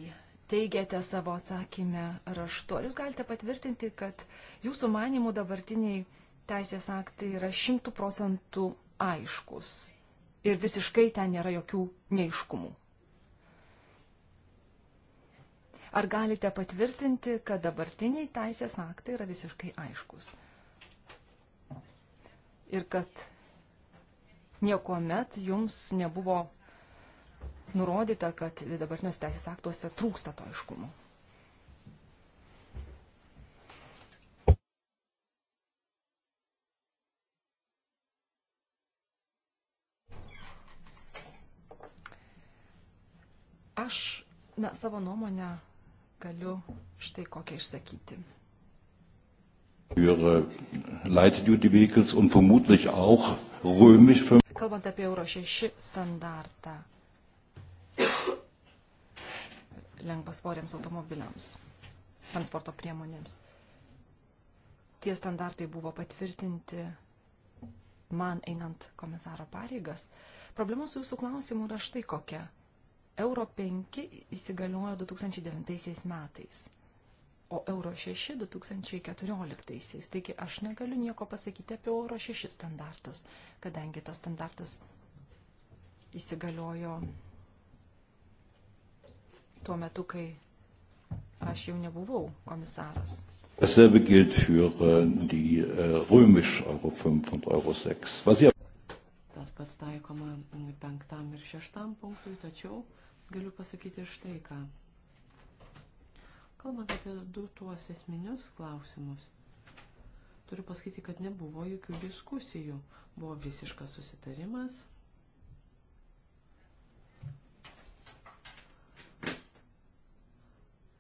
teigiate savo atsakymę raštu. Ar jūs galite patvirtinti, kad jūsų manimų dabartiniai teisės aktai yra šimtų procentų aiškus ir visiškai ten nėra jokių neiškumų? Ar galite patvirtinti, kad dabartiniai teisės aktai yra visiškai aiškus? Ir kad nieko met jums nebuvo nurodyta, kad dabartiniuose teisės aktuose trūksta to aiškumo. aš, na, savo nuomonę galiu štai kokią išsakyti. Äh, Kalbant apie Euro 6 standartą lengvasvoriams automobiliams, transporto priemonėms. Tie standartai buvo patvirtinti man einant komisaro pareigas. Problema su jūsų klausimu yra štai kokia. Euro 5 įsigaliojo 2009 metais, o Euro 6 2014. Taigi aš negaliu nieko pasakyti apie Euro 6 standartus, kadangi tas standartas įsigaliojo tuo metu, kai aš jau nebuvau komisaras. Dasselbe gilt für äh, die äh, römisch Euro 5 und Euro 6. Was ihr... Tas pats taikoma penktam ir šeštam punktui, tačiau uh, galiu pasakyti štai ką. Kalbant apie du tuos esminius klausimus, turiu pasakyti, kad nebuvo jokių diskusijų. Buvo visiškas susitarimas.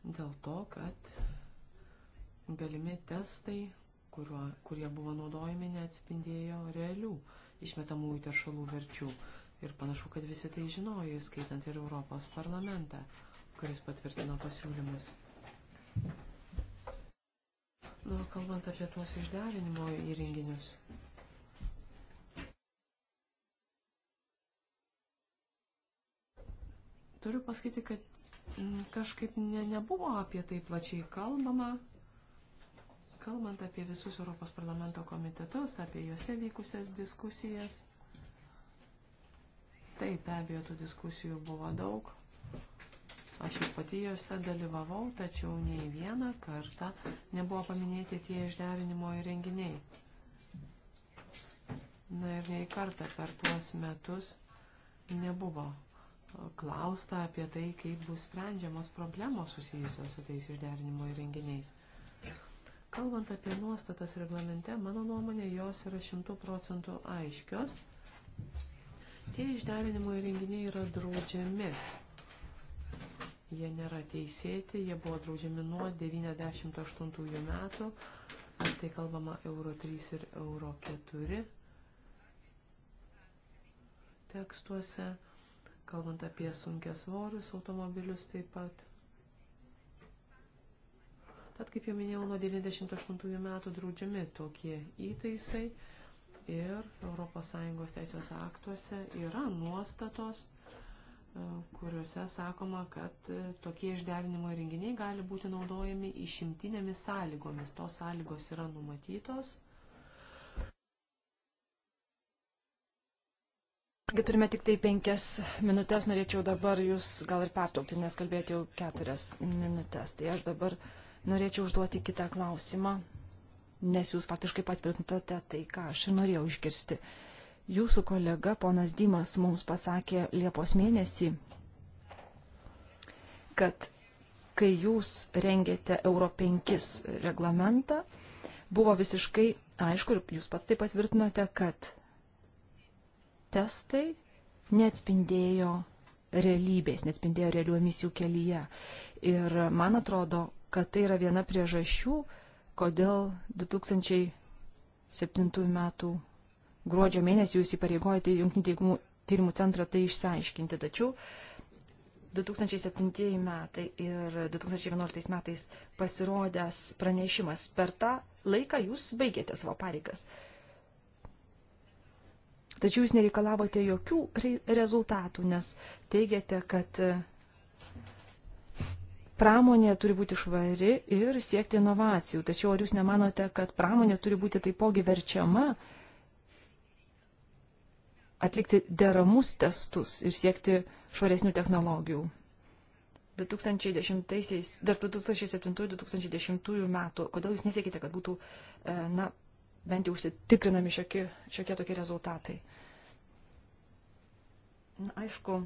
Dėl to, kad galimi testai, kurio, kurie buvo naudojami, neatspindėjo realių išmetamųjų teršalų verčių. Ir panašu, kad visi tai žinojo, skaitant ir Europos parlamentą, kuris patvirtino pasiūlymus. Nu, kalbant apie tuos išderinimo įrenginius. Turiu pasakyti, kad mm, kažkaip ne, nebuvo apie tai plačiai kalbama. Kalbant apie visus Europos parlamento komitetus, apie juose vykusias diskusijas, Taip, be abejo, tų diskusijų buvo daug. Aš ir pati juose dalyvavau, tačiau nei vieną kartą nebuvo paminėti tie išderinimo įrenginiai. Na ir nei kartą per tuos metus nebuvo klausta apie tai, kaip bus sprendžiamos problemos susijusios su tais išderinimo įrenginiais. Kalbant apie nuostatas reglamente, mano nuomonė, jos yra šimtų procentų aiškios Tie išderinimo įrenginiai yra draudžiami. Jie nėra teisėti, jie buvo draudžiami nuo 98 metų, ar tai kalbama Euro 3 ir Euro 4 tekstuose, kalbant apie sunkės svorius automobilius taip pat. Tad, kaip jau minėjau, nuo 98 metų draudžiami tokie įtaisai ir ES teisės aktuose yra nuostatos, e, kuriuose sakoma, kad e, tokie išderinimo renginiai gali būti naudojami išimtinėmis sąlygomis. Tos sąlygos yra numatytos. Taigi turime tik tai penkias minutės, norėčiau dabar jūs gal ir pertraukti, nes kalbėjote jau keturias minutės. Tai aš dabar norėčiau užduoti kitą klausimą nes jūs faktiškai patvirtintate tai, ką aš ir norėjau išgirsti. Jūsų kolega ponas Dimas mums pasakė Liepos mėnesį, kad kai jūs rengėte Euro 5 reglamentą, buvo visiškai aišku ir jūs pats tai patvirtinote, kad testai neatspindėjo realybės, neatspindėjo realių emisijų kelyje. Ir man atrodo, kad tai yra viena priežasčių, kodėl 2007 metų gruodžio mėnesį jūs įpareigojate Junktinių tyrimų centrą tai išsiaiškinti. Tačiau 2007 metai ir 2011 metais pasirodęs pranešimas per tą laiką jūs baigėte savo pareigas. Tačiau jūs nereikalavote jokių rezultatų, nes teigiate, kad pramonė turi būti švari ir siekti inovacijų. Tačiau ar jūs nemanote, kad pramonė turi būti taipogi verčiama atlikti deramus testus ir siekti švaresnių technologijų? 2010, dar 2007-2010 metų, kodėl jūs nesiekite, kad būtų, e, na, bent jau užsitikrinami šiokie, šiokie tokie rezultatai? Na, aišku,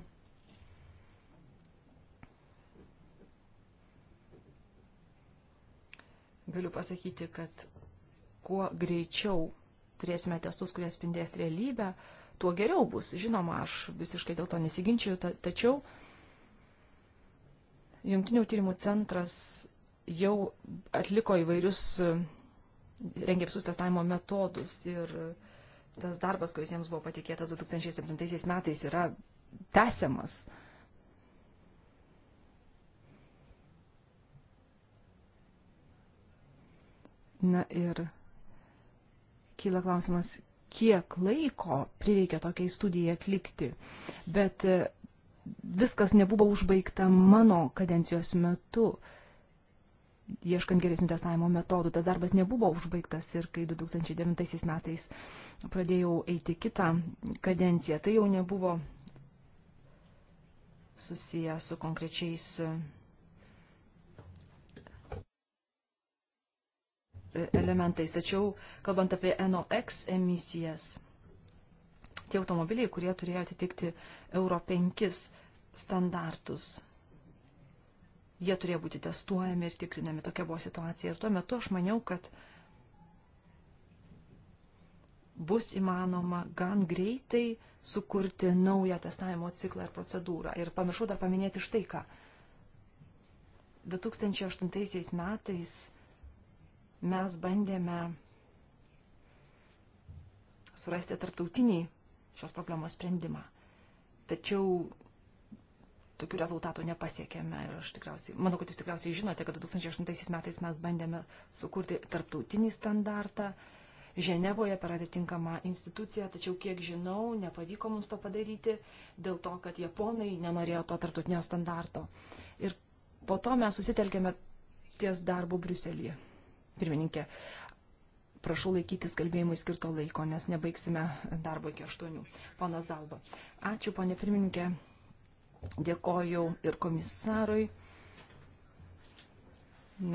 galiu pasakyti, kad kuo greičiau turėsime testus, kurie spindės realybę, tuo geriau bus. Žinoma, aš visiškai dėl to nesiginčiau, ta tačiau Jungtinių tyrimų centras jau atliko įvairius, rengė visus testavimo metodus ir tas darbas, kuris jiems buvo patikėtas 2007 metais, yra tęsiamas. Na ir kyla klausimas, kiek laiko prireikia tokiai studijai atlikti. Bet e, viskas nebuvo užbaigta mano kadencijos metu. Ieškant geresnių testavimo metodų, tas darbas nebuvo užbaigtas ir kai 2009 metais pradėjau eiti kitą kadenciją, tai jau nebuvo susiję su konkrečiais e, elementais. Tačiau, kalbant apie NOx emisijas, tie automobiliai, kurie turėjo atitikti Euro 5 standartus, jie turėjo būti testuojami ir tikrinami. Tokia buvo situacija. Ir tuo metu aš maniau, kad bus įmanoma gan greitai sukurti naują testavimo ciklą ir procedūrą. Ir pamiršau dar paminėti štai ką. 2008 metais mes bandėme surasti tarptautinį šios problemos sprendimą. Tačiau tokių rezultatų nepasiekėme ir aš tikriausiai, manau, kad jūs tikriausiai žinote, kad 2008 metais mes bandėme sukurti tarptautinį standartą Ženevoje per atitinkamą instituciją, tačiau kiek žinau, nepavyko mums to padaryti dėl to, kad japonai nenorėjo to tarptautinio standarto. Ir po to mes susitelkėme ties darbu Briuselėje. Pirmininkė, prašau laikytis kalbėjimui skirto laiko, nes nebaigsime darbo iki aštuonių. Pana Zalba. Ačiū, ponė pirmininkė. Dėkoju ir komisarui,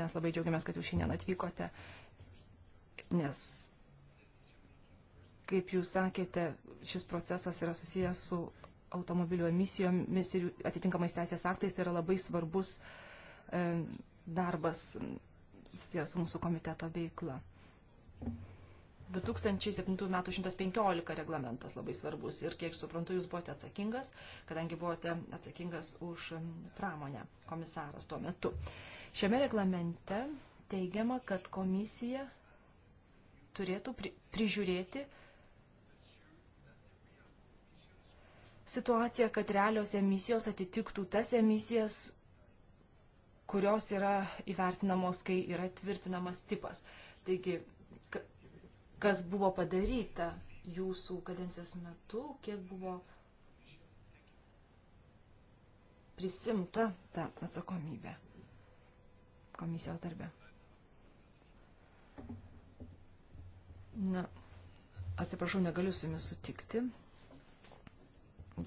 nes labai džiaugiamės, kad jūs šiandien atvykote, nes, kaip jūs sakėte, šis procesas yra susijęs su automobilių emisijomis ir atitinkamais teisės aktais, tai yra labai svarbus e, darbas susijęs su mūsų komiteto veikla. 2007 m. 115 reglamentas labai svarbus ir kiek suprantu, jūs buvote atsakingas, kadangi buvote atsakingas už um, pramonę komisaras tuo metu. Šiame reglamente teigiama, kad komisija turėtų pri prižiūrėti situaciją, kad realios emisijos atitiktų tas emisijas, kurios yra įvertinamos, kai yra tvirtinamas tipas. Taigi, kas buvo padaryta jūsų kadencijos metu, kiek buvo prisimta ta atsakomybė komisijos darbe. Na, atsiprašau, negaliu su jumis sutikti.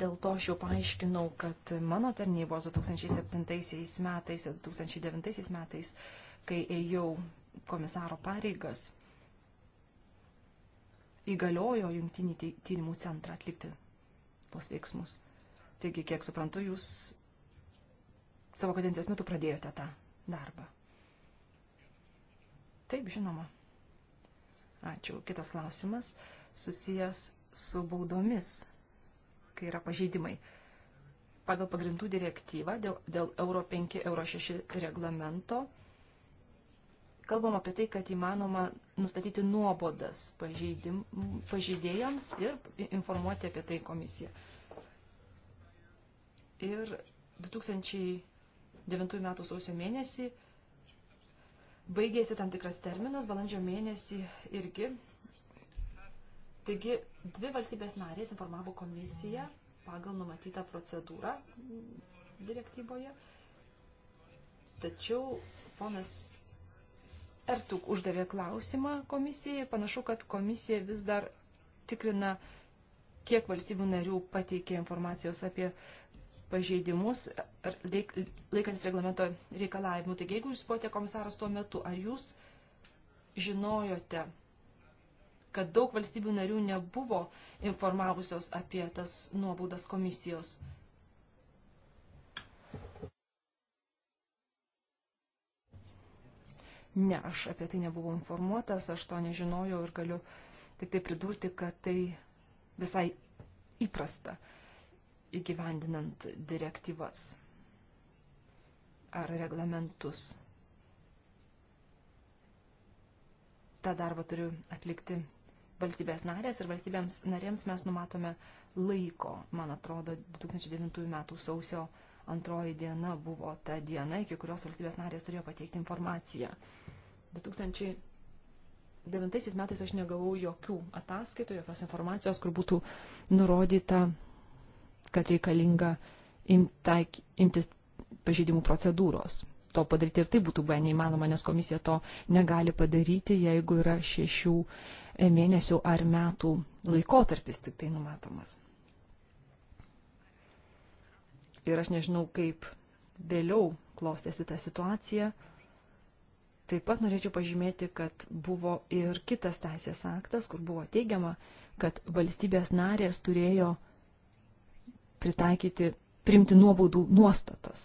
Dėl to aš jau paaiškinau, kad mano tarnybos 2007 metais ir 2009 metais, kai ėjau komisaro pareigas, įgaliojo jungtinį tyrimų centrą atlikti tuos veiksmus. Taigi, kiek suprantu, jūs savo kadencijos metu pradėjote tą darbą. Taip, žinoma. Ačiū. Kitas klausimas susijęs su baudomis kai yra pažeidimai. Pagal pagrindų direktyvą dėl, dėl Euro 5, Euro 6 reglamento kalbam apie tai, kad įmanoma nustatyti nuobodas pažeidim, pažeidėjams ir informuoti apie tai komisiją. Ir 2009 m. sausio mėnesį baigėsi tam tikras terminas, balandžio mėnesį irgi Taigi, dvi valstybės narės informavo komisiją pagal numatytą procedūrą direktyboje. Tačiau ponas Ertuk uždavė klausimą komisijai ir panašu, kad komisija vis dar tikrina, kiek valstybių narių pateikė informacijos apie pažeidimus laikantis reglamento reikalavimų. Taigi, jeigu jūs buvote komisaras tuo metu, ar jūs žinojote kad daug valstybių narių nebuvo informavusios apie tas nuobaudas komisijos. Ne, aš apie tai nebuvau informuotas, aš to nežinojau ir galiu tik tai pridurti, kad tai visai įprasta įgyvendinant direktyvas ar reglamentus. tą darbą turiu atlikti valstybės narės ir valstybėms narėms mes numatome laiko. Man atrodo, 2009 metų sausio antroji diena buvo ta diena, iki kurios valstybės narės turėjo pateikti informaciją. 2009 metais aš negavau jokių ataskaitų, jokios informacijos, kur būtų nurodyta, kad reikalinga imtis pažeidimų procedūros. To padaryti ir tai būtų buvę neįmanoma, nes komisija to negali padaryti, jeigu yra šešių mėnesių ar metų laikotarpis tik tai numatomas. Ir aš nežinau, kaip vėliau klostėsi ta situacija. Taip pat norėčiau pažymėti, kad buvo ir kitas teisės aktas, kur buvo teigiama, kad valstybės narės turėjo pritaikyti, primti nuobaudų nuostatas.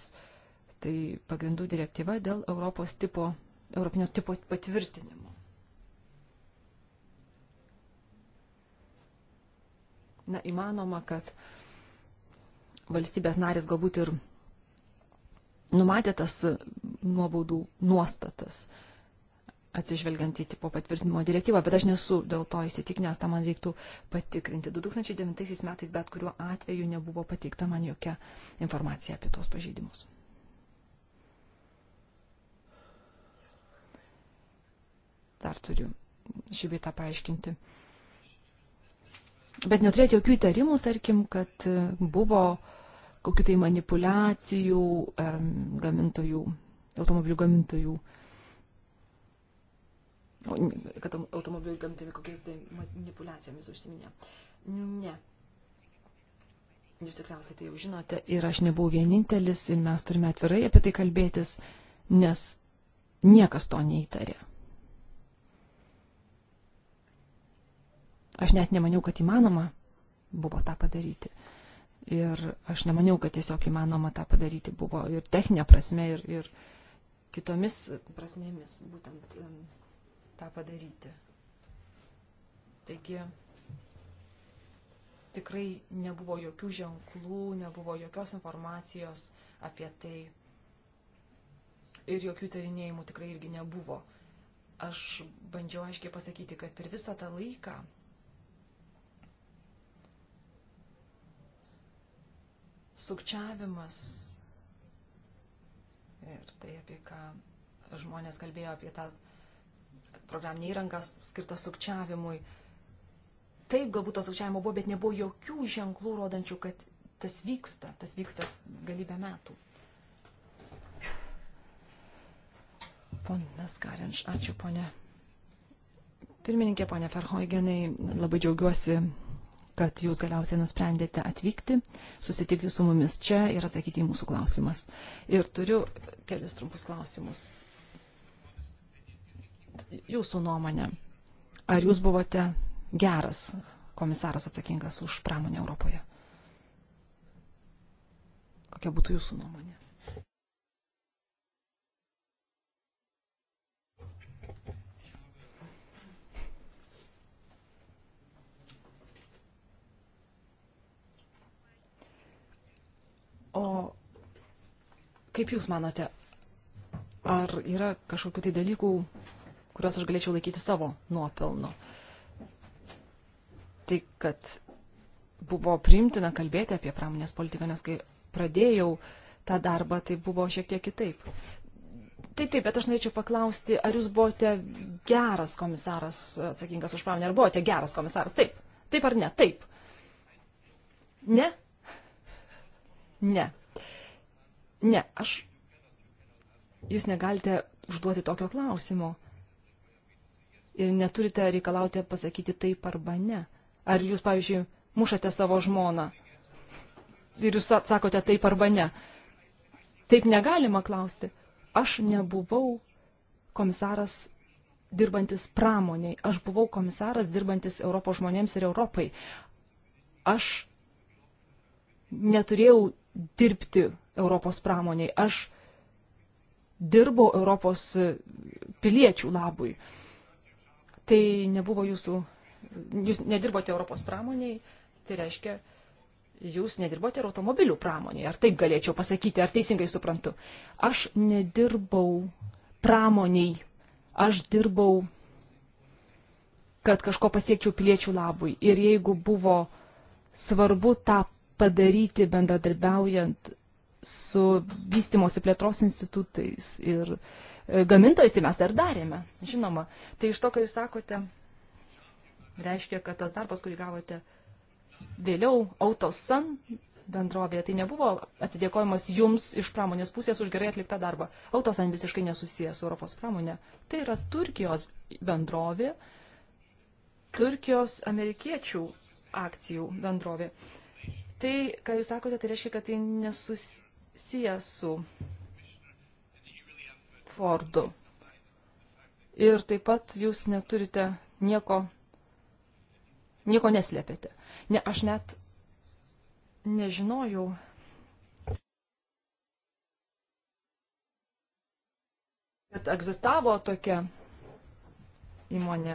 Tai pagrindų direktyva dėl Europos tipo, Europinio tipo patvirtinimo. na, įmanoma, kad valstybės narės galbūt ir numatė tas nuobaudų nuostatas, atsižvelgiant į tipo patvirtinimo direktyvą, bet aš nesu dėl to įsitikinęs, tą man reiktų patikrinti. 2009 metais bet kuriuo atveju nebuvo pateikta man jokia informacija apie tos pažeidimus. Dar turiu šį bitą paaiškinti bet neturėti jokių įtarimų, tarkim, kad e, buvo kokiu tai manipulacijų gamintojų, automobilių gamintojų, kad automobilių gamintojai kokiais tai manipulacijomis užsiminė. Ne. Jūs tikriausiai tai jau žinote ir aš nebuvau vienintelis ir mes turime atvirai apie tai kalbėtis, nes niekas to neįtarė. Aš net nemaniau, kad įmanoma buvo tą padaryti. Ir aš nemaniau, kad tiesiog įmanoma tą padaryti buvo ir techninė prasme, ir, ir kitomis prasmėmis būtent um, tą padaryti. Taigi tikrai nebuvo jokių ženklų, nebuvo jokios informacijos apie tai. Ir jokių tarinėjimų tikrai irgi nebuvo. Aš bandžiau aiškiai pasakyti, kad per visą tą laiką sukčiavimas ir tai, apie ką žmonės kalbėjo, apie tą programinį įrangą skirtą sukčiavimui. Taip, galbūt to sukčiavimo buvo, bet nebuvo jokių ženklų rodančių, kad tas vyksta, tas vyksta galybę metų. Ponas Karinš, ačiū ponė. Pirmininkė, ponė Ferhoigenai, labai džiaugiuosi kad jūs galiausiai nusprendėte atvykti, susitikti su mumis čia ir atsakyti į mūsų klausimas. Ir turiu kelis trumpus klausimus. Jūsų nuomonė, ar jūs buvote geras komisaras atsakingas už pramonę Europoje? Kokia būtų jūsų nuomonė? O kaip Jūs manote, ar yra kažkokiu tai dalykų, kuriuos aš galėčiau laikyti savo nuopelnu? Tai, kad buvo priimtina kalbėti apie pramonės politiką, nes kai pradėjau tą darbą, tai buvo šiek tiek kitaip. Taip, taip, bet aš norėčiau paklausti, ar jūs buvote geras komisaras atsakingas už pramonę, ar buvote geras komisaras? Taip. Taip ar ne? Taip. Ne? Ne. Ne, aš. Jūs negalite užduoti tokio klausimo. Ir neturite reikalauti pasakyti taip arba ne. Ar jūs, pavyzdžiui, mušate savo žmoną ir jūs atsakote taip arba ne. Taip negalima klausti. Aš nebuvau komisaras dirbantis pramoniai, aš buvau komisaras dirbantis Europos žmonėms ir Europai. Aš neturėjau dirbti Europos pramoniai. Aš dirbau Europos piliečių labui. Tai nebuvo jūsų, jūs nedirbote Europos pramoniai, tai reiškia, jūs nedirbote ir automobilių pramoniai. Ar taip galėčiau pasakyti, ar teisingai suprantu? Aš nedirbau pramoniai, aš dirbau, kad kažko pasiekčiau piliečių labui. Ir jeigu buvo svarbu tą padaryti bendradarbiaujant su vystimosi plėtros institutais ir e, gamintojais, tai mes dar darėme, žinoma. Tai iš to, ką jūs sakote, reiškia, kad tas darbas, kurį gavote vėliau, Autosan bendrovėje, tai nebuvo atsidėkojimas jums iš pramonės pusės už gerai atliktą darbą. Autosan visiškai nesusijęs su Europos pramonė. Tai yra Turkijos bendrovė, Turkijos amerikiečių akcijų bendrovė. Tai, ką jūs sakote, tai reiškia, kad tai nesusiję su Fordu. Ir taip pat jūs neturite nieko, nieko neslėpėte. Ne, aš net nežinojau. kad egzistavo tokia įmonė.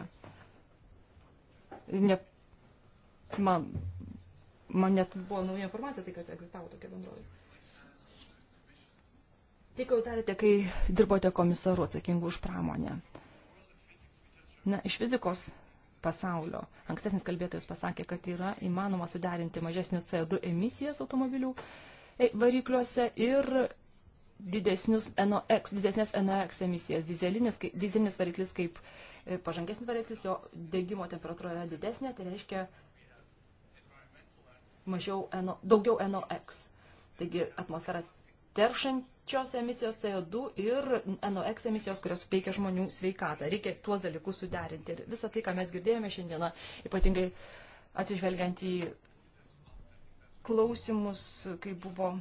Ne, man, man net buvo nauja informacija tai, kad egzistavo tokia bendrovė. Tai, ką jūs darėte, kai dirbote komisaru atsakingu už pramonę. Na, iš fizikos pasaulio. Ankstesnis kalbėtojas pasakė, kad yra įmanoma suderinti mažesnis CO2 emisijas automobilių e, varikliuose ir didesnius NOx, didesnės NOx emisijas. Dizelinis, dizelinis variklis kaip e, pažangesnis variklis, jo degimo temperatūra yra didesnė, tai reiškia, mažiau NO, daugiau NOx. Taigi atmosfera teršančios emisijos CO2 ir NOx emisijos, kurios veikia žmonių sveikatą. Reikia tuos dalykus suderinti. Ir visą tai, ką mes girdėjome šiandieną, ypatingai atsižvelgiant į klausimus, kai buvo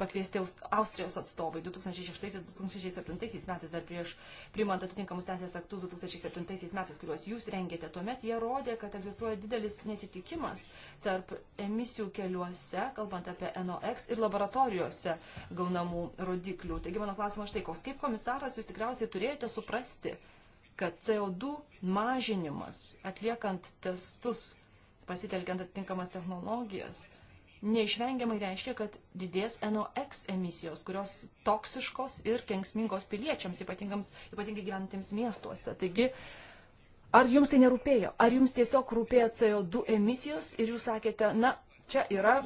pakviesti Austrijos atstovai 2006-2007 metais, dar prieš primant atitinkamus teisės aktus 2007 metais, kuriuos jūs rengėte. Tuomet jie rodė, kad egzistuoja didelis netitikimas tarp emisijų keliuose, kalbant apie NOX, ir laboratorijose gaunamų rodiklių. Taigi mano klausimas štai koks. Kaip komisaras jūs tikriausiai turėjote suprasti, kad CO2 mažinimas atliekant testus pasitelkiant atitinkamas technologijas neišvengiamai reiškia, kad didės NOx emisijos, kurios toksiškos ir kenksmingos piliečiams, ypatingai gyventiems miestuose. Taigi, ar jums tai nerūpėjo? Ar jums tiesiog rūpėjo CO2 emisijos ir jūs sakėte, na, čia yra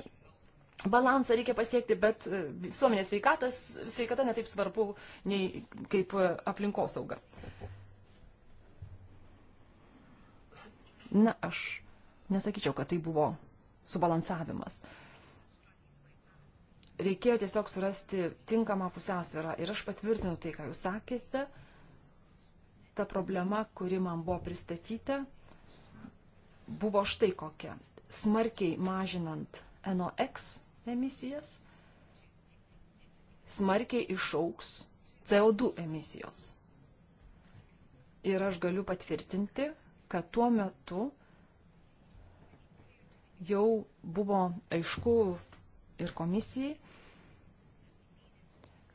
balansą reikia pasiekti, bet e, visuomenės sveikatas, sveikata netaip svarbu nei kaip e, aplinkosauga. Na, aš nesakyčiau, kad tai buvo subalansavimas reikėjo tiesiog surasti tinkamą pusiausvyrą. Ir aš patvirtinu tai, ką jūs sakėte, ta problema, kuri man buvo pristatyta, buvo štai kokia. Smarkiai mažinant NOx emisijas, smarkiai išauks CO2 emisijos. Ir aš galiu patvirtinti, kad tuo metu jau buvo aišku ir komisijai,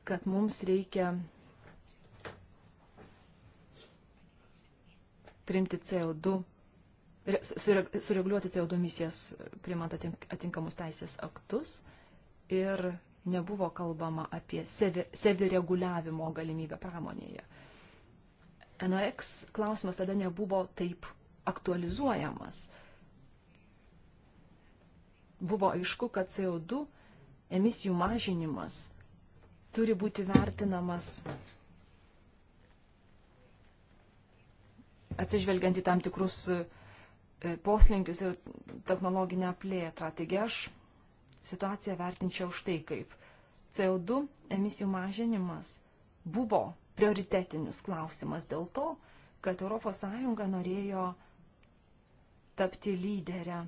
kad mums reikia priimti CO2, sureguliuoti CO2 misijas, priimant atinkamus teisės aktus. Ir nebuvo kalbama apie savi, savireguliavimo galimybę pramonėje. NOX klausimas tada nebuvo taip aktualizuojamas. Buvo aišku, kad CO2 emisijų mažinimas turi būti vertinamas atsižvelgiant į tam tikrus e, poslinkius ir technologinę plėtrą. Taigi aš situaciją vertinčiau štai kaip. CO2 emisijų mažinimas buvo prioritetinis klausimas dėl to, kad ES norėjo tapti lyderę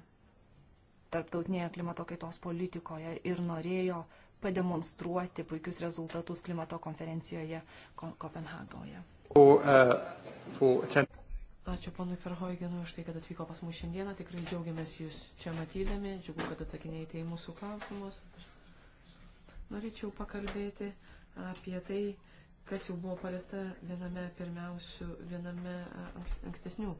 tarptautinėje klimato kaitos politikoje ir norėjo pademonstruoti puikius rezultatus klimato konferencijoje Ko Kopenhagoje. Uh, Ačiū ponui Ferhoigenui už tai, kad atvyko pas mus šiandieną. Tikrai džiaugiamės jūs čia matydami. Džiugu, kad atsakinėjate į mūsų klausimus. Norėčiau pakalbėti apie tai, kas jau buvo paliesta viename pirmiausių, viename uh, ankstesnių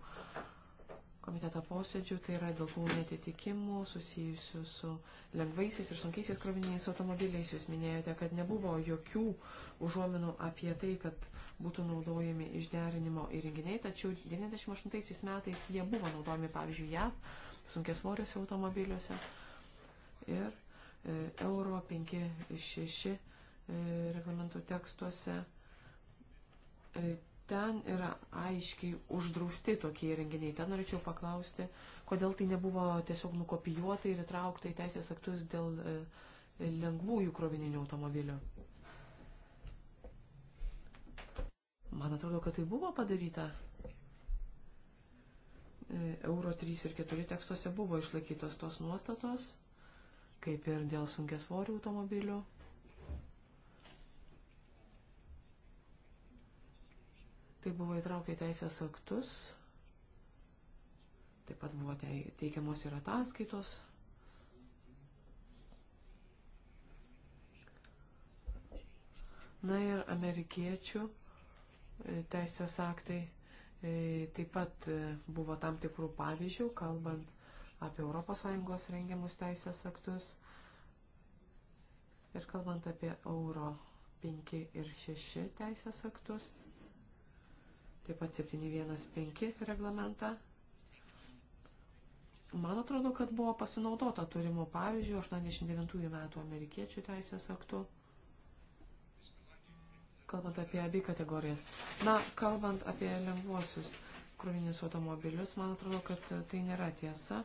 komiteto posėdžių, tai yra dėl tų netitikimų susijusių su lengvaisiais ir sunkiaisiais kroviniais automobiliais. Jūs minėjote, kad nebuvo jokių užuominų apie tai, kad būtų naudojami išderinimo įrenginiai, tačiau 98 metais jie buvo naudojami, pavyzdžiui, JAV sunkiasvoriuose automobiliuose ir e, Euro 5-6 e, reglamentų tekstuose. E, ten yra aiškiai uždrausti tokie įrenginiai. Ten norėčiau paklausti, kodėl tai nebuvo tiesiog nukopijuota ir įtraukta į teisės aktus dėl e, lengvųjų krovininių automobilių. Man atrodo, kad tai buvo padaryta. E, Euro 3 ir 4 tekstuose buvo išlaikytos tos nuostatos, kaip ir dėl sunkesvorių automobilių. Tai buvo įtraukę teisės aktus, taip pat buvo teikiamos ir ataskaitos. Na ir amerikiečių e, teisės aktai e, taip pat e, buvo tam tikrų pavyzdžių, kalbant apie ES rengiamus teisės aktus ir kalbant apie euro 5 ir 6 teisės aktus taip pat 715 reglamentą. Man atrodo, kad buvo pasinaudota turimo pavyzdžių 89 metų amerikiečių teisės aktų, kalbant apie abi kategorijas. Na, kalbant apie lengvuosius krovinius automobilius, man atrodo, kad tai nėra tiesa.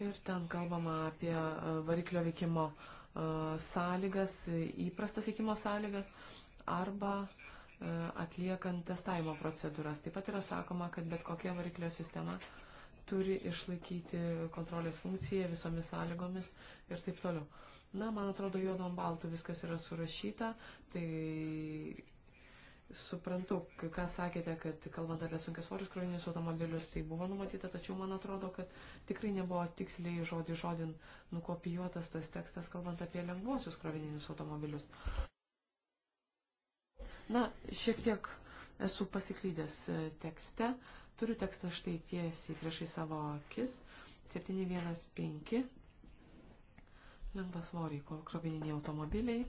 Ir ten kalbama apie e, variklio veikimo e, sąlygas, įprastas veikimo sąlygas arba E, atliekant testavimo procedūras. Taip pat yra sakoma, kad bet kokia variklio sistema turi išlaikyti kontrolės funkciją visomis sąlygomis ir taip toliau. Na, man atrodo, juodom baltu viskas yra surašyta, tai suprantu, ką sakėte, kad kalbant apie sunkiasvorius krovinius automobilius, tai buvo numatyta, tačiau man atrodo, kad tikrai nebuvo tiksliai žodį žodin nukopijuotas tas tekstas, kalbant apie lengvuosius krovininius automobilius. Na, šiek tiek esu pasiklydęs e, tekste. Turiu tekstą štai tiesiai priešai savo akis. 715. Lengvas svoriai, krovininiai automobiliai.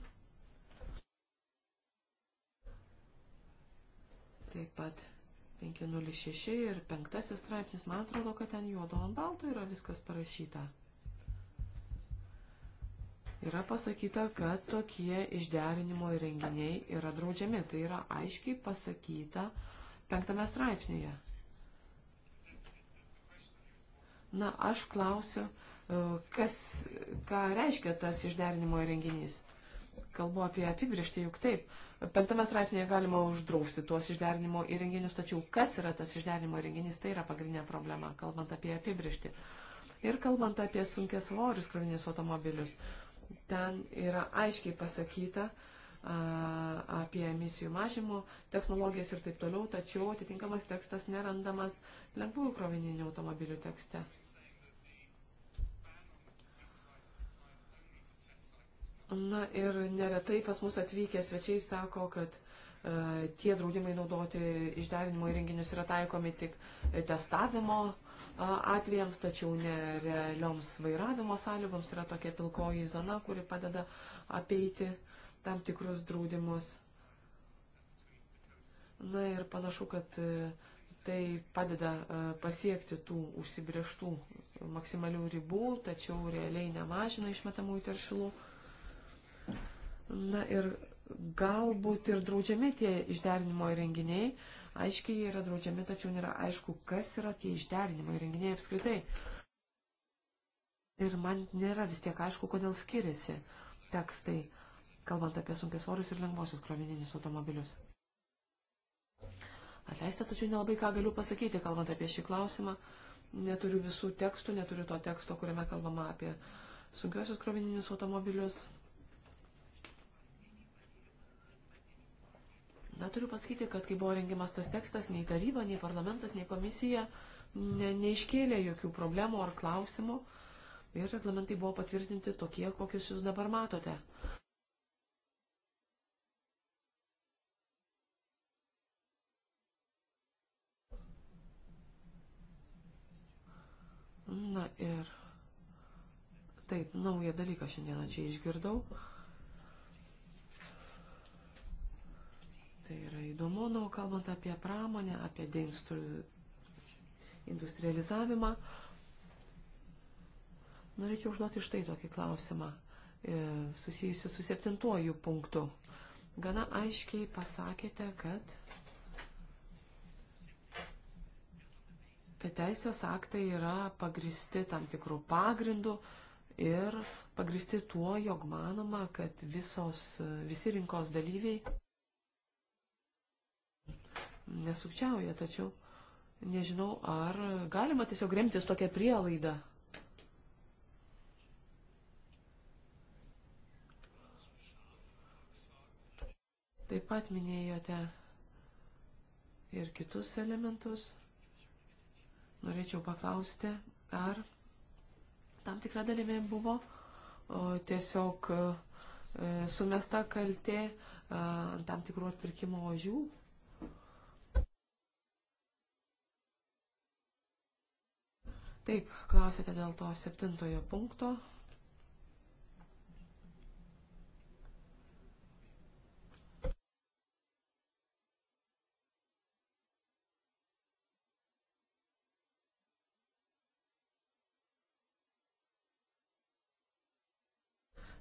Taip pat 506 ir 5 straipsnis, man atrodo, kad ten juodo ant balto yra viskas parašyta yra pasakyta, kad tokie išderinimo įrenginiai yra draudžiami. Tai yra aiškiai pasakyta penktame straipsnėje. Na, aš klausiu, e, kas, ką reiškia tas išderinimo įrenginys. Kalbu apie apibrištį, juk taip. Penktame straipsnėje galima uždrausti tuos išderinimo įrenginius, tačiau kas yra tas išderinimo įrenginys, tai yra pagrindinė problema, kalbant apie apibrištį. Ir kalbant apie sunkės svorius krovinius automobilius, ten yra aiškiai pasakyta apie emisijų mažimo technologijas ir taip toliau, tačiau atitinkamas tekstas nerandamas lengvųjų krovininių automobilių tekste. Na ir neretai pas mus atvykę svečiai sako, kad e, tie draudimai naudoti išderinimo įrenginius yra taikomi tik testavimo atvejams, tačiau nerealioms vairavimo sąlygoms yra tokia pilkoji zona, kuri padeda apeiti tam tikrus draudimus. Na ir panašu, kad e, tai padeda e, pasiekti tų užsibrieštų maksimalių ribų, tačiau realiai nemažina išmetamų teršilų. Na ir galbūt ir draudžiami tie išderinimo įrenginiai, Aiškiai jie yra draudžiami, tačiau nėra aišku, kas yra tie išderinimo įrenginiai apskritai. Ir man nėra vis tiek aišku, kodėl skiriasi tekstai, kalbant apie sunkesorius ir lengvosius krovininius automobilius. Atleista, tačiau nelabai ką galiu pasakyti, kalbant apie šį klausimą. Neturiu visų tekstų, neturiu to teksto, kuriame kalbama apie sunkiosius krovininius automobilius. Bet turiu pasakyti, kad kai buvo rengiamas tas tekstas, nei taryba, nei parlamentas, nei komisija ne, neiškėlė jokių problemų ar klausimų ir reglamentai buvo patvirtinti tokie, kokius jūs dabar matote. Na ir taip, naują dalyką šiandieną čia išgirdau. Tai yra įdomu, na, nu, kalbant apie pramonę, apie deindustrializavimą, norėčiau užduoti štai tokį klausimą e, susijusi su septintuoju punktu. Gana aiškiai pasakėte, kad teisės aktai yra pagristi tam tikrų pagrindų ir pagristi tuo, jog manoma, kad visos, visi rinkos dalyviai nesukčiauja, tačiau nežinau, ar galima tiesiog remtis tokią prielaidą. Taip pat minėjote ir kitus elementus. Norėčiau paklausti, ar tam tikrą dalimi buvo o, tiesiog e, sumesta kaltė e, tam tikrų atpirkimo ožių Taip, klausėte dėl to septintojo punkto.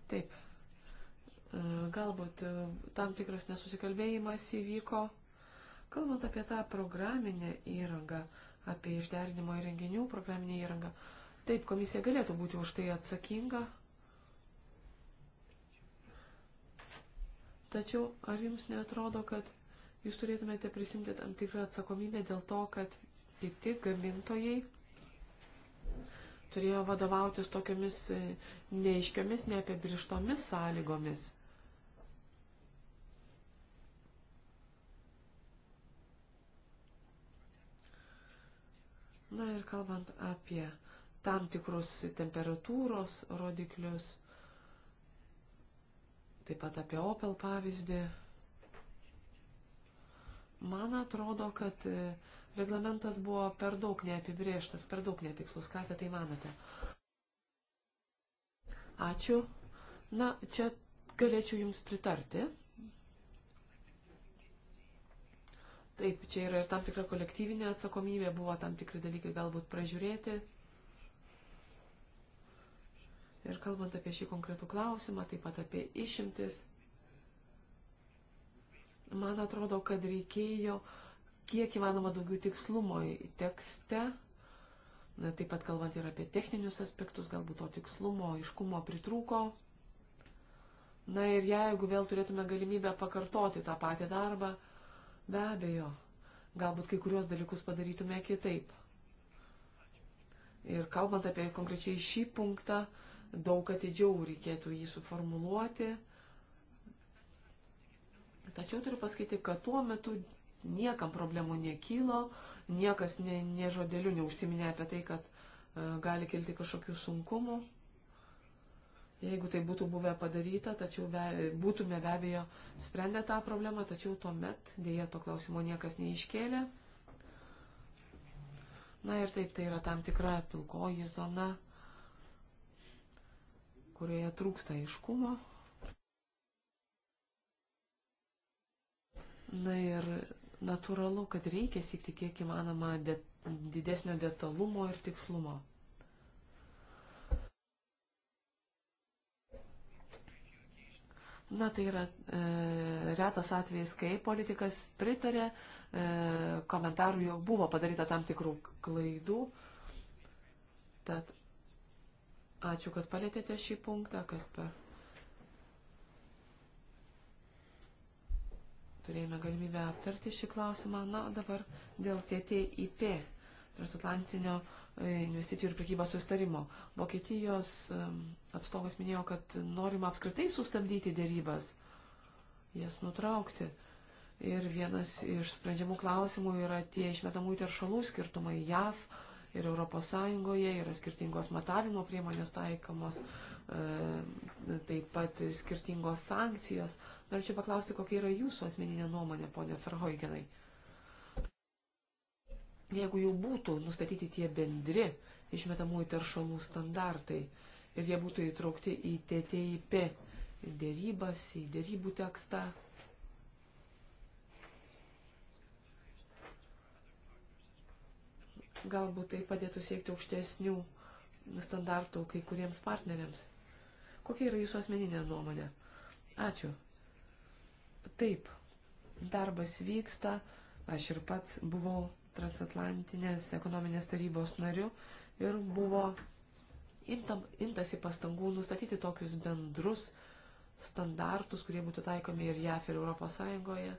Taip, e, galbūt e, tam tikras nesusikalbėjimas įvyko. Kalbant apie tą programinę įrangą, apie išderinimo įrenginių programinę įrangą. Taip, komisija galėtų būti už tai atsakinga. Tačiau ar jums netrodo, kad jūs turėtumėte prisimti tam tikrą atsakomybę dėl to, kad kiti gamintojai turėjo vadovautis tokiamis e, neiškiomis, neapibrištomis sąlygomis? Na ir kalbant apie tam tikrus temperatūros rodiklius, taip pat apie Opel pavyzdį, man atrodo, kad e, reglamentas buvo per daug neapibrieštas, per daug netikslus. Ką apie tai manote? Ačiū. Na, čia galėčiau Jums pritarti. Taip, čia yra ir tam tikra kolektyvinė atsakomybė, buvo tam tikri dalykai galbūt pražiūrėti. Ir kalbant apie šį konkretų klausimą, taip pat apie išimtis, man atrodo, kad reikėjo kiek įmanoma daugiau tikslumo į tekste, na, taip pat kalbant ir apie techninius aspektus, galbūt to tikslumo, iškumo pritrūko. Na ir jeigu vėl turėtume galimybę pakartoti tą patį darbą, Be abejo, galbūt kai kuriuos dalykus padarytume kitaip. Ir kalbant apie konkrečiai šį punktą, daug atidžiau reikėtų jį suformuluoti. Tačiau turiu pasakyti, kad tuo metu niekam problemų nekylo, niekas ne, ne žodeliu neužsiminė apie tai, kad e, gali kilti kažkokių sunkumų jeigu tai būtų buvę padaryta, tačiau be, būtume be abejo sprendę tą problemą, tačiau tuo met dėja to klausimo niekas neiškėlė. Na ir taip, tai yra tam tikra pilkoji zona, kurioje trūksta aiškumo. Na ir natūralu, kad reikia siekti kiek įmanoma det, didesnio detalumo ir tikslumo. Na, tai yra e, retas atvejis, kai politikas pritarė e, komentarų, jog buvo padaryta tam tikrų klaidų. Tad ačiū, kad palėtėte šį punktą, kad per... turėjome galimybę aptarti šį klausimą. Na, dabar dėl TTIP, transatlantinio e, E, investicijų ir prekybos sustarimo. Vokietijos e, atstovas minėjo, kad norima apskritai sustabdyti dėrybas, jas nutraukti. Ir vienas iš sprendžiamų klausimų yra tie išmetamų teršalų skirtumai JAV ir ES, yra skirtingos matavimo priemonės taikomos, e, taip pat skirtingos sankcijos. Norėčiau paklausti, kokia yra jūsų asmeninė nuomonė, ponė Ferhoigenai jeigu jau būtų nustatyti tie bendri išmetamųjų teršalų standartai ir jie būtų įtraukti į TTIP dėrybas, į dėrybų tekstą. Galbūt tai padėtų siekti aukštesnių standartų kai kuriems partneriams. Kokia yra jūsų asmeninė nuomonė? Ačiū. Taip, darbas vyksta, aš ir pats buvau transatlantinės ekonominės tarybos nariu ir buvo imtam, imtasi pastangų nustatyti tokius bendrus standartus, kurie būtų taikomi ir JAF ir Europos Sąjungoje.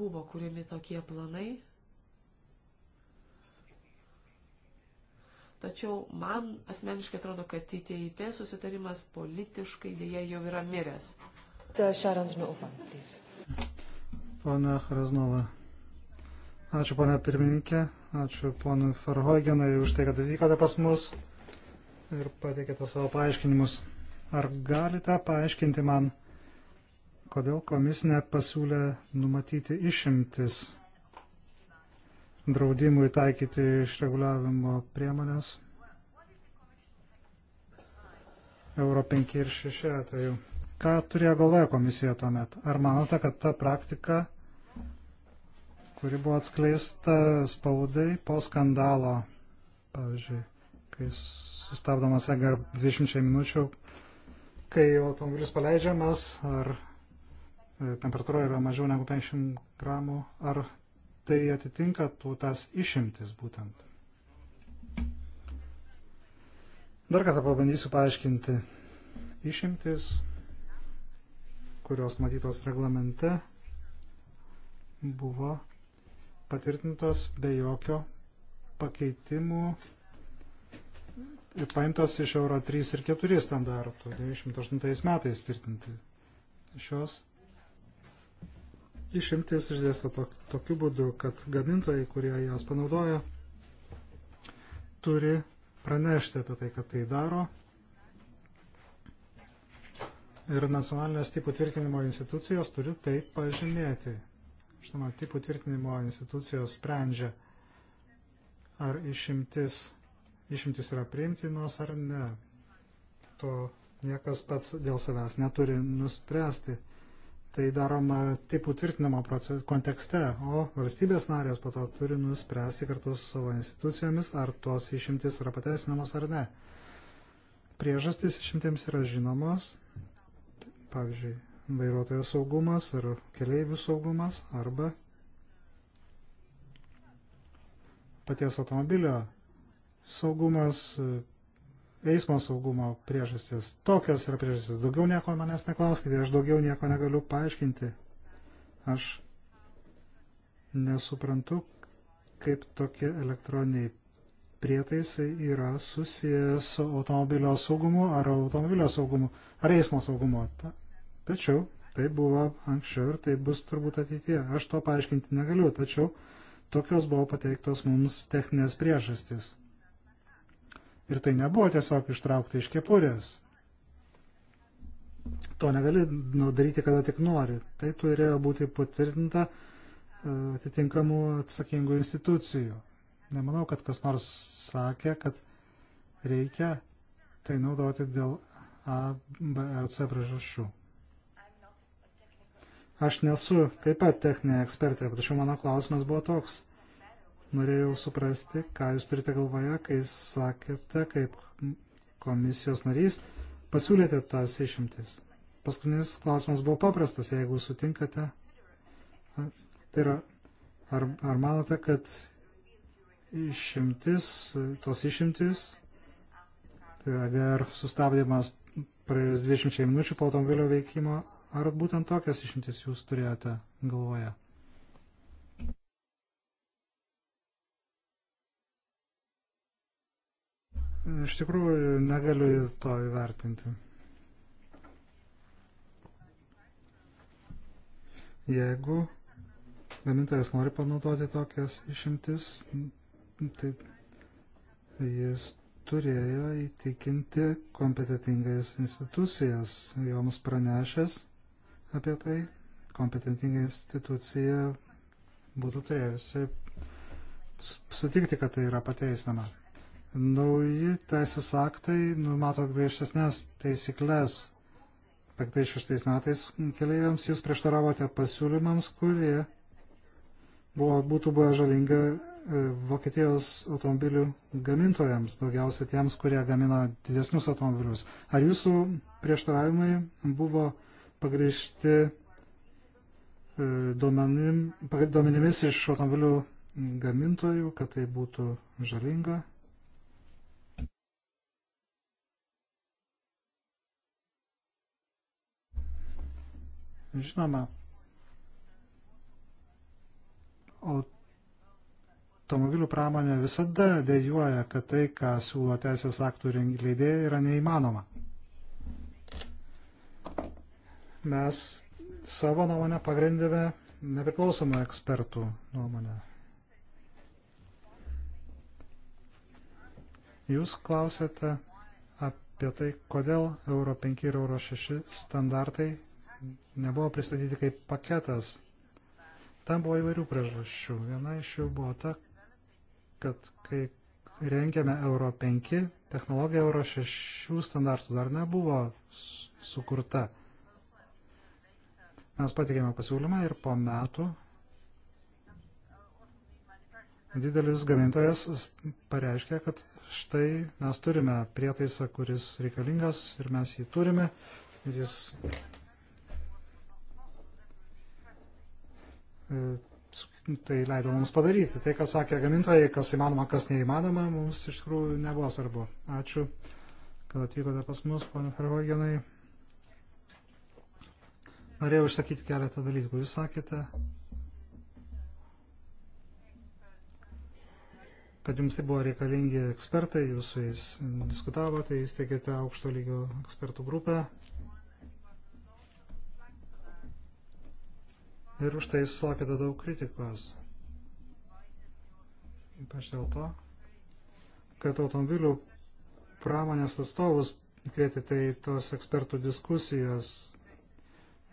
Buvo kūrimi tokie planai. Tačiau man asmeniškai atrodo, kad TTIP susitarimas politiškai dėja jau yra miręs. Sharon's no fun, please. Pana Hraznova. Ačiū, pana pirmininkė. Ačiū ponui Farhoigenai už tai, kad atvykote pas mus ir pateikėte savo paaiškinimus. Ar galite paaiškinti man, kodėl komisija pasiūlė numatyti išimtis draudimui taikyti išreguliavimo priemonės Euro 5 ir 6 atveju? Ką turėjo galvoje komisija tuomet? Ar manote, kad ta praktika kuri buvo atskleista spaudai po skandalo. Pavyzdžiui, kai sustabdomas Egar 20 minučių, kai automobilis paleidžiamas, ar e, temperatūra yra mažiau negu 50 gramų, ar tai atitinka tų tas išimtis būtent. Dar kartą pabandysiu paaiškinti išimtis, kurios matytos reglamente buvo patvirtintos be jokio pakeitimų ir paimtos iš Euro 3 ir 4 standartų 98 metais tvirtinti. Šios išimtis išdėsto to, tokiu būdu, kad gamintojai, kurie jas panaudoja, turi pranešti apie tai, kad tai daro. Ir nacionalinės tipų tvirtinimo institucijos turi tai pažymėti žinoma, tipų tvirtinimo institucijos sprendžia, ar išimtis, išimtis yra priimtinos ar ne. To niekas pats dėl savęs neturi nuspręsti. Tai daroma tipų tvirtinimo kontekste, o valstybės narės po to turi nuspręsti kartu su savo institucijomis, ar tos išimtis yra pateisinamos ar ne. Priežastys išimtėms yra žinomos, pavyzdžiui, vairuotojo saugumas ar keleivių saugumas arba paties automobilio saugumas, eismo saugumo priežastis. Tokios yra priežastis. Daugiau nieko manęs neklauskite, aš daugiau nieko negaliu paaiškinti. Aš nesuprantu, kaip tokie elektroniniai prietaisai yra susijęs su automobilio saugumu ar automobilio saugumu ar eismo saugumu. Ta, Tačiau tai buvo anksčiau ir tai bus turbūt ateityje. Aš to paaiškinti negaliu, tačiau tokios buvo pateiktos mums techninės priežastys. Ir tai nebuvo tiesiog ištraukta iš kepurės. To negali nu, daryti, kada tik nori. Tai turėjo būti patvirtinta e, atitinkamų atsakingų institucijų. Nemanau, kad kas nors sakė, kad reikia tai naudoti dėl A, B ar C priežasčių. Aš nesu taip pat techninė ekspertė, tačiau mano klausimas buvo toks. Norėjau suprasti, ką jūs turite galvoje, kai sakėte, kaip komisijos narys pasiūlėte tas išimtis. Paskutinis klausimas buvo paprastas, jeigu sutinkate. Tai yra, ar, ar manote, kad išimtis, tos išimtis, tai yra GR sustabdymas praėjus 20 minučių po automobilio veikimo, Ar būtent tokias išimtis jūs turėjote galvoje? Iš tikrųjų, negaliu to įvertinti. Jeigu gamintojas nori panaudoti tokias išimtis, tai jis turėjo įtikinti kompetitingas institucijas, joms pranešęs apie tai. Kompetentinga institucija būtų turėjusi sutikti, kad tai yra pateisinama. Nauji teisės aktai numato griežtesnės taisyklės. 56 metais keleiviams jūs prieštaravote pasiūlymams, kurie buvo, būtų buvę žalinga e, Vokietijos automobilių gamintojams, daugiausia tiems, kurie gamina didesnius automobilius. Ar jūsų prieštaravimai buvo pagrįžti e, duomenim, duomenimis iš automobilių gamintojų, kad tai būtų žalinga. Žinoma, automobilių pramonė visada dėjuoja, kad tai, ką siūlo teisės aktų leidėjai, yra neįmanoma. mes savo nuomonę pagrindėme nepriklausomų ekspertų nuomonę. Jūs klausėte apie tai, kodėl Euro 5 ir Euro 6 standartai nebuvo pristatyti kaip paketas. Tam buvo įvairių priežasčių. Viena iš jų buvo ta, kad kai rengėme Euro 5, technologija Euro 6 standartų dar nebuvo sukurta. Mes patikėme pasiūlymą ir po metų didelis gamintojas pareiškia, kad štai mes turime prietaisą, kuris reikalingas ir mes jį turime ir jis e, tai leido mums padaryti. Tai, kas sakė gamintojai, kas įmanoma, kas neįmanoma, mums iš tikrųjų nebuvo svarbu. Ačiū, kad atvykote pas mus, ponė Ferhogenai. Norėjau išsakyti keletą dalykų. Jūs sakėte, kad jums tai buvo reikalingi ekspertai, jūs su jais diskutavote, įsteigėte aukšto lygio ekspertų grupę. Ir už tai susilaukėte daug kritikos. Ypač dėl to, kad automobilių pramonės atstovus kvietėte į tos ekspertų diskusijas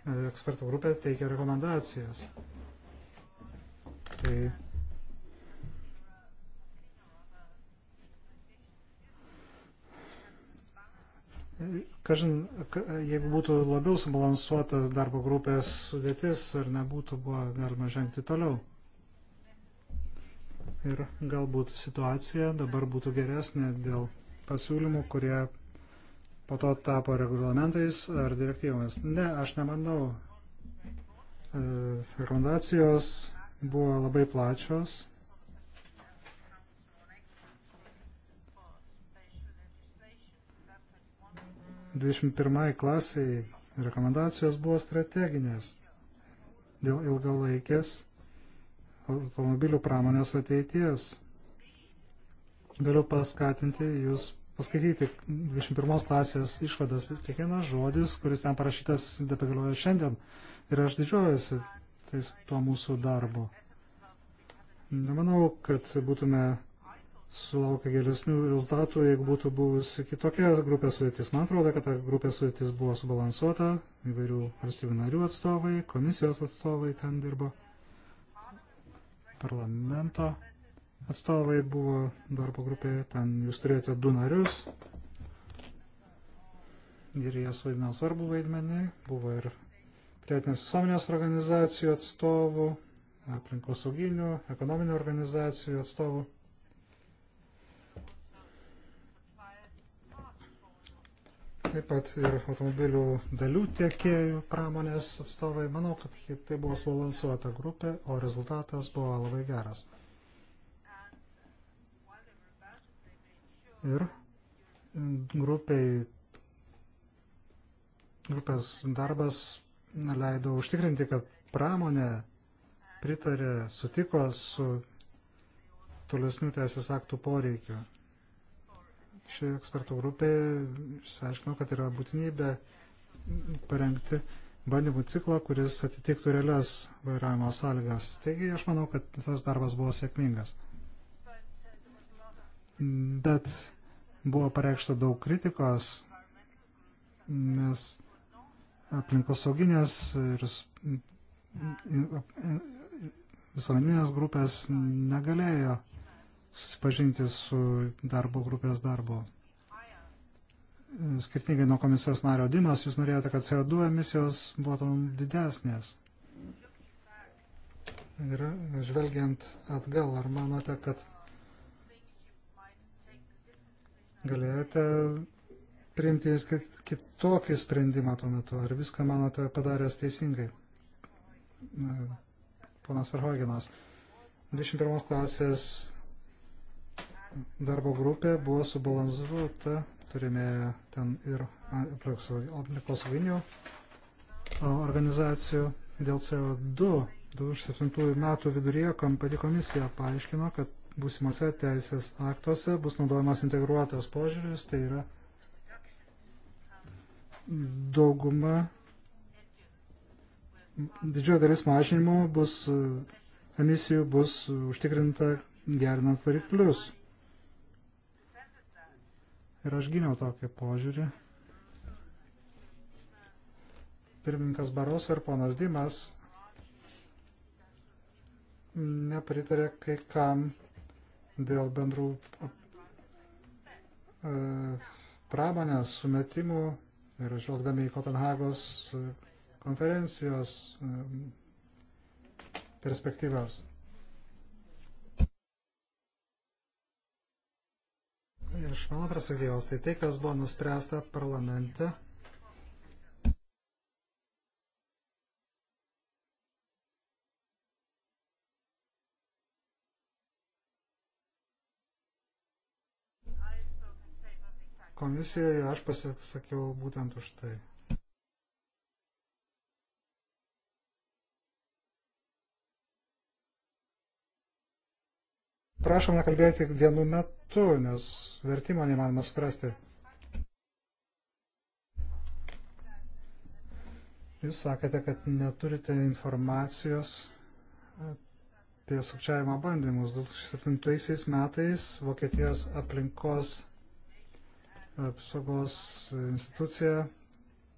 ekspertų grupė teikia rekomendacijas. Tai Kažin, jeigu būtų labiau subalansuotas darbo grupės sudėtis, ar nebūtų buvo galima žengti toliau. Ir galbūt situacija dabar būtų geresnė dėl pasiūlymų, kurie po to tapo reglamentais ar direktyvomis. Ne, aš nemanau. E, rekomendacijos buvo labai plačios. Dvidešimt pirmai klasiai rekomendacijos buvo strateginės dėl ilgalaikės automobilių pramonės ateities. Galiu paskatinti jūs paskaityti 21 klasės išvadas. Kiekvienas žodis, kuris ten parašytas, depegaliuoja šiandien. Ir aš didžiuojasi tais, tuo mūsų darbu. Nemanau, kad būtume sulaukę geresnių rezultatų, jeigu būtų buvusi kitokia grupės sudėtis. Man atrodo, kad ta grupės sudėtis buvo subalansuota, įvairių valstybių narių atstovai, komisijos atstovai ten dirbo, parlamento atstovai buvo darbo grupėje, ten jūs turėjote du narius ir jie suvaidino svarbu vaidmenį, buvo ir pilietinės visuomenės organizacijų atstovų, aplinkosauginių, ekonominių organizacijų atstovų. Taip pat ir automobilių dalių tiekėjų pramonės atstovai. Manau, kad tai buvo subalansuota grupė, o rezultatas buvo labai geras. ir grupiai, grupės darbas leido užtikrinti, kad pramonė pritarė, sutiko su tolesnių teisės aktų poreikiu. Ši ekspertų grupė išsiaiškino, kad yra būtinybė parengti bandymų ciklą, kuris atitiktų realias vairavimo sąlygas. Taigi aš manau, kad tas darbas buvo sėkmingas bet buvo pareikšta daug kritikos, nes aplinkosauginės ir visuomeninės grupės negalėjo susipažinti su darbo grupės darbu. Skirtingai nuo komisijos nario Dimas, jūs norėjote, kad CO2 emisijos būtų didesnės. Ir žvelgiant atgal, ar manote, kad galėjote priimti kitokį sprendimą tuo metu? Ar viską manote padaręs teisingai? Ponas Verhoginas. 21 klasės darbo grupė buvo subalansuota, turime ten ir aplinkosauginių organizacijų dėl CO2. 2007 metų viduryje pati komisija paaiškino, kad būsimose teisės aktuose bus naudojamas integruotas požiūris, tai yra dauguma, didžioji dalis mažinimo bus, emisijų bus užtikrinta gerinant variklius. Ir aš gyniau tokį požiūrį. Pirmininkas Baros ir ponas Dimas nepritarė kai kam dėl bendrų e, pramonės sumetimų ir žvelgdami į Kopenhagos e, konferencijos e, perspektyvas. Iš mano perspektyvos, tai tai, kas buvo nuspręsta parlamente komisijoje aš pasisakiau būtent už tai. Prašom nekalbėti vienu metu, nes vertimo neįmanoma suprasti. Jūs sakėte, kad neturite informacijos apie sukčiavimo bandymus. 2007 metais Vokietijos aplinkos apsaugos institucija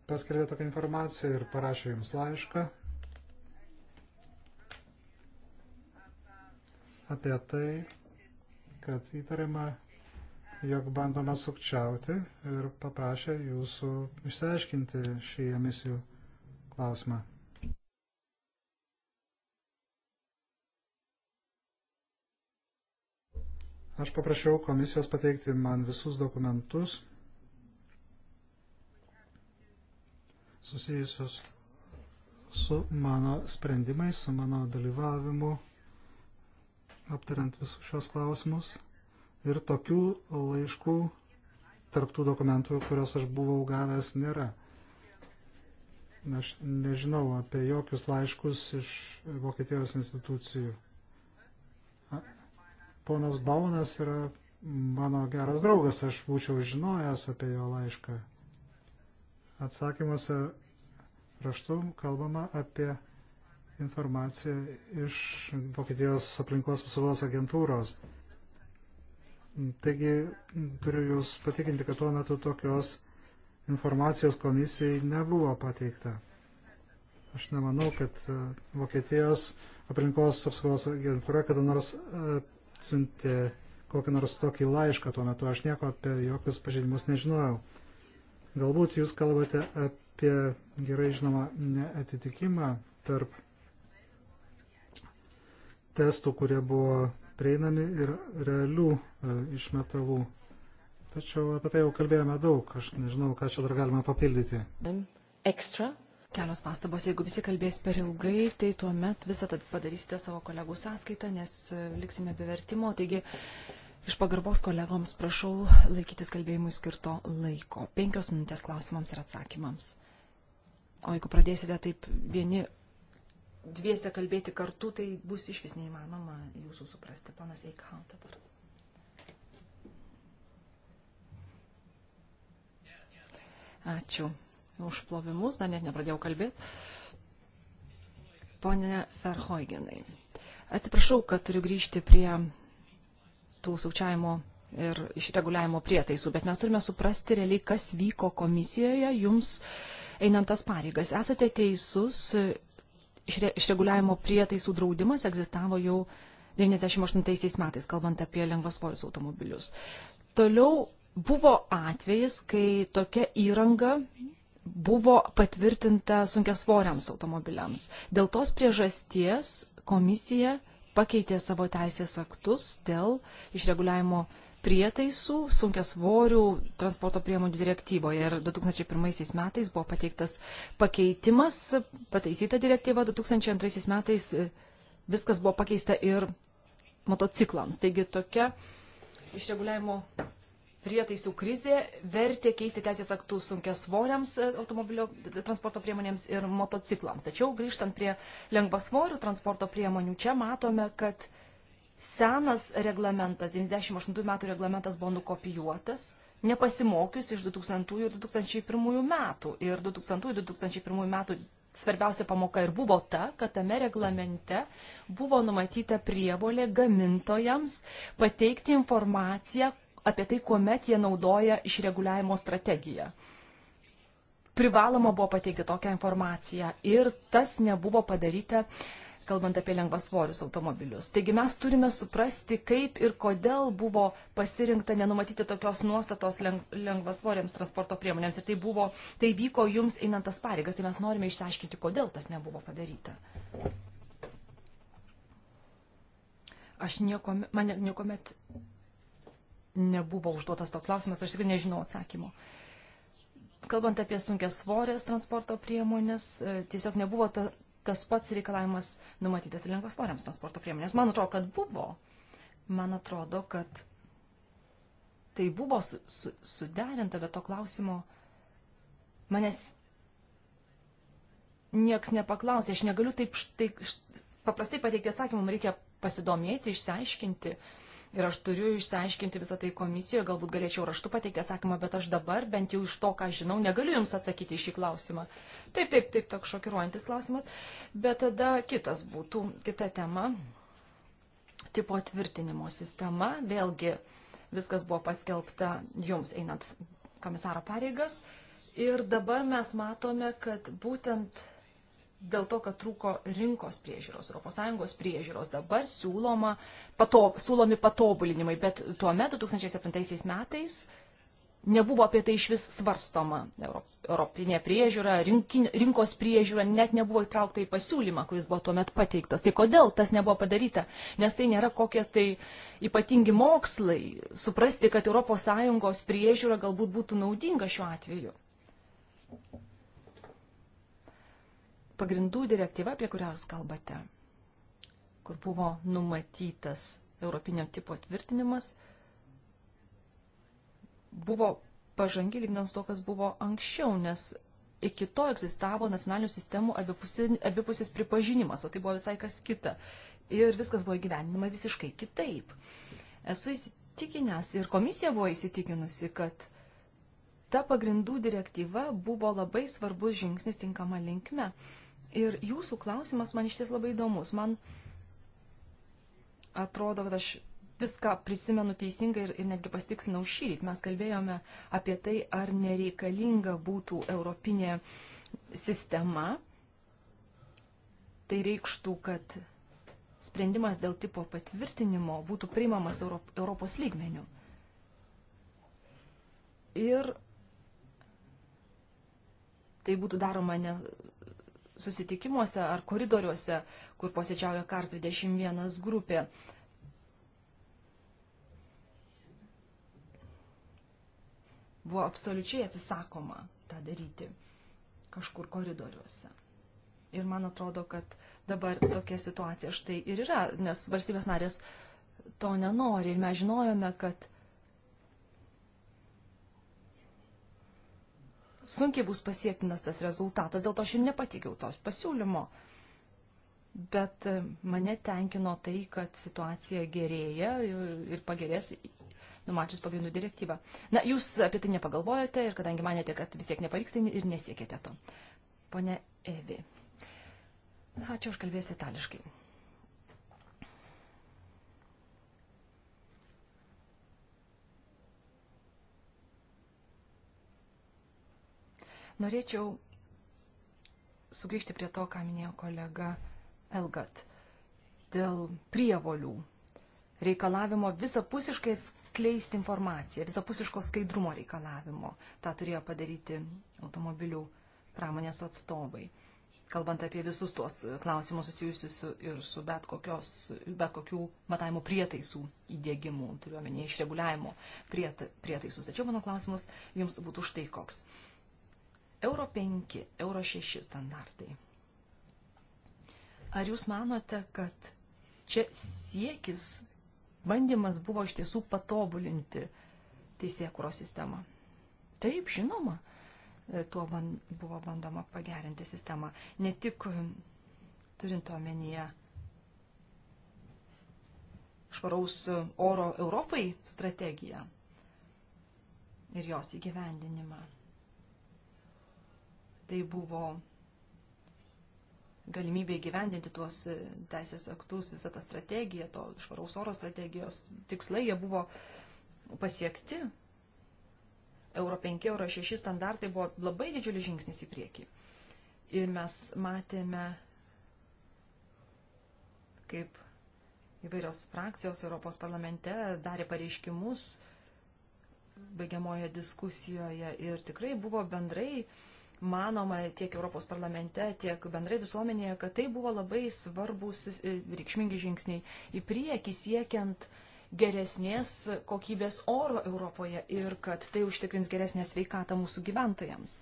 paskelbė tokią informaciją ir parašė jums laišką apie tai, kad įtariama, jog bandoma sukčiauti ir paprašė jūsų išsiaiškinti šį emisijų klausimą. Aš paprašiau komisijos pateikti man visus dokumentus susijusius su mano sprendimais, su mano dalyvavimu, aptariant visus šios klausimus. Ir tokių laiškų tarptų dokumentų, kurios aš buvau gavęs, nėra. Aš nežinau apie jokius laiškus iš Vokietijos institucijų. Ponas Baunas yra mano geras draugas, aš būčiau žinojęs apie jo laišką. Atsakymuose raštu kalbama apie informaciją iš Vokietijos aplinkos apsaugos agentūros. Taigi turiu Jūs patikinti, kad tuo metu tokios informacijos komisijai nebuvo pateikta. Aš nemanau, kad Vokietijos aplinkos apsaugos agentūra kada nors e, atsiuntė kokį nors tokį laišką tuo metu, aš nieko apie jokius pažeidimus nežinojau. Galbūt jūs kalbate apie gerai žinomą neatitikimą tarp testų, kurie buvo prieinami ir realių e, išmetalų. Tačiau apie tai jau kalbėjome daug, aš nežinau, ką čia dar galima papildyti. Ekstra? Kelios pastabos, jeigu visi kalbės per ilgai, tai tuomet visą tad padarysite savo kolegų sąskaitą, nes e, liksime be vertimo. Taigi, iš pagarbos kolegoms prašau laikytis kalbėjimui skirto laiko. Penkios minutės klausimams ir atsakymams. O jeigu pradėsite taip vieni dviese kalbėti kartu, tai bus iš vis neįmanoma jūsų suprasti. Panas Eikau dabar. Ačiū užplovimus, dar net nepradėjau kalbėti. Pone Ferhoigenai, atsiprašau, kad turiu grįžti prie tų sukčiavimo ir išreguliavimo prietaisų, bet mes turime suprasti realiai, kas vyko komisijoje jums einant tas pareigas. Esate teisus, išreguliavimo prietaisų draudimas egzistavo jau 1998 metais, kalbant apie lengvasvorius automobilius. Toliau buvo atvejis, kai tokia įranga buvo patvirtinta sunkiasvoriams automobiliams. Dėl tos priežasties komisija pakeitė savo teisės aktus dėl išreguliavimo prietaisų sunkiasvorių transporto priemonių direktyvoje. Ir 2001 metais buvo pateiktas pakeitimas, pataisyta direktyva, 2002 metais e, viskas buvo pakeista ir motociklams. Taigi tokia išreguliavimo prietaisų krizė vertė keisti teisės aktus sunkias svoriams e, automobilio transporto priemonėms ir motociklams. Tačiau grįžtant prie lengvasvorių transporto priemonių, čia matome, kad senas reglamentas, 98 metų reglamentas buvo nukopijuotas, nepasimokius iš 2000 ir 2001 metų. Ir 2000 ir 2001 metų svarbiausia pamoka ir buvo ta, kad tame reglamente buvo numatyta prievolė gamintojams pateikti informaciją, apie tai, kuomet jie naudoja išreguliavimo strategiją. Privaloma buvo pateikti tokią informaciją ir tas nebuvo padaryta, kalbant apie lengvasvorius automobilius. Taigi mes turime suprasti, kaip ir kodėl buvo pasirinkta nenumatyti tokios nuostatos lengvasvoriams transporto priemonėms. Ir tai, buvo, tai vyko jums einant tas pareigas, tai mes norime išsiaiškinti, kodėl tas nebuvo padaryta aš nieko, man niekuomet nebuvo užduotas to klausimas, aš tikrai nežinau atsakymo. Kalbant apie sunkias svorės transporto priemonės, e, tiesiog nebuvo ta, tas pats reikalavimas numatytas ir lengvas svoriams transporto priemonės. Man atrodo, kad buvo. Man atrodo, kad tai buvo su, su, suderinta, bet to klausimo manęs nieks nepaklausė. Aš negaliu taip štai, štai, paprastai pateikti atsakymą, man reikia pasidomėti, išsiaiškinti. Uh, ir aš turiu išsiaiškinti visą tai komisijoje, galbūt galėčiau raštu pateikti atsakymą, bet aš dabar bent jau iš to, ką žinau, negaliu Jums atsakyti šį klausimą. Taip, taip, taip, toks šokiruojantis klausimas, bet tada kitas būtų, kita tema, tipo tvirtinimo sistema, vėlgi viskas buvo paskelbta Jums einant komisaro pareigas. Ir dabar mes matome, kad būtent dėl to, kad trūko rinkos priežiūros, ES priežiūros. Dabar siūloma, pato, siūlomi patobulinimai, bet tuo metu 2007 metais nebuvo apie tai iš vis svarstoma. Europinė priežiūra, rinkin, rinkos priežiūra net nebuvo įtraukta į pasiūlymą, kuris buvo tuo metu pateiktas. Tai kodėl tas nebuvo padaryta? Nes tai nėra kokie tai ypatingi mokslai suprasti, kad ES priežiūra galbūt būtų naudinga šiuo atveju. pagrindų direktyva, apie kurią jūs kalbate, kur buvo numatytas europinio tipo tvirtinimas, buvo pažangi lygnant to, kas buvo anksčiau, nes iki to egzistavo nacionalinių sistemų abipusis, abipusis pripažinimas, o tai buvo visai kas kita. Ir viskas buvo gyvenima visiškai kitaip. Esu įsitikinęs ir komisija buvo įsitikinusi, kad ta pagrindų direktyva buvo labai svarbus žingsnis tinkama linkme. Ir jūsų klausimas man iš ties labai įdomus. Man atrodo, kad aš viską prisimenu teisingai ir, ir netgi pastiksinau šį rytą. Mes kalbėjome apie tai, ar nereikalinga būtų europinė sistema. Tai reikštų, kad sprendimas dėl tipo patvirtinimo būtų priimamas Europos lygmenių. Ir tai būtų daroma ne susitikimuose ar koridoriuose, kur posėdžiauja Kars 21 grupė. Buvo absoliučiai atsisakoma tą daryti kažkur koridoriuose. Ir man atrodo, kad dabar tokia situacija štai ir yra, nes valstybės narės to nenori. Ir mes žinojome, kad sunkiai bus pasiektinas tas rezultatas, dėl to aš ir nepatikiau tos pasiūlymo. Bet e, mane tenkino tai, kad situacija gerėja ir pagerės numačius pagrindų direktyvą. Na, jūs apie tai nepagalvojote ir kadangi manėte, kad vis tiek nepavyks, tai ir nesiekėte to. Pone Evi. Ačiū, aš kalbėsiu itališkai. Norėčiau sugrįžti prie to, ką minėjo kolega Elgat, dėl prievolių reikalavimo visapusiškai atskleisti informaciją, visapusiško skaidrumo reikalavimo. Ta turėjo padaryti automobilių pramonės atstovai. Kalbant apie visus tuos klausimus susijusius ir su bet, kokios, bet kokių matavimo prietaisų įdėgimų, turiuomenį išreguliavimo priet, prietaisus. Tačiau mano klausimas jums būtų štai koks. Euro 5, Euro 6 standartai. Ar jūs manote, kad čia siekis, bandymas buvo iš tiesų patobulinti teisėkuros sistemą? Taip, žinoma, tuo ban, buvo bandoma pagerinti sistemą. Ne tik turint omenyje švaraus oro Europai strategiją ir jos įgyvendinimą. Tai buvo galimybė įgyvendinti tuos e, teisės aktus, visą tą strategiją, to švaraus oro strategijos tikslai, jie buvo pasiekti. Euro 5, Euro 6 standartai buvo labai didžiulis žingsnis į priekį. Ir mes matėme, kaip įvairios frakcijos Europos parlamente darė pareiškimus baigiamoje diskusijoje ir tikrai buvo bendrai uh, manoma tiek Europos parlamente, tiek bendrai visuomenėje, kad tai buvo labai svarbus e, reikšmingi žingsniai į priekį siekiant geresnės kokybės oro Europoje ir kad tai užtikrins geresnę sveikatą mūsų gyventojams.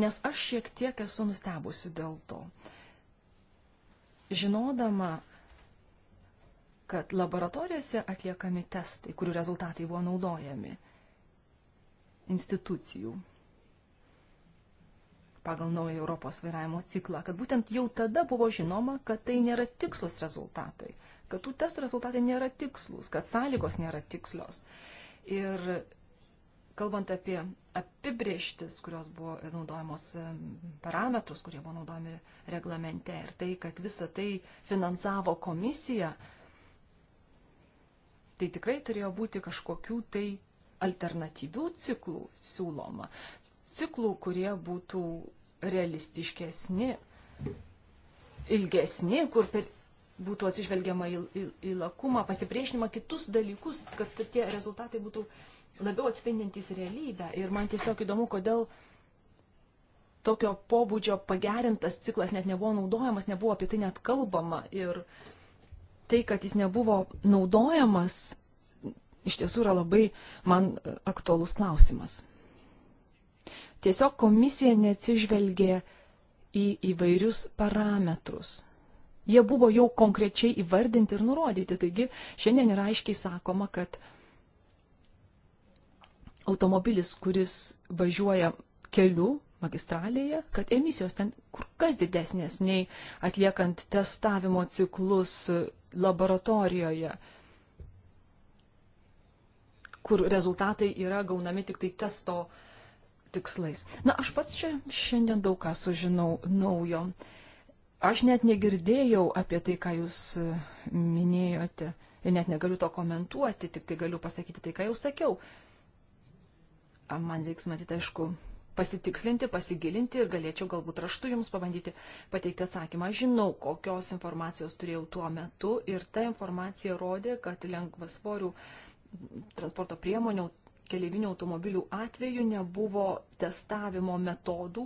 Nes aš šiek tiek esu nustebusi dėl to. Žinodama, kad laboratorijose atliekami testai, kurių rezultatai buvo naudojami – institucijų pagal naują Europos vairavimo ciklą, kad būtent jau tada buvo žinoma, kad tai nėra tikslus rezultatai, kad tų testų rezultatai nėra tikslus, kad sąlygos nėra tikslios. Ir kalbant apie apibrieštis, kurios buvo naudojamos parametrus, kurie buvo naudojami reglamente ir tai, kad visa tai finansavo komisija, tai tikrai turėjo būti kažkokių tai alternatyvių ciklų siūloma. Ciklų, kurie būtų realistiškesni, ilgesni, kur per, būtų atsižvelgiama į, į, į lakumą, pasipriešinimą kitus dalykus, kad tie rezultatai būtų labiau atspindintys realybę. Ir man tiesiog įdomu, kodėl tokio pobūdžio pagerintas ciklas net nebuvo naudojamas, nebuvo apie tai net kalbama. Ir tai, kad jis nebuvo naudojamas, iš tiesų yra labai man e, aktuolus klausimas. Tiesiog komisija neatsižvelgė į įvairius parametrus. Jie buvo jau konkrečiai įvardinti ir nurodyti, taigi šiandien yra aiškiai sakoma, kad automobilis, kuris važiuoja keliu magistralėje, kad emisijos ten kur kas didesnės nei atliekant testavimo ciklus e, laboratorijoje kur rezultatai yra gaunami tik tai testo tikslais. Na, aš pats čia šiandien daug ką sužinau naujo. Aš net negirdėjau apie tai, ką jūs e, minėjote. Ir net negaliu to komentuoti, tik tai galiu pasakyti tai, ką jau sakiau. Man reiks matyti, aišku, pasitikslinti, pasigilinti ir galėčiau galbūt raštu jums pabandyti pateikti atsakymą. Aš žinau, kokios informacijos turėjau tuo metu ir ta informacija rodė, kad lengvasvorių svorių transporto priemonių, keleivinių automobilių atveju nebuvo testavimo metodų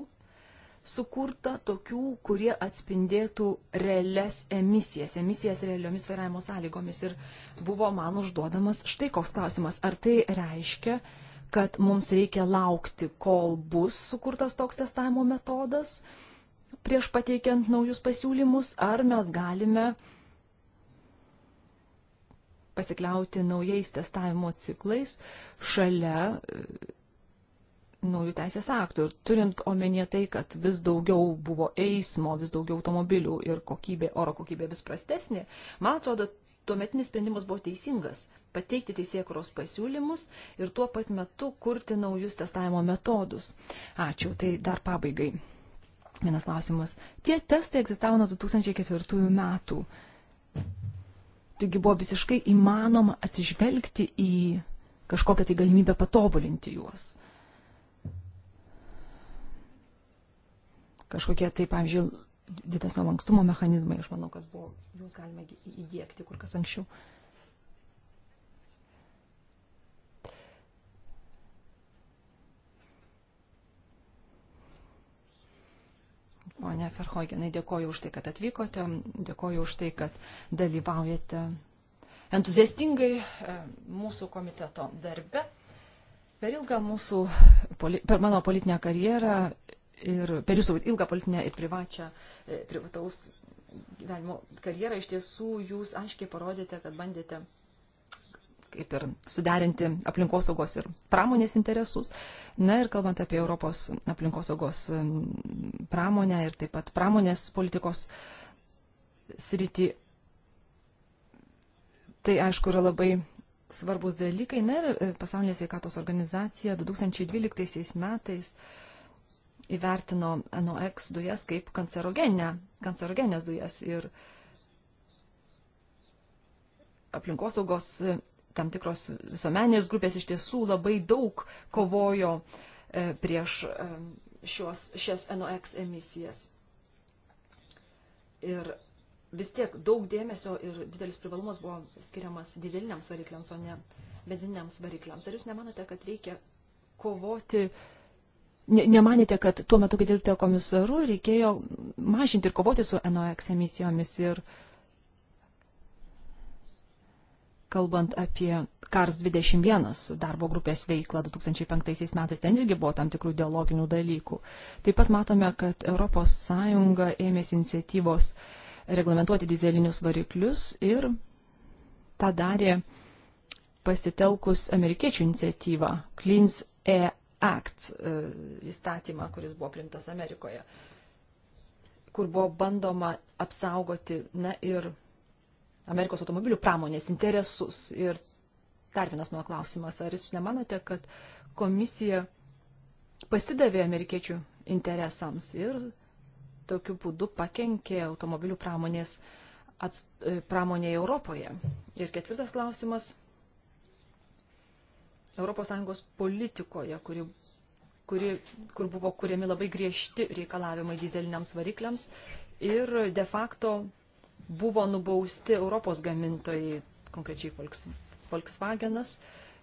sukurta tokių, kurie atspindėtų realias emisijas, emisijas realiomis vairavimo sąlygomis. Ir buvo man užduodamas štai koks klausimas, ar tai reiškia, kad mums reikia laukti, kol bus sukurtas toks testavimo metodas prieš pateikiant naujus pasiūlymus, ar mes galime uh, pasikliauti naujais testavimo ciklais šalia e, naujų teisės aktų. Ir turint omenyje tai, kad vis daugiau buvo eismo, vis daugiau automobilių ir kokybė, oro kokybė vis prastesnė, man atrodo, tuometinis sprendimas buvo teisingas - pateikti teisėkuros pasiūlymus ir tuo pat metu kurti naujus testavimo metodus. Ačiū. Tai dar pabaigai. Vienas klausimas. Tie testai egzistavo nuo 2004 metų. Taigi buvo visiškai įmanoma atsižvelgti į kažkokią tai galimybę patobulinti juos. Kažkokie tai, pavyzdžiui, didesnio lankstumo mechanizmai, aš manau, kad buvo, juos galime įdėkti kur kas anksčiau. Uh, Pone Ferhogenai, dėkoju už tai, kad atvykote, dėkoju už tai, kad dalyvaujate entuziastingai e, mūsų komiteto darbe. Per ilgą mūsų, per mano politinę karjerą ir per jūsų ilgą politinę ir privačią, e, privataus gyvenimo karjerą iš tiesų jūs aiškiai parodėte, kad bandėte kaip ir suderinti aplinkosaugos ir pramonės interesus. Na ir kalbant apie Europos aplinkosaugos pramonę ir taip pat pramonės politikos sritį, tai aišku yra labai svarbus dalykai. Na ir e, pasaulinė sveikatos organizacija 2012 metais įvertino NOX dujas kaip kancerogenės dujas. Ir aplinkosaugos tam tikros visuomenės grupės iš tiesų labai daug kovojo e, prieš e, šios, šias NOx emisijas. Ir vis tiek daug dėmesio ir didelis privalumas buvo skiriamas dizeliniams varikliams, o ne benzininiams varikliams. Ar jūs nemanote, kad reikia kovoti? Ne, nemanėte, kad tuo metu, kai dirbte komisaru, reikėjo mažinti ir kovoti su NOx emisijomis ir uh, kalbant apie Kars 21 darbo grupės veiklą 2005 metais, ten irgi buvo tam tikrų ideologinių dalykų. Taip pat matome, kad ES ėmėsi iniciatyvos reglamentuoti dizelinius variklius ir tą darė pasitelkus amerikiečių iniciatyvą Cleans Air Act e, įstatymą, kuris buvo primtas Amerikoje, kur buvo bandoma apsaugoti na, ir Amerikos automobilių pramonės interesus. Ir dar vienas mano klausimas, ar jūs nemanote, kad komisija pasidavė amerikiečių interesams ir tokiu būdu pakenkė automobilių pramonės ats, e, pramonėje Europoje? Ir ketvirtas klausimas. ES politikoje, kuri, kuri, kur buvo kuriami labai griežti reikalavimai dizeliniams varikliams ir de facto buvo nubausti Europos gamintojai, konkrečiai Volkswagenas,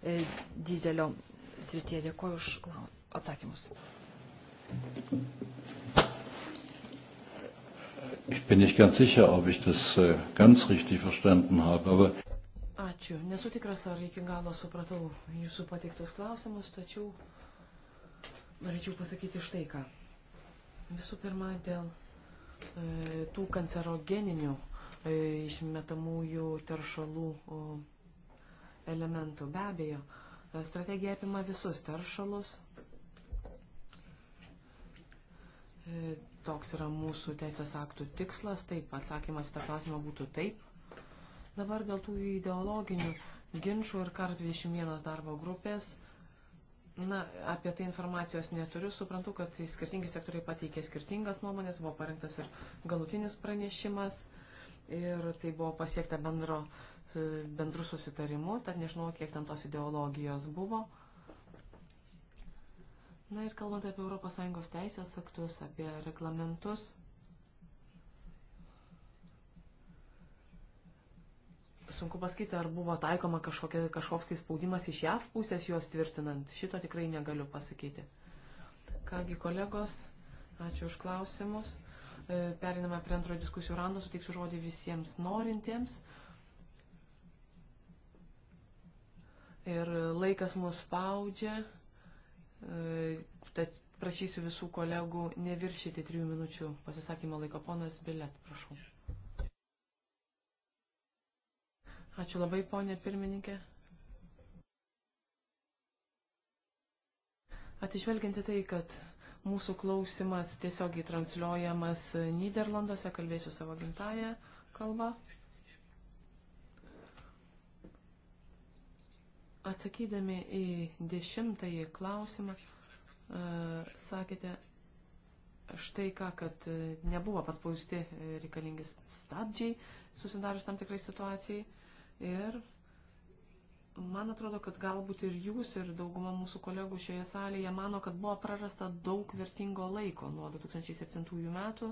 e, dizelio srityje. Dėkuoju už atsakymus. Ich bin nicht ganz sicher, ob ich das äh, ganz richtig verstanden habe, aber. Ačiū. Nesu tikras, ar iki galo supratau jūsų pateiktus klausimus, tačiau norėčiau pasakyti štai ką. Visų pirma, dėl e, tų kancerogeninių E, išmetamųjų teršalų elementų. Be abejo, e, strategija apima visus teršalus. E, toks yra mūsų teisės aktų tikslas. Taip, atsakymas į tą klausimą būtų taip. Dabar dėl tų ideologinių ginčių ir kar 21 darbo grupės. Na, apie tai informacijos neturiu, suprantu, kad skirtingi sektoriai pateikė skirtingas nuomonės, buvo parengtas ir galutinis pranešimas. E, ir tai buvo pasiekta bendro, e, bendru susitarimu, tad nežinau, kiek ten tos ideologijos buvo. Na ir kalbant apie ES teisės aktus, apie reglamentus. Sunku pasakyti, ar buvo taikoma kažkokia, kažkoks tai spaudimas iš JAV pusės juos tvirtinant. Šito tikrai negaliu pasakyti. Kągi kolegos, ačiū už klausimus. E, periname prie antrojo diskusijų rando, suteiksiu žodį visiems norintiems. Ir laikas mus spaudžia, e, tad prašysiu visų kolegų neviršyti trijų minučių pasisakymo laiko. Ponas Bilet, prašau. Ačiū labai, ponė pirmininkė. Atsižvelginti tai, kad Mūsų klausimas tiesiogiai transliuojamas Niderlanduose, kalbėsiu savo gimtają kalbą. Atsakydami į dešimtąjį klausimą, e, sakėte štai ką, kad nebuvo paspausti reikalingi stabdžiai susidarius tam tikrai situacijai ir Man atrodo, kad galbūt ir jūs, ir dauguma mūsų kolegų šioje salėje mano, kad buvo prarasta daug vertingo laiko nuo 2007 metų.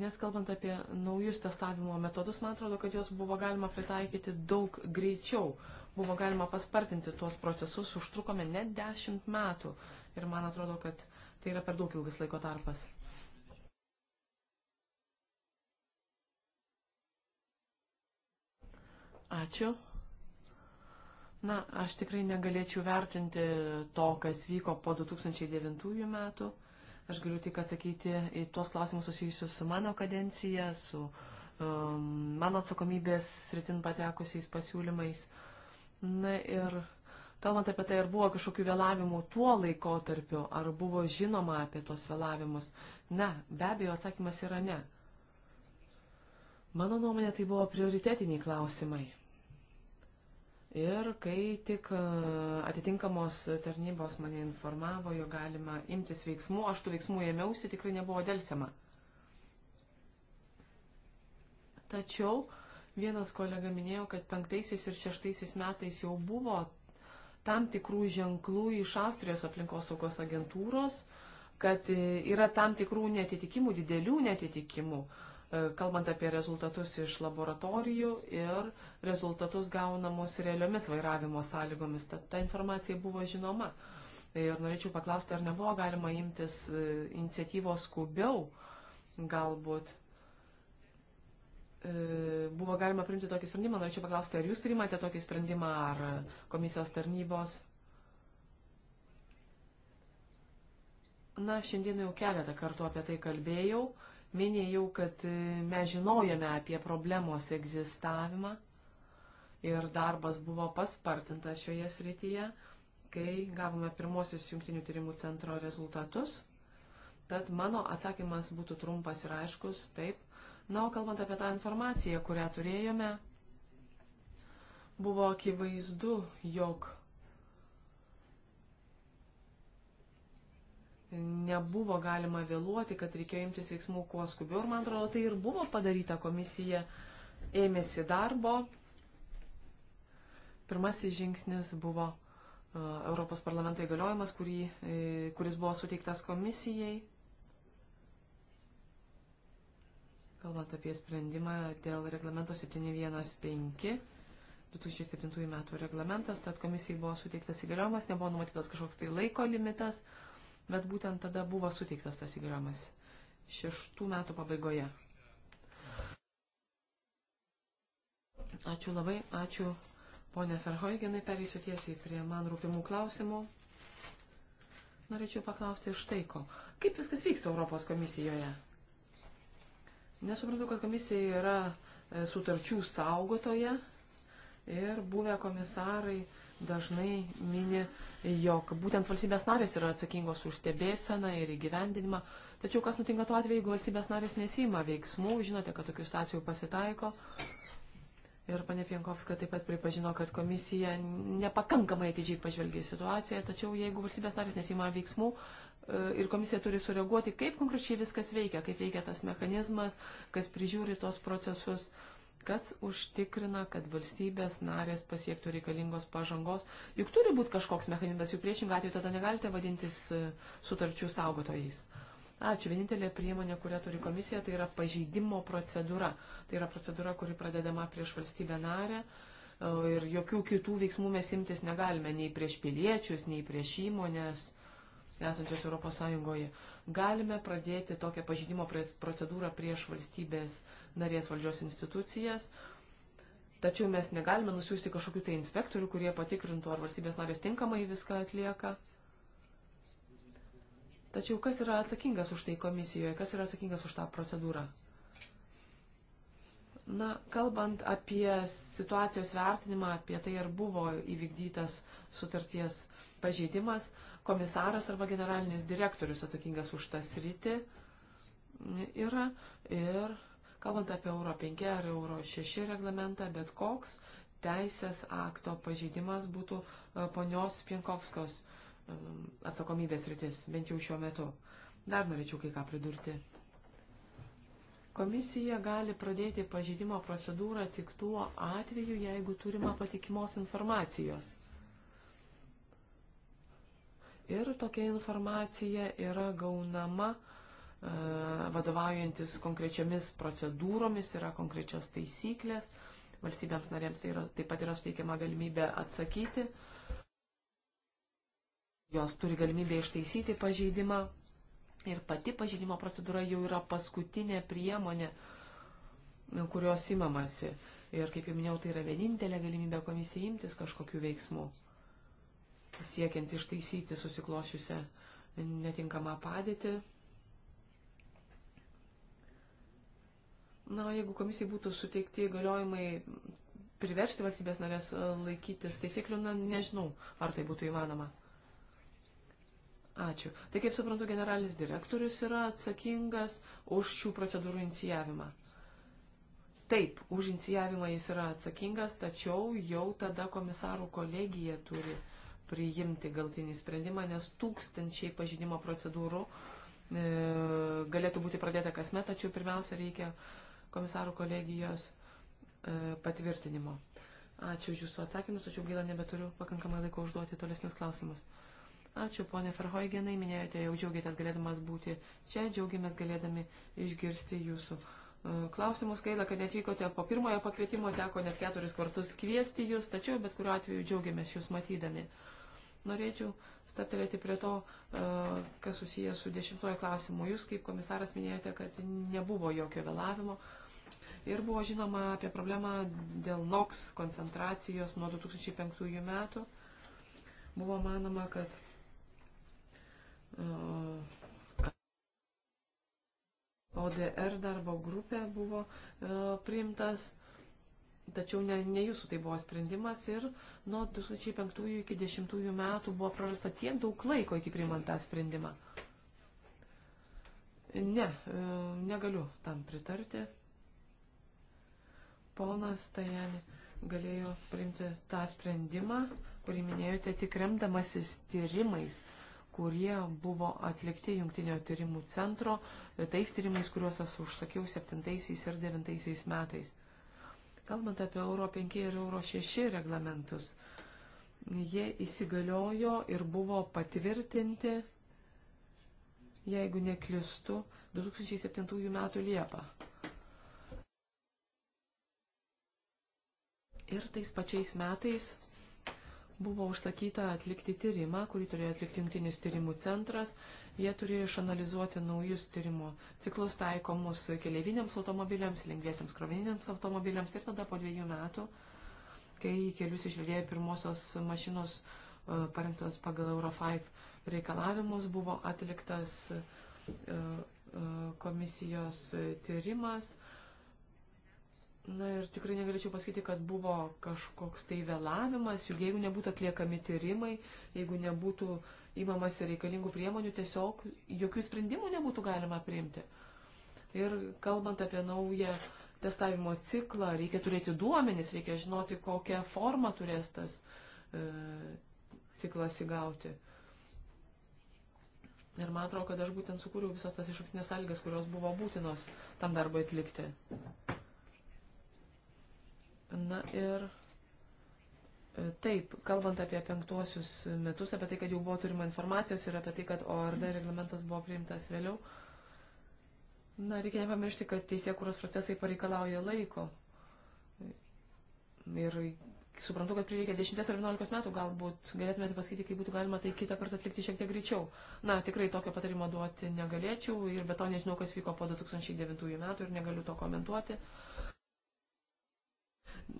Nes kalbant apie naujus testavimo metodus, man atrodo, kad juos buvo galima pritaikyti daug greičiau, buvo galima paspartinti tuos procesus, užtrukome net dešimt metų ir man atrodo, kad tai yra per daug ilgas laiko tarpas. Ačiū. Na, aš tikrai negalėčiau vertinti to, kas vyko po 2009 metų. Aš galiu tik atsakyti į tuos klausimus susijusius su mano kadencija, su um, mano atsakomybės sritin patekusiais pasiūlymais. Na ir kalbant apie tai, ar buvo kažkokių vėlavimų tuo laikotarpiu, ar buvo žinoma apie tuos vėlavimus. Ne, be abejo, atsakymas yra ne. Mano nuomonė tai buvo prioritetiniai klausimai. Ir kai tik e, atitinkamos tarnybos mane informavo, jo galima imtis veiksmų, aš tų veiksmų ėmiausi, tikrai nebuvo dėlsiama. Tačiau vienas kolega minėjo, kad penktaisiais ir šeštaisiais metais jau buvo tam tikrų ženklų iš Austrijos aplinkosaugos agentūros, kad e, yra tam tikrų netitikimų, didelių netitikimų. Uh, E, kalbant apie rezultatus iš laboratorijų ir rezultatus gaunamus realiomis vairavimo sąlygomis. Tad ta informacija buvo žinoma. Ir norėčiau paklausti, ar nebuvo galima imtis e, iniciatyvos skubiau, galbūt e, buvo galima priimti tokį sprendimą. Norėčiau paklausti, ar jūs priimate tokį sprendimą, ar komisijos tarnybos? Na, šiandien jau keletą kartų apie tai kalbėjau minėjau, kad e, mes žinojome apie problemos egzistavimą ir darbas buvo paspartintas šioje srityje, kai gavome pirmosius jungtinių tyrimų centro rezultatus. Tad mano atsakymas būtų trumpas ir aiškus, taip. Na, o kalbant apie tą informaciją, kurią turėjome, buvo akivaizdu, jog nebuvo galima vėluoti, kad reikėjo imtis veiksmų kuo skubiau. Ir man atrodo, tai ir buvo padaryta komisija, ėmėsi darbo. Pirmasis žingsnis buvo uh, Europos parlamento įgaliojimas, kurį, uh, kuris buvo suteiktas komisijai. Kalbant apie sprendimą dėl reglamento 715. 2007 metų reglamentas, tad komisijai buvo suteiktas įgaliojimas, nebuvo numatytas kažkoks tai laiko limitas. Uh, bet būtent tada buvo suteiktas tas įgaliojimas šeštų metų pabaigoje. Ačiū labai, ačiū ponė Ferhoigenai, perėsiu tiesiai prie man rūpimų klausimų. Norėčiau paklausti iš tai, ko. Kaip viskas vyksta Europos komisijoje? Nesuprantu, kad komisija yra e, sutarčių saugotoje ir buvę komisarai dažnai mini jog būtent valstybės narės yra atsakingos už stebėseną ir įgyvendinimą. Tačiau kas nutinka tuo atveju, jeigu valstybės narės nesima veiksmų, žinote, kad tokių stacijų pasitaiko. Ir panė Pienkovska taip pat pripažino, kad komisija nepakankamai atidžiai pažvelgė situaciją, tačiau jeigu valstybės narės nesima veiksmų, e, ir komisija turi sureaguoti, kaip konkrečiai viskas veikia, kaip veikia tas mechanizmas, kas prižiūri tos procesus kas užtikrina, kad valstybės narės pasiektų reikalingos pažangos. Juk turi būti kažkoks mechanizmas, juk priešingą atveju tada negalite vadintis e, sutarčių saugotojais. Ačiū. Vienintelė priemonė, kurią turi komisija, tai yra pažeidimo procedūra. Tai yra procedūra, kuri pradedama prieš valstybę narę e, ir jokių kitų veiksmų mes imtis negalime nei prieš piliečius, nei prieš įmonės esančios ES. Galime pradėti tokią pažydimo procedūrą prieš valstybės narės valdžios institucijas, tačiau mes negalime nusiųsti kažkokių tai inspektorių, kurie patikrintų, ar valstybės narės tinkamai viską atlieka. Tačiau kas yra atsakingas už tai komisijoje, kas yra atsakingas už tą procedūrą? Na, kalbant apie situacijos vertinimą, apie tai, ar buvo įvykdytas sutarties pažeidimas, komisaras arba generalinis direktorius atsakingas už tą sritį yra. Ir kalbant apie Euro 5 ar Euro 6 reglamentą, bet koks teisės akto pažeidimas būtų e, ponios Pienkovskos e, atsakomybės rytis, bent jau šiuo metu. Dar norėčiau kai ką pridurti. Komisija gali pradėti pažeidimo procedūrą tik tuo atveju, jeigu turima patikimos informacijos ir tokia informacija yra gaunama e, vadovaujantis konkrečiomis procedūromis, yra konkrečios taisyklės, valstybėms narėms tai yra, taip pat yra suteikiama galimybė atsakyti, jos turi galimybę ištaisyti pažeidimą ir pati pažeidimo procedūra jau yra paskutinė priemonė, kurios imamasi. Ir kaip jau minėjau, tai yra vienintelė galimybė komisija imtis kažkokių veiksmų siekiant ištaisyti susiklošiusią netinkamą padėtį. Na, jeigu komisijai būtų suteikti įgaliojimai priversti valstybės narės e, laikytis taisyklių, na, nežinau, ar tai būtų įmanoma. Ačiū. Tai kaip suprantu, generalinis direktorius yra atsakingas už šių procedūrų inicijavimą. Taip, už inicijavimą jis yra atsakingas, tačiau jau tada komisarų kolegija turi priimti galtinį sprendimą, nes tūkstančiai pažydimo procedūrų e, galėtų būti pradėta kasmet, tačiau pirmiausia reikia komisarų kolegijos e, patvirtinimo. Ačiū už Jūsų atsakymus, tačiau gaila nebeturiu pakankamai laiko užduoti tolesnius klausimus. Ačiū, ponė Ferhoigenai, minėjote, jau džiaugiatės galėdamas būti čia, džiaugiamės galėdami išgirsti Jūsų e, klausimus. Gaila, kad atvykote po pirmojo pakvietimo, teko net keturis kartus kviesti Jūs, tačiau bet kuriuo atveju džiaugiamės Jūs matydami. Norėčiau staptelėti prie to, e, kas susijęs su dešimtojo klausimu. Jūs kaip komisaras minėjote, kad nebuvo jokio vėlavimo. Ir buvo žinoma apie problemą dėl NOX koncentracijos nuo 2005 metų. Buvo manoma, kad e, ODR darbo grupė buvo e, priimtas Tačiau ne, ne jūsų tai buvo sprendimas ir nuo 2005 iki 2010 metų buvo prarasta tiek daug laiko iki priimant tą sprendimą. Ne, e, negaliu tam pritarti. Ponas Tajani galėjo priimti tą sprendimą, kurį minėjote tik remdamasis tyrimais, kurie buvo atlikti Jungtinio tyrimų centro, tais tyrimais, kuriuos aš užsakiau 7 ir 9 metais. Kalbant apie Euro 5 ir Euro 6 reglamentus, jie įsigaliojo ir buvo patvirtinti, jeigu neklistu, 2007 m. Liepą. Ir tais pačiais metais buvo užsakyta atlikti tyrimą, kurį turėjo atlikti Junktinis tyrimų centras. Jie turėjo išanalizuoti naujus tyrimų ciklus taikomus keleiviniams automobiliams, lengviesiams krovininiams automobiliams ir tada po dviejų metų, kai kelius išvilėjo pirmosios mašinos e, parengtos pagal Euro 5 reikalavimus, buvo atliktas e, e, komisijos tyrimas. Uh, Na ir tikrai negalėčiau pasakyti, kad buvo kažkoks tai vėlavimas, juk jeigu nebūtų atliekami tyrimai, jeigu nebūtų įmamasi reikalingų priemonių, tiesiog jokių sprendimų nebūtų galima priimti. Ir kalbant apie naują testavimo ciklą, reikia turėti duomenis, reikia žinoti, kokią formą turės tas e, ciklas įgauti. Ir man atrodo, kad aš būtent sukūriau visas tas išaksinės sąlygas, kurios buvo būtinos tam darbui atlikti. Na ir e, taip, kalbant apie penktuosius metus, apie tai, kad jau buvo turima informacijos ir apie tai, kad ORD reglamentas buvo priimtas vėliau, na, reikia nepamiršti, kad teisėkūros procesai pareikalauja laiko. Ir suprantu, kad prireikia 10 ar 11 metų, galbūt galėtumėte pasakyti, kaip būtų galima tai kitą kartą atlikti šiek tiek greičiau. Na, tikrai tokio patarimo duoti negalėčiau ir be to nežinau, kas vyko po 2009 metų ir negaliu to komentuoti.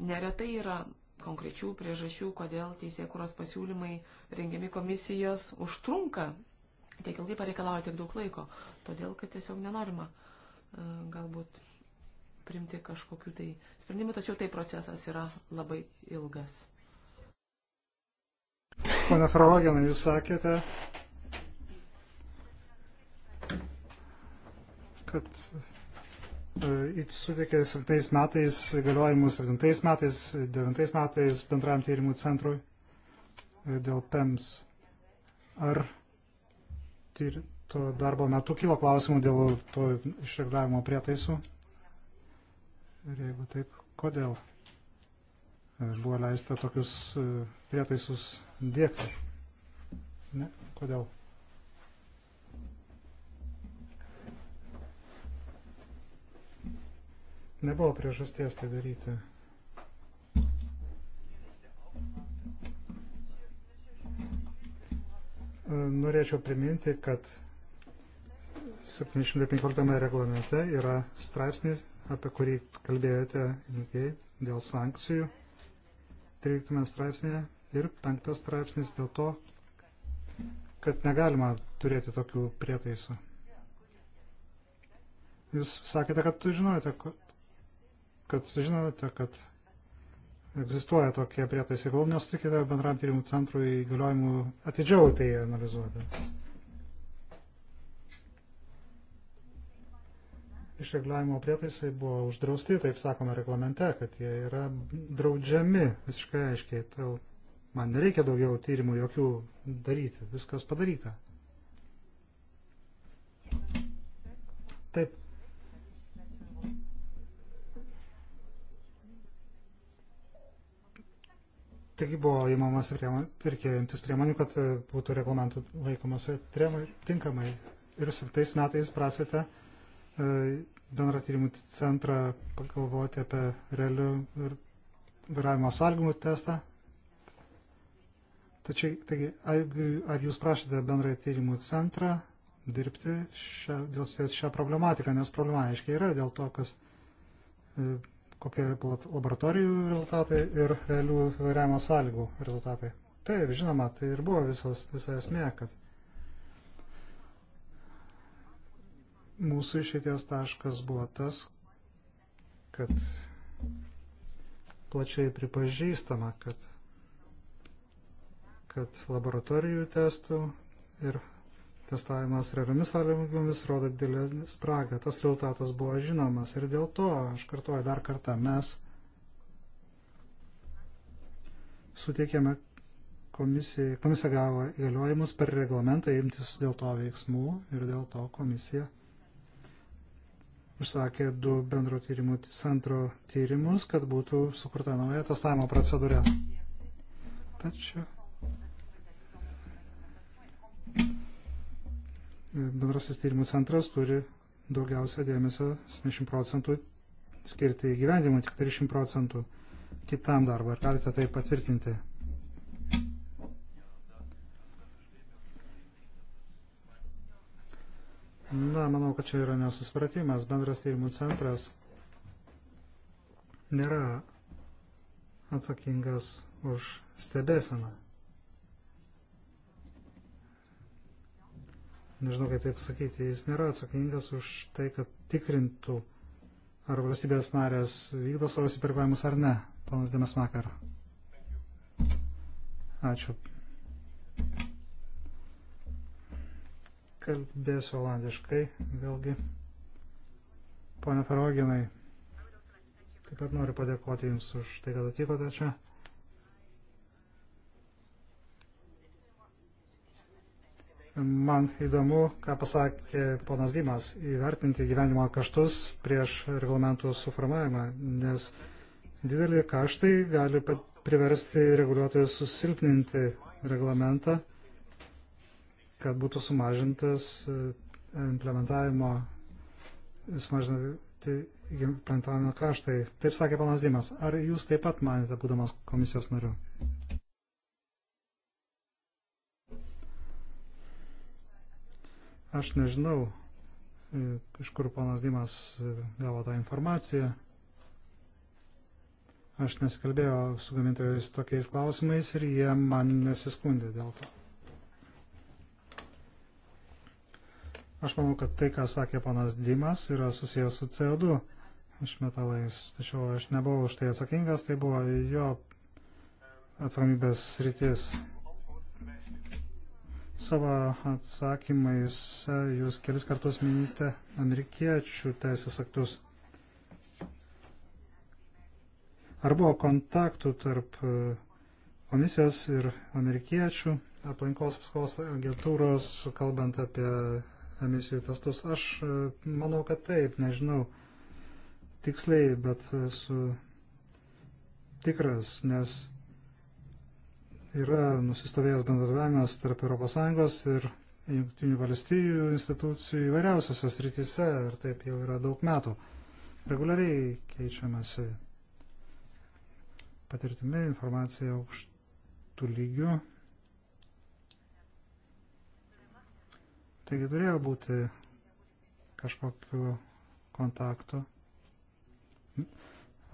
Neretai yra konkrečių priežasčių, kodėl teisėkuros pasiūlymai rengiami komisijos užtrunka tiek ilgai pareikalauja tiek daug laiko. Todėl, kad tiesiog nenorima e, galbūt primti kažkokių tai sprendimų, tačiau tai procesas yra labai ilgas. Pane Frologenai, jūs sakėte, kad E, suteikė 7 metais įgaliojimus 7 metais, 9 metais bendram tyrimų centrui e, dėl PEMS. Ar to darbo metu kilo klausimų dėl to išreglavimo prietaisų? Ir jeigu taip, kodėl e, buvo leista tokius prietaisus dėkti? Ne, kodėl? Nebuvo priežasties tai daryti. Norėčiau priminti, kad 715 reglamente yra straipsnis, apie kurį kalbėjote dėl sankcijų. 13 straipsnėje ir 5 straipsnis dėl to, kad negalima turėti tokių prietaisų. Jūs sakėte, kad tu žinote, kad žinote, kad egzistuoja tokie prietaisai. Gal nesutikite bendram tyrimų centrui įgaliojimų atidžiau tai analizuoti. Išreguliavimo prietaisai buvo uždrausti, taip sakoma, reglamente, kad jie yra draudžiami visiškai aiškiai. Todėl man nereikia daugiau tyrimų jokių daryti, viskas padaryta. Taip, taigi buvo įmamas reikėjo imtis priemonių, kad e, būtų reglamentų laikomasi tinkamai. Ir 7 metais prasėte e, bendrą tyrimų centrą pagalvoti apie realių ir vairavimo sąlygų testą. Tačiau, taigi, ar jūs prašėte bendrąjį tyrimų centrą dirbti šią, dėl šią problematiką, nes problema aiškiai yra dėl to, kas e, kokie laboratorijų rezultatai ir realių vairavimo sąlygų rezultatai. Taip, žinoma, tai ir buvo visos, visa esmė, kad mūsų išeities taškas buvo tas, kad plačiai pripažįstama, kad, kad laboratorijų testų ir testavimas realiomis sąlygomis rodo didelį spragą. Tas rezultatas buvo žinomas ir dėl to, aš kartuoju dar kartą, mes suteikėme komisijai, komisija gavo įgaliojimus per reglamentą imtis dėl to veiksmų ir dėl to komisija užsakė du bendro tyrimų centro tyrimus, kad būtų sukurta nauja testavimo procedūra. Tačiau bendrasis tyrimų centras turi daugiausia dėmesio, 70 procentų skirti įgyvendimui, tik 30 procentų kitam darbui. Ar galite tai patvirtinti? Na, manau, kad čia yra nesuspratimas. Bendras tyrimų centras nėra atsakingas už stebėseną. nežinau kaip taip sakyti, jis nėra atsakingas už tai, kad tikrintų, ar valstybės narės vykdo savo įsipareigojimus ar ne. Panas Demes Makar. Ačiū. Kalbėsiu olandiškai vėlgi. Pone Feroginai, taip pat noriu padėkoti Jums už tai, kad atvykote čia. Man įdomu, ką pasakė ponas Dimas, įvertinti gyvenimo kaštus prieš reglamentų suformavimą, nes dideli kaštai gali priversti reguliuotojus susilpninti reglamentą, kad būtų sumažintas e, implementavimo, sumažinti implementavimo kaštai. Taip sakė panas Dimas. Ar jūs taip pat manėte, būdamas komisijos nariu? Aš nežinau, e, iš kur ponas Dimas e, gavo tą informaciją. Aš nesikalbėjau su gamintojais tokiais klausimais ir jie man nesiskundė dėl to. Aš manau, kad tai, ką sakė ponas Dimas, yra susijęs su CO2 išmetalais. Tačiau aš nebuvau už tai atsakingas, tai buvo jo atsakomybės rytis. Savo atsakymais jūs kelis kartus minite amerikiečių teisės aktus. Ar buvo kontaktų tarp e, komisijos ir amerikiečių aplinkos apskos agentūros, kalbant apie emisijų testus? Aš e, manau, kad taip, nežinau tiksliai, bet esu tikras, nes yra nusistovėjęs bendradarbiavimas tarp ES ir jungtinių valstybių institucijų įvairiausiose srityse ir taip jau yra daug metų. Reguliariai keičiamasi patirtimi, informacija aukštų lygių. Taigi turėjo būti kažkokiu kontaktu.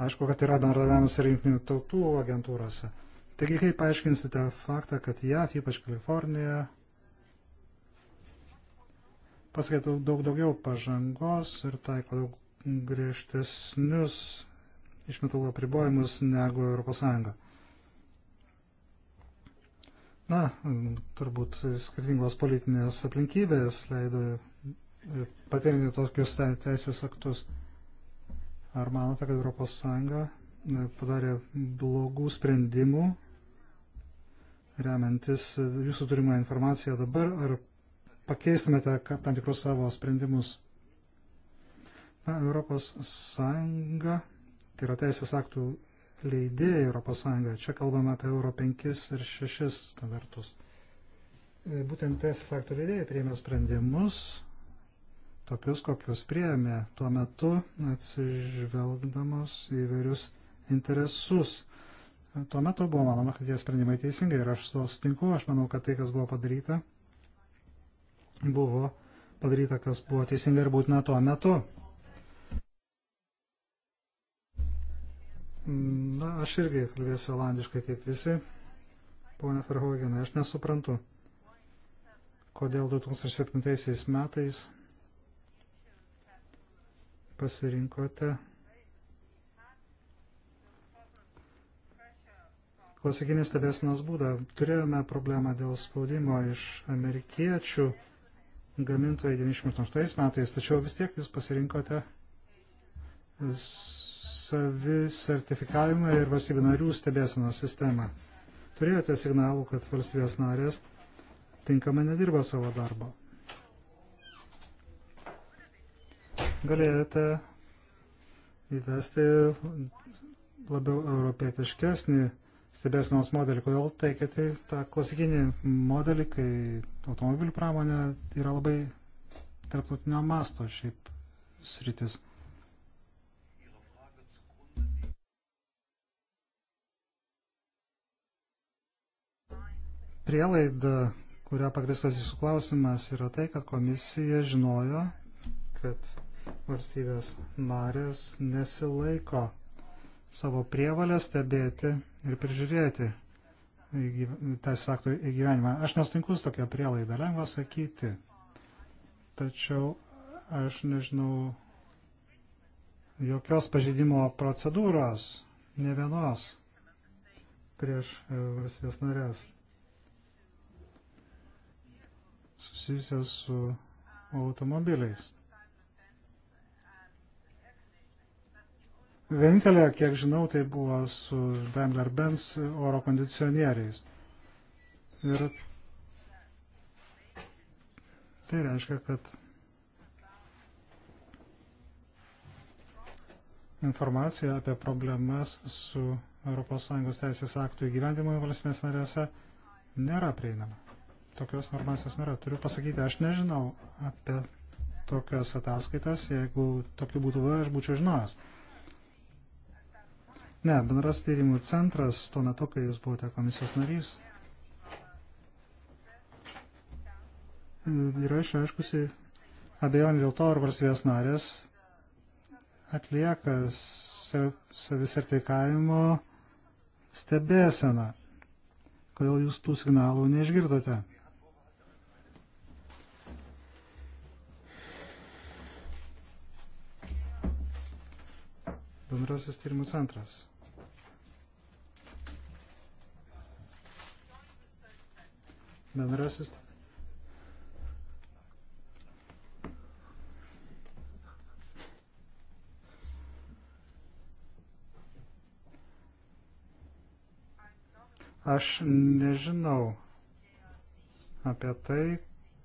Aišku, kad yra bendradavimas ir jungtinių tautų agentūrose. Taigi, kaip paaiškinsite faktą, kad JAV, ypač Kalifornija, pasakytų daug daugiau pažangos ir taiko daug griežtesnius išmetalų apribojimus negu ES. Na, turbūt skirtingos politinės aplinkybės leido patirinti tokius teisės aktus. Ar manote, kad ES e, padarė blogų sprendimų remiantis jūsų turimą informaciją dabar, ar pakeistumėte tam tikrus savo sprendimus? Na, Europos Sąjunga, tai yra teisės aktų leidėjai Europos Sąjunga, čia kalbame apie Euro 5 ir 6 standartus. E, būtent teisės aktų leidėjai priėmė sprendimus, tokius, kokius priėmė tuo metu, atsižvelgdamos į vairius interesus tuo metu buvo manoma, kad tie sprendimai teisingai ir aš su to sutinku, aš manau, kad tai, kas buvo padaryta, buvo padaryta, kas buvo teisinga ir būtina tuo metu. Na, aš irgi kalbėsiu olandiškai kaip visi. Pone Ferhogenai, aš nesuprantu, kodėl 2007 metais pasirinkote klasikinį stebėsinos būdą. Turėjome problemą dėl spaudimo iš amerikiečių gamintojai 98 metais, tačiau vis tiek jūs pasirinkote savi sertifikavimą ir valstybių narių stebėsinos sistemą. Turėjote signalų, kad valstybės narės tinkamai nedirba savo darbo. Galėjote įvesti labiau europietiškesnį stebėsinos modelį. Kodėl taikėte tą klasikinį modelį, kai automobilių pramonė yra labai tarptautinio masto šiaip sritis? Prielaida, kuria pagristas jūsų klausimas, yra tai, kad komisija žinojo, kad valstybės narės nesilaiko savo prievalę stebėti ir prižiūrėti teisės aktų įgyvenimą. Aš nesutinku su tokia prielaida, lengva sakyti. Tačiau aš nežinau jokios pažeidimo procedūros, ne vienos prieš e, valstybės narės susijusios su automobiliais. Vienintelė, kiek žinau, tai buvo su Daimler Benz oro kondicionieriais. Ir tai reiškia, kad informacija apie problemas su ES teisės aktų įgyvendimu valstybės narėse nėra prieinama. Tokios informacijos nėra. Turiu pasakyti, aš nežinau apie tokias ataskaitas, jeigu tokių būtų buvę, aš būčiau žinojęs. Ne, bendras tyrimų centras tuo metu, kai jūs buvote komisijos narys, yra išaiškusi abejonė dėl to, ar valstybės narės atlieka savisertikavimo stebėseną. Kodėl jūs tų signalų neišgirdote? Bendrasis tyrimų centras. bendrasis. Aš nežinau apie tai,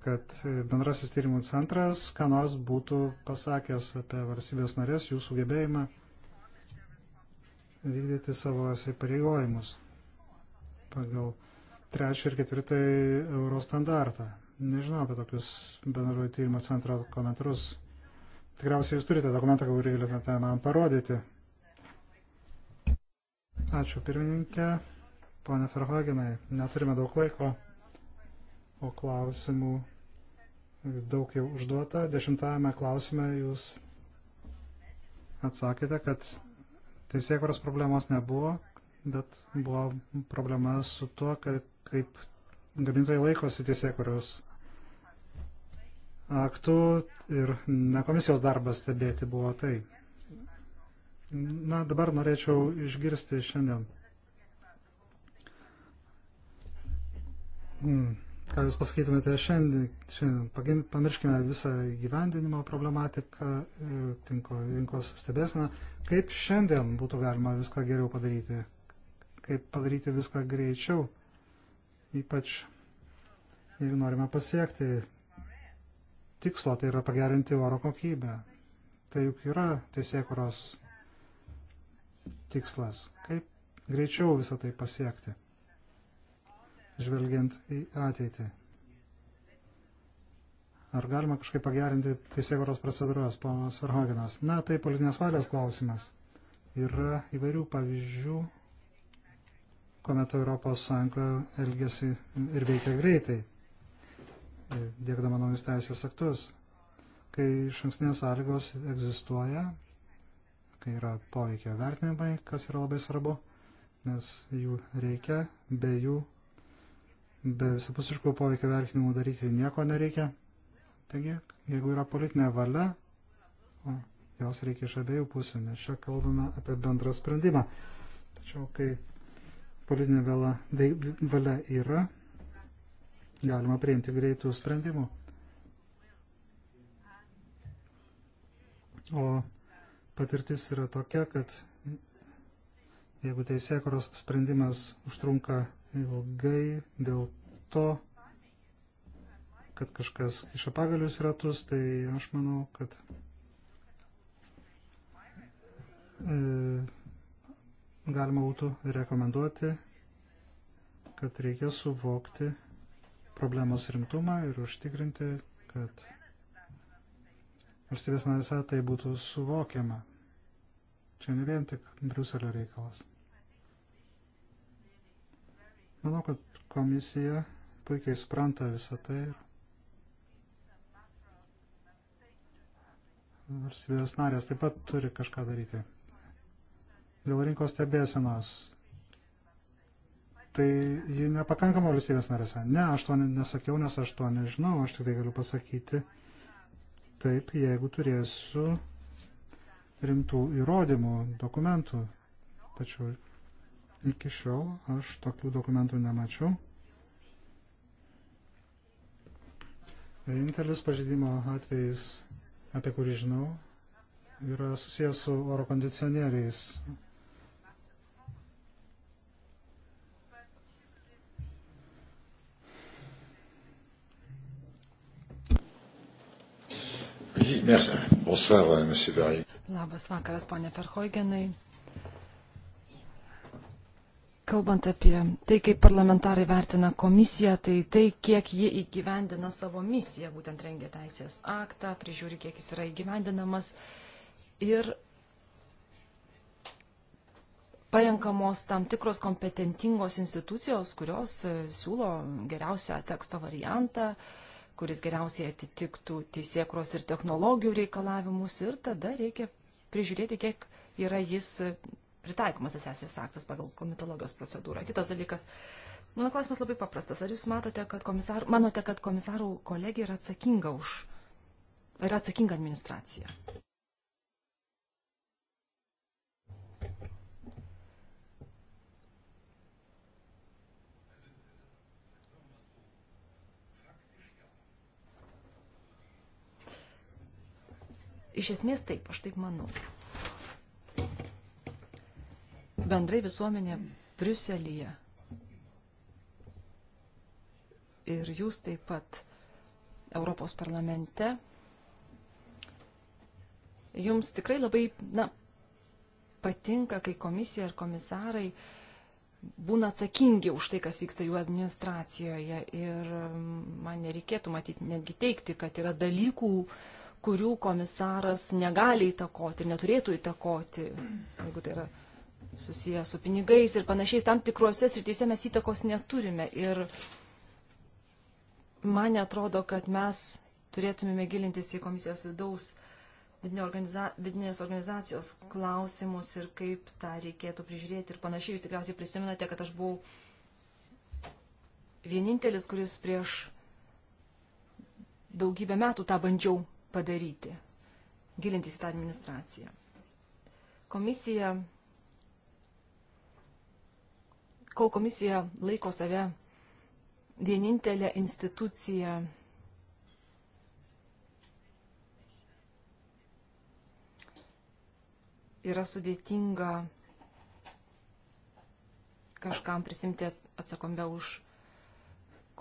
kad bendrasis tyrimų centras, ką nors būtų pasakęs apie valstybės narės, jų sugebėjimą vykdyti savo įsipareigojimus pagal trečią ir ketvirtą euro standartą. Nežinau apie tokius bendrojo tyrimo centro komentarus. Tikriausiai jūs turite dokumentą, kurį galėtumėte man parodyti. Ačiū pirmininkė, ponė Ferhoginai. Neturime daug laiko, o klausimų daug jau užduota. Dešimtajame klausime jūs atsakėte, kad teisėkuros problemos nebuvo bet buvo problema su tuo, kad kaip gamintojai laikosi tiesiekurios aktų ir ne komisijos darbas stebėti buvo tai. Na, dabar norėčiau išgirsti šiandien. Hmm. Ką Jūs pasakytumėte šiandien, šiandien pamirškime visą gyvendinimo problematiką, e, tinko, rinkos stebėsiną, kaip šiandien būtų galima viską geriau padaryti, kaip padaryti viską greičiau, ypač jeigu norime pasiekti tikslo, tai yra pagerinti oro kokybę. Tai juk yra teisėkuros tikslas, kaip greičiau visą tai pasiekti, žvelgiant į ateitį. Ar galima kažkaip pagerinti teisėkuros procedūros, ponas Verhoginas? Na, tai politinės valios klausimas. Yra įvairių pavyzdžių kuomet Europos Sąjunga elgesi ir veikia greitai, e, dėkdama naujus teisės aktus. Kai šankstinės sąlygos egzistuoja, kai yra poveikio vertinimai, kas yra labai svarbu, nes jų reikia, be jų, be visapusiškų poveikio vertinimų daryti nieko nereikia. Taigi, jeigu yra politinė valia, jos reikia iš abiejų pusių, nes čia kalbame apie bendrą sprendimą. Tačiau, kai politinė valia yra, galima priimti greitų sprendimų. O patirtis yra tokia, kad jeigu teisėkuros sprendimas užtrunka ilgai dėl to, kad kažkas iš apagalius ratus, tai aš manau, kad e, galima būtų rekomenduoti, kad reikia suvokti problemos rimtumą ir užtikrinti, kad valstybės narėse tai būtų suvokiama. Čia ne vien tik Briuselio reikalas. Manau, kad komisija puikiai supranta visą tai. Varsybės narės taip pat turi kažką daryti dėl rinkos stebėsenos. Tai ji nepakankama valstybės narėse. Ne, aš to nesakiau, nes aš to nežinau, aš tik tai galiu pasakyti. Taip, jeigu turėsiu rimtų įrodymų, dokumentų. Tačiau iki šiol aš tokių dokumentų nemačiau. Vienintelis pažeidimo atvejis, apie kurį žinau, yra susijęs su oro kondicionieriais Merci. Bonsoir, euh, monsieur Berry. Labas vakaras, ponė Ferhoigenai. Kalbant apie tai, kaip parlamentarai vertina komisiją, tai tai, kiek ji įgyvendina savo misiją, būtent rengia teisės aktą, prižiūri, kiek jis yra įgyvendinamas ir parenkamos tam tikros kompetentingos institucijos, kurios e, siūlo geriausią teksto variantą, uh, kuris geriausiai atitiktų teisėkros ir technologijų reikalavimus ir tada reikia prižiūrėti, kiek yra jis pritaikomas tas esės aktas pagal komitologijos procedūrą. Kitas dalykas, mano klausimas labai paprastas. Ar jūs matote, kad komisar, manote, kad komisarų kolegija yra atsakinga už, yra atsakinga administracija? Iš esmės taip, aš taip manau. Bendrai visuomenė Briuselėje. Ir jūs taip pat Europos parlamente. Jums tikrai labai, na, patinka, kai komisija ir komisarai būna atsakingi už tai, kas vyksta jų administracijoje. Ir mm, man nereikėtų matyti, netgi teikti, kad yra dalykų, uh, kurių komisaras negali įtakoti ir neturėtų įtakoti, jeigu tai yra susiję su pinigais ir panašiai, tam tikrose srityse mes įtakos neturime. Ir man atrodo, kad mes turėtumėme gilintis į komisijos vidaus vidinės organizacijos klausimus ir kaip tą reikėtų prižiūrėti ir panašiai. Jūs tikriausiai prisimenate, kad aš buvau vienintelis, kuris prieš daugybę metų tą bandžiau padaryti, gilintis į tą administraciją. Komisija, kol komisija laiko save vienintelę instituciją, yra sudėtinga kažkam prisimti atsakomybę už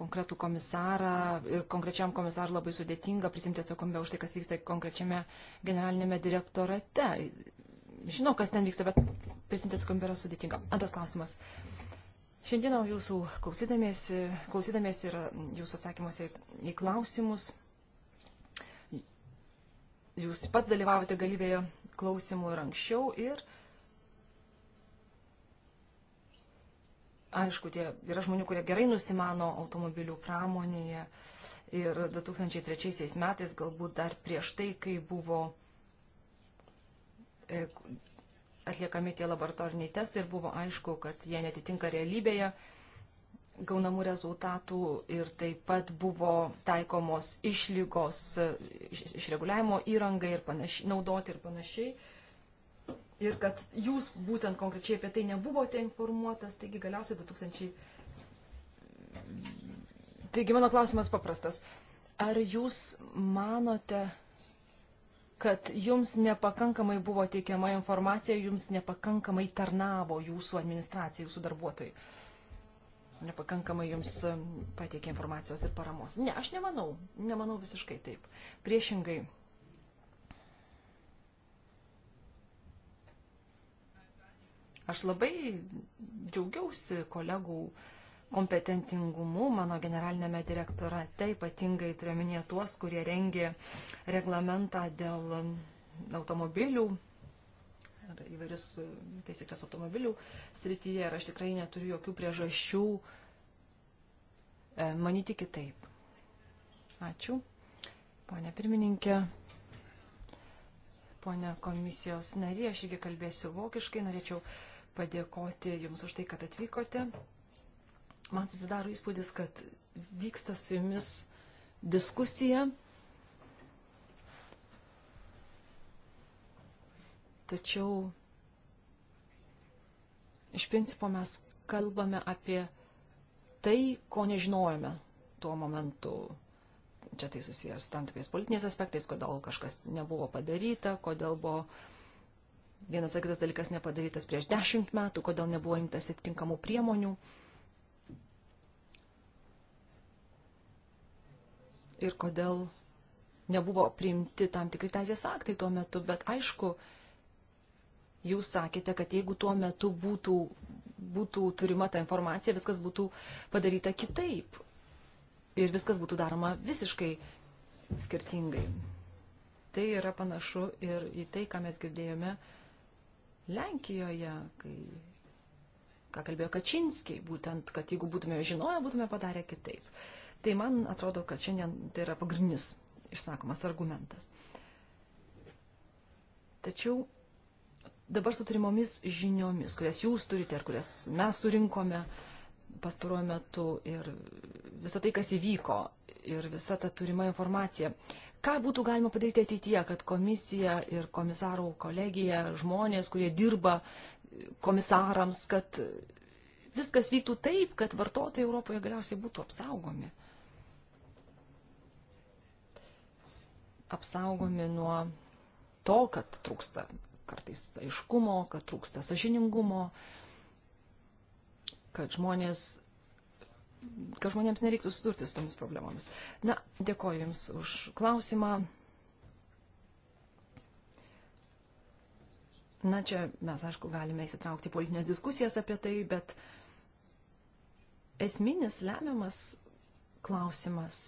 konkretų komisarą ir konkrečiam komisarui labai sudėtinga prisimti atsakomybę už tai, kas vyksta konkrečiame generalinėme direktorate. Žinau, kas ten vyksta, bet prisimti atsakomybę yra sudėtinga. Antras klausimas. Šiandieną jūsų klausydamėsi, klausydamėsi ir jūsų atsakymuose į klausimus. Jūs pats dalyvavote galybėje klausimų ir anksčiau ir Aišku, tie, yra žmonių, kurie gerai nusimano automobilių pramonėje. Ir 2003 metais, galbūt dar prieš tai, kai buvo e, atliekami tie laboratoriniai testai ir buvo aišku, kad jie netitinka realybėje gaunamų rezultatų ir taip pat buvo taikomos išlygos e, išreguliavimo įrangai ir panašiai, naudoti ir panašiai ir kad jūs būtent konkrečiai apie tai nebuvote informuotas, taigi galiausiai 2000. Taigi mano klausimas paprastas. Ar jūs manote, kad jums nepakankamai buvo teikiama informacija, jums nepakankamai tarnavo jūsų administracija, jūsų darbuotojai? Nepakankamai jums um, pateikė informacijos ir paramos. Ne, aš nemanau, nemanau visiškai taip. Priešingai, Aš labai džiaugiausi kolegų kompetentingumu mano generalinėme direktorate, ypatingai turiuomenė tuos, kurie rengė reglamentą dėl automobilių ar įvairius taisyklės automobilių srityje ir aš tikrai neturiu jokių priežasčių e, manyti kitaip. Ačiū. Pone pirmininkė, pone komisijos narė, aš irgi kalbėsiu vokiškai, norėčiau uh, padėkoti Jums už tai, kad atvykote. Man susidaro įspūdis, kad vyksta su Jumis diskusija. Tačiau iš principo mes kalbame apie tai, ko nežinojome tuo momentu. Čia tai susijęs su tam tikrais politiniais aspektais, kodėl kažkas nebuvo padaryta, kodėl buvo vienas ar kitas dalykas nepadarytas prieš dešimt metų, kodėl nebuvo imtas atitinkamų priemonių. Ir kodėl nebuvo priimti tam tikri teisės aktai tuo metu, bet aišku, jūs sakėte, kad jeigu tuo metu būtų, būtų turima ta informacija, viskas būtų padaryta kitaip. Ir viskas būtų daroma visiškai skirtingai. Tai yra panašu ir į tai, ką mes girdėjome Lenkijoje, kai, ką kalbėjo Kačinskiai, būtent, kad jeigu būtume žinoję, būtume padarę kitaip. Tai man atrodo, kad šiandien tai yra pagrindinis išsakomas argumentas. Tačiau dabar su turimomis žiniomis, kurias jūs turite ir kurias mes surinkome pastaruoju metu ir visa tai, kas įvyko ir visa ta turima informacija, Ką būtų galima padaryti ateityje, kad komisija ir komisarų kolegija, žmonės, kurie dirba komisarams, kad viskas vyktų taip, kad vartotojai Europoje galiausiai būtų apsaugomi. Apsaugomi nuo to, kad trūksta kartais aiškumo, kad trūksta sažiningumo, kad žmonės kad žmonėms nereiktų sudurti su tomis problemomis. Na, dėkoju Jums už klausimą. Na, čia mes, aišku, galime įsitraukti politinės diskusijas apie tai, bet esminis lemiamas klausimas,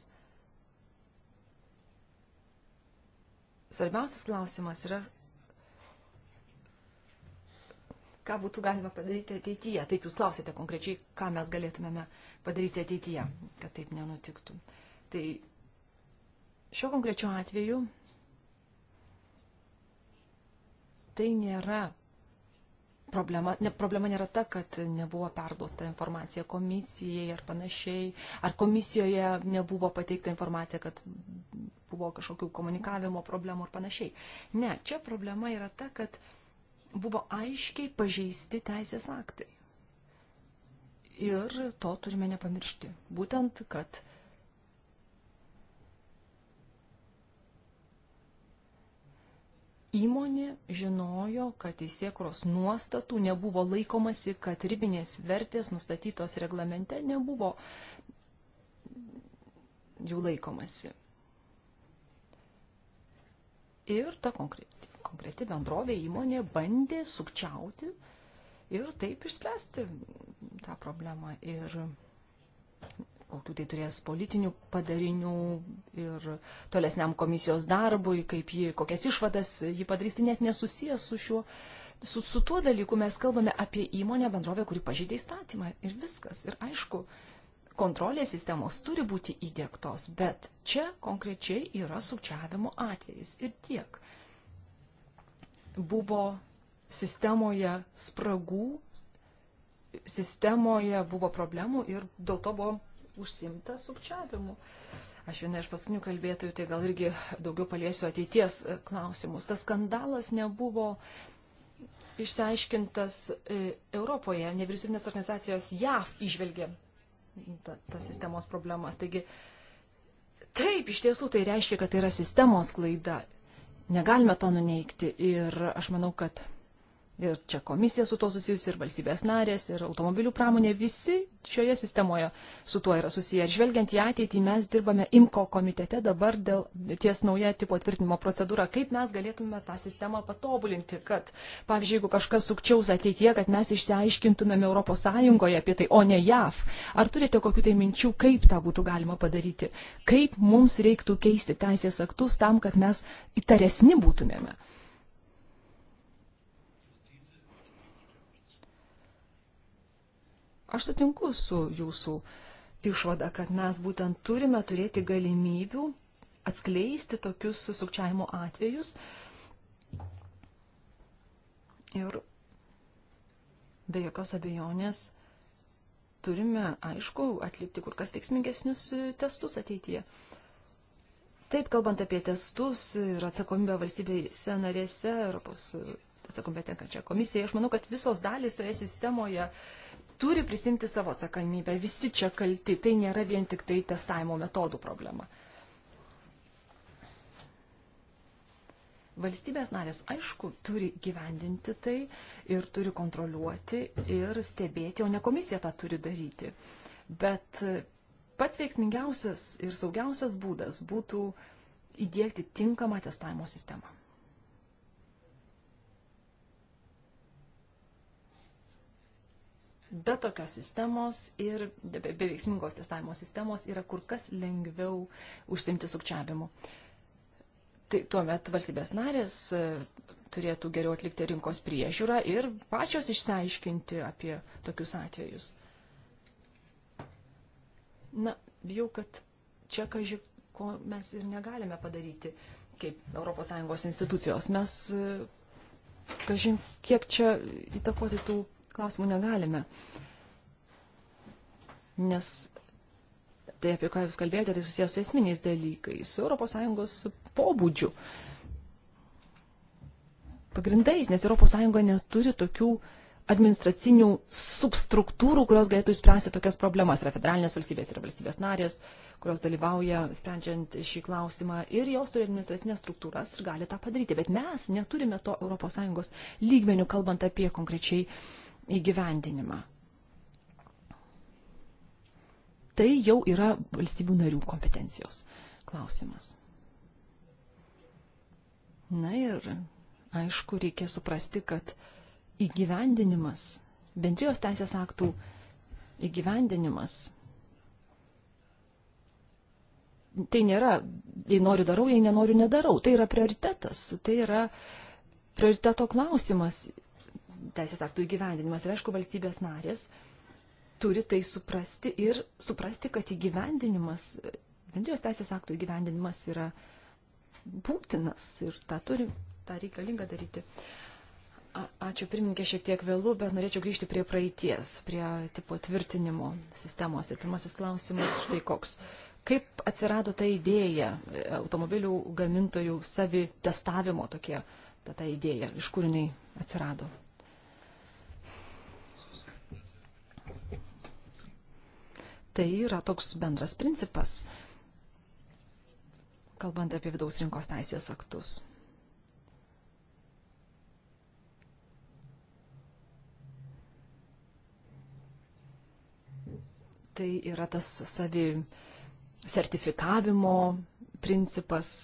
svarbiausias klausimas yra ką būtų galima padaryti ateityje. Taip jūs klausėte konkrečiai, ką mes galėtumėme padaryti ateityje, kad taip nenutiktų. Tai šiuo konkrečiu atveju tai nėra problema. Ne, problema nėra ta, kad nebuvo perduota informacija komisijai ar panašiai, ar komisijoje nebuvo pateikta informacija, kad buvo kažkokių komunikavimo problemų ir panašiai. Ne, čia problema yra ta, kad buvo aiškiai pažeisti teisės aktai. Ir to turime nepamiršti. Būtent, kad įmonė žinojo, kad teisėkros nuostatų nebuvo laikomasi, kad ribinės vertės nustatytos reglamente nebuvo jų laikomasi. Ir ta konkreti konkreti bendrovė įmonė bandė sukčiauti ir taip išspręsti tą problemą. Ir kokiu tai turės politinių padarinių ir tolesniam komisijos darbui, kaip ji, kokias išvadas ji padarys, tai net nesusijęs su šiuo. Su, su tuo dalyku mes kalbame apie įmonę bendrovę, kuri pažydė įstatymą ir viskas. Ir aišku, kontrolės sistemos turi būti įdėktos, bet čia konkrečiai yra sukčiavimo atvejis ir tiek buvo sistemoje spragų, sistemoje buvo problemų ir dėl to buvo užsimta sukčiavimu. Aš viena iš paskutinių kalbėtojų, tai gal irgi daugiau paliesiu ateities klausimus. Tas skandalas nebuvo išsiaiškintas e, Europoje, nevyriausybinės organizacijos JAV išvelgė tas sistemos problemas. Taigi, taip, iš tiesų tai reiškia, kad tai yra sistemos klaida negalime to nuneikti ir aš manau, kad ir čia komisija su to susijusi, ir valstybės narės, ir automobilių pramonė, visi šioje sistemoje su tuo yra susiję. Ir žvelgiant į ateitį, mes dirbame IMCO komitete dabar dėl ties nauja tipo tvirtinimo procedūra, kaip mes galėtume tą sistemą patobulinti, kad, pavyzdžiui, jeigu kažkas sukčiaus ateitie, kad mes išsiaiškintumėme ES apie tai, o ne JAV. Ar turite kokių tai minčių, kaip tą būtų galima padaryti? Kaip mums reiktų keisti teisės aktus tam, kad mes įtaresni būtumėme? Aš sutinku su jūsų išvada, kad mes būtent turime turėti galimybių atskleisti tokius sukčiavimo atvejus. Ir be jokios abejonės turime, aišku, atlikti kur kas veiksmingesnius testus ateityje. Taip, kalbant apie testus ir atsakomybę valstybėse narėse, Europos atsakomybę tenkančią komisiją, aš manau, kad visos dalys toje sistemoje uh, turi prisimti savo atsakomybę. Visi čia kalti. Tai nėra vien tik tai testavimo metodų problema. Valstybės narės, aišku, turi gyvendinti tai ir turi kontroliuoti ir stebėti, o ne komisija tą turi daryti. Bet pats veiksmingiausias ir saugiausias būdas būtų įdėkti tinkamą testavimo sistemą. be tokios sistemos ir be veiksmingos testavimo sistemos yra kur kas lengviau užsimti sukčiavimu. Tai tuomet valstybės narės e, turėtų geriau atlikti rinkos priežiūrą ir pačios išsiaiškinti apie tokius atvejus. Na, bijau, kad čia kažkaip ko mes ir negalime padaryti kaip ES institucijos. Mes, e, kažin, kiek čia įtakoti tų klausimų negalime. Nes tai, apie ką jūs kalbėjote, tai susijęs su esminiais dalykais, su ES pobūdžiu, pagrindais, nes ES neturi tokių administracinių substruktūrų, kurios galėtų išspręsti tokias problemas. Yra federalinės valstybės, yra valstybės narės, kurios dalyvauja sprendžiant šį klausimą ir jos turi administracinės struktūras ir gali tą padaryti. Bet mes neturime to ES lygmenių, kalbant apie konkrečiai uh, įgyvendinimą. Tai jau yra valstybių narių kompetencijos klausimas. Na ir aišku, reikia suprasti, kad įgyvendinimas, bendrijos teisės aktų įgyvendinimas, tai nėra, jei noriu darau, jei nenoriu nedarau, tai yra prioritetas, tai yra prioriteto klausimas teisės aktų įgyvendinimas. Ir aišku, valstybės narės turi tai suprasti ir suprasti, kad įgyvendinimas, bendrijos teisės aktų įgyvendinimas yra būtinas ir tą turi, tą reikalinga daryti. A, ačiū pirmininkė šiek tiek vėlų, bet norėčiau grįžti prie praeities, prie tipo tvirtinimo sistemos. Ir pirmasis klausimas štai koks. Kaip atsirado ta idėja automobilių gamintojų savi testavimo tokie, ta, ta idėja, iš kur jinai atsirado? Tai yra toks bendras principas, kalbant apie vidaus rinkos teisės aktus. Tai yra tas savi sertifikavimo principas,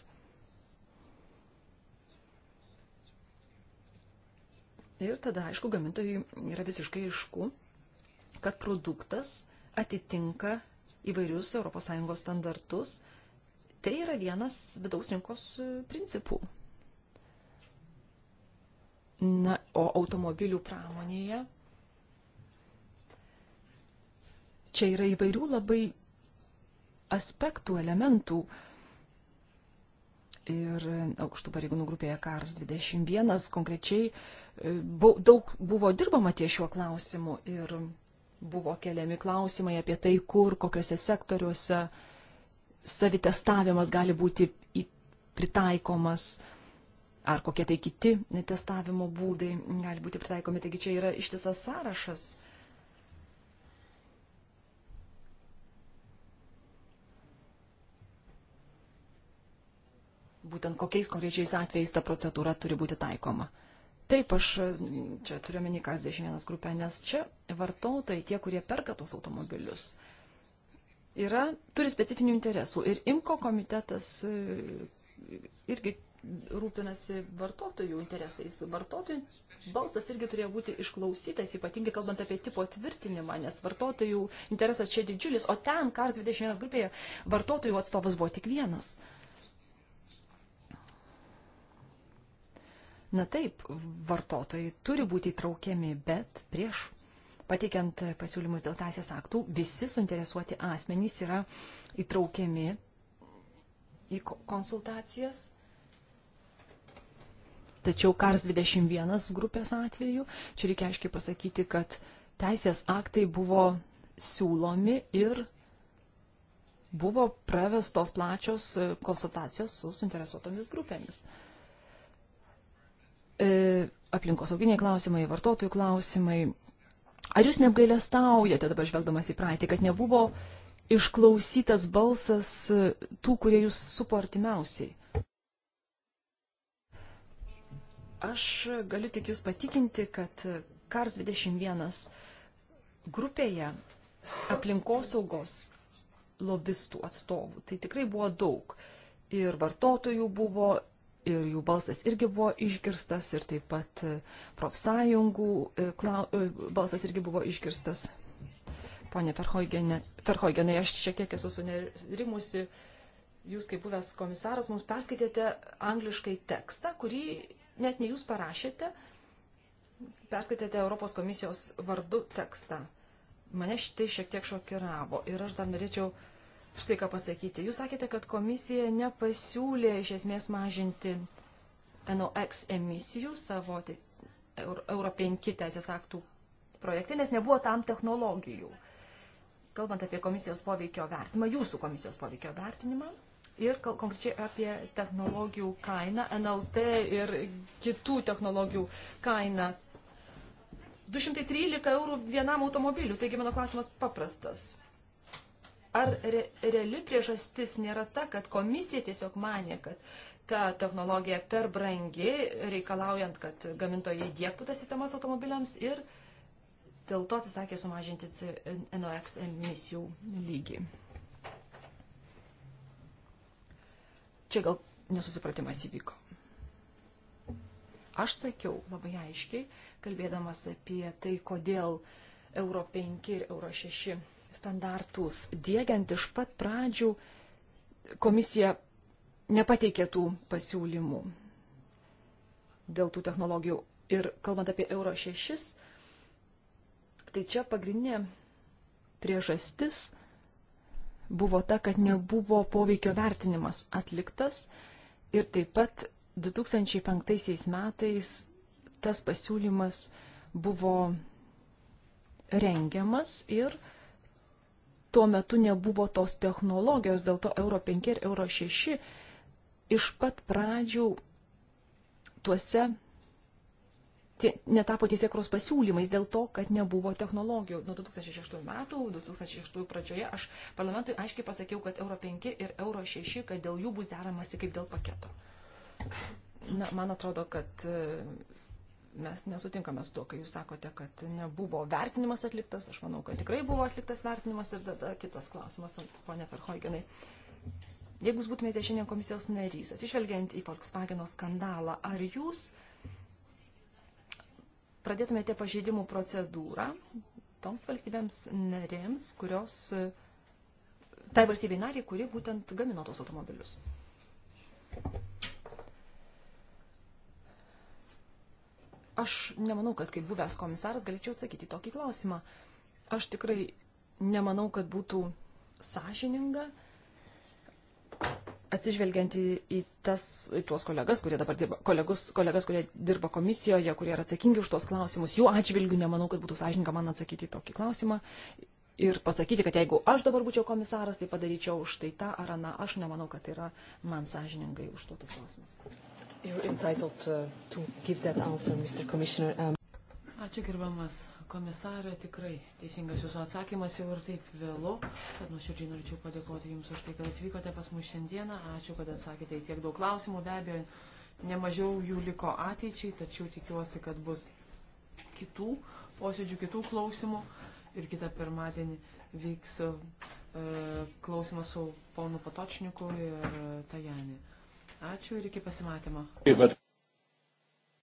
Ir tada, aišku, gamintojai yra visiškai aišku, kad produktas atitinka įvairius ES standartus. Tai yra vienas vidaus rinkos e, principų. Na, o automobilių pramonėje čia yra įvairių labai aspektų, elementų. Ir e, aukštų pareigūnų grupėje Kars 21 konkrečiai e, daug buvo dirbama ties šiuo klausimu ir buvo keliami klausimai apie tai, kur, kokiuose sektoriuose savitestavimas gali būti pritaikomas, ar kokie tai kiti testavimo būdai gali būti pritaikomi. Taigi čia yra ištisas sąrašas. Būtent kokiais konkrečiais atvejais ta procedūra turi būti taikoma. Taip, aš mm, čia turiu menį kas 21 grupę, nes čia vartotojai, tie, kurie perka tos automobilius, yra, turi specifinių interesų. Ir IMKO komitetas e, irgi rūpinasi vartotojų interesais. Vartotojų balsas irgi turėjo būti išklausytas, ypatingai kalbant apie tipo tvirtinimą, nes vartotojų interesas čia didžiulis, o ten Kars 21 grupėje vartotojų atstovas buvo tik vienas. Na taip, vartotojai turi būti įtraukiami, bet prieš pateikiant pasiūlymus dėl teisės aktų, visi suinteresuoti asmenys yra įtraukiami į konsultacijas. Tačiau Kars 21 grupės atveju, čia reikia aiškiai pasakyti, kad teisės aktai buvo siūlomi ir buvo pravestos plačios e, konsultacijos su suinteresuotomis grupėmis. Uh, E, aplinkosauginiai klausimai, vartotojų klausimai. Ar jūs neapgailestaujate dabar žvelgdamas į praeitį, kad nebuvo išklausytas balsas e, tų, kurie jūs supo artimiausiai? Aš galiu tik jūs patikinti, kad Kars 21 grupėje aplinkosaugos lobistų atstovų. Tai tikrai buvo daug. Ir vartotojų buvo, ir jų balsas irgi buvo išgirstas, ir taip pat e, profsąjungų e, e, balsas irgi buvo išgirstas. Pone Ferhoigenai, aš šiek tiek esu sunerimusi. Jūs kaip buvęs komisaras mums perskaitėte angliškai tekstą, kurį net ne jūs parašėte, perskaitėte Europos komisijos vardu tekstą. Mane šitai šiek tiek šokiravo ir aš dar norėčiau uh, štai ką pasakyti. Jūs sakėte, kad komisija nepasiūlė iš esmės mažinti NOx emisijų savo Euro 5 teisės aktų projekte, nes nebuvo tam technologijų. Kalbant apie komisijos poveikio vertinimą, jūsų komisijos poveikio vertinimą ir konkrečiai apie technologijų kainą, NLT ir kitų technologijų kainą. 213 eurų vienam automobiliu, taigi mano klausimas paprastas ar re, reali priežastis nėra ta, kad komisija tiesiog manė, kad ta technologija per brangi, reikalaujant, kad gamintojai dėktų tas sistemas automobiliams ir dėl to atsisakė sumažinti NOx emisijų lygį. Čia gal nesusipratimas įvyko. Aš sakiau labai aiškiai, kalbėdamas apie tai, kodėl Euro 5 ir Euro 6 standartus dėgiant iš pat pradžių komisija nepateikė tų pasiūlymų dėl tų technologijų. Ir kalbant apie Euro 6, tai čia pagrindinė priežastis buvo ta, kad nebuvo poveikio vertinimas atliktas ir taip pat 2005 metais tas pasiūlymas buvo rengiamas ir tuo metu nebuvo tos technologijos, dėl to Euro 5 ir Euro 6 iš pat pradžių tuose tie, netapo tiesiekros pasiūlymais dėl to, kad nebuvo technologijų. Nuo 2006 metų, 2006 pradžioje aš parlamentui aiškiai pasakiau, kad Euro 5 ir Euro 6, kad dėl jų bus deramasi kaip dėl paketo. Na, man atrodo, kad mes nesutinkame su to, kai jūs sakote, kad nebuvo vertinimas atliktas. Aš manau, kad tikrai buvo atliktas vertinimas ir tada kitas klausimas, nu, ponė Ferhoigenai. Jeigu jūs būtumėte šiandien komisijos narys, atsižvelgiant į Volkswageno skandalą, ar jūs pradėtumėte pažeidimų procedūrą toms valstybėms narėms, kurios, tai valstybei nariai, kuri būtent gamino tos automobilius? Aš nemanau, kad kaip buvęs komisaras galėčiau atsakyti tokį klausimą. Aš tikrai nemanau, kad būtų sąžininga, atsižvelgiant į, į, tas, į tuos kolegas, kurie dabar dirba, kolegus, kolegas, kurie dirba komisijoje, kurie yra atsakingi už tuos klausimus, jų atžvilgių nemanau, kad būtų sąžininga man atsakyti į tokį klausimą ir pasakyti, kad jeigu aš dabar būčiau komisaras, tai padaryčiau už tai tą ar aną. Aš nemanau, kad yra man sąžiningai užduotas klausimas. You're entitled to, to give that answer, Mr. Commissioner. Um... Ačiū gerbamas komisarė, tikrai teisingas jūsų atsakymas jau ir taip vėlu, kad nuoširdžiai norėčiau padėkoti Jums už tai, kad atvykote pas mus šiandieną. Ačiū, kad atsakėte į tiek daug klausimų, be abejo, nemažiau jų liko ateičiai, tačiau tikiuosi, kad bus kitų posėdžių, kitų klausimų ir kitą pirmadienį vyks e, klausimas su ponu Patočniku ir e, Tajani. Ačiū ir iki pasimatymo.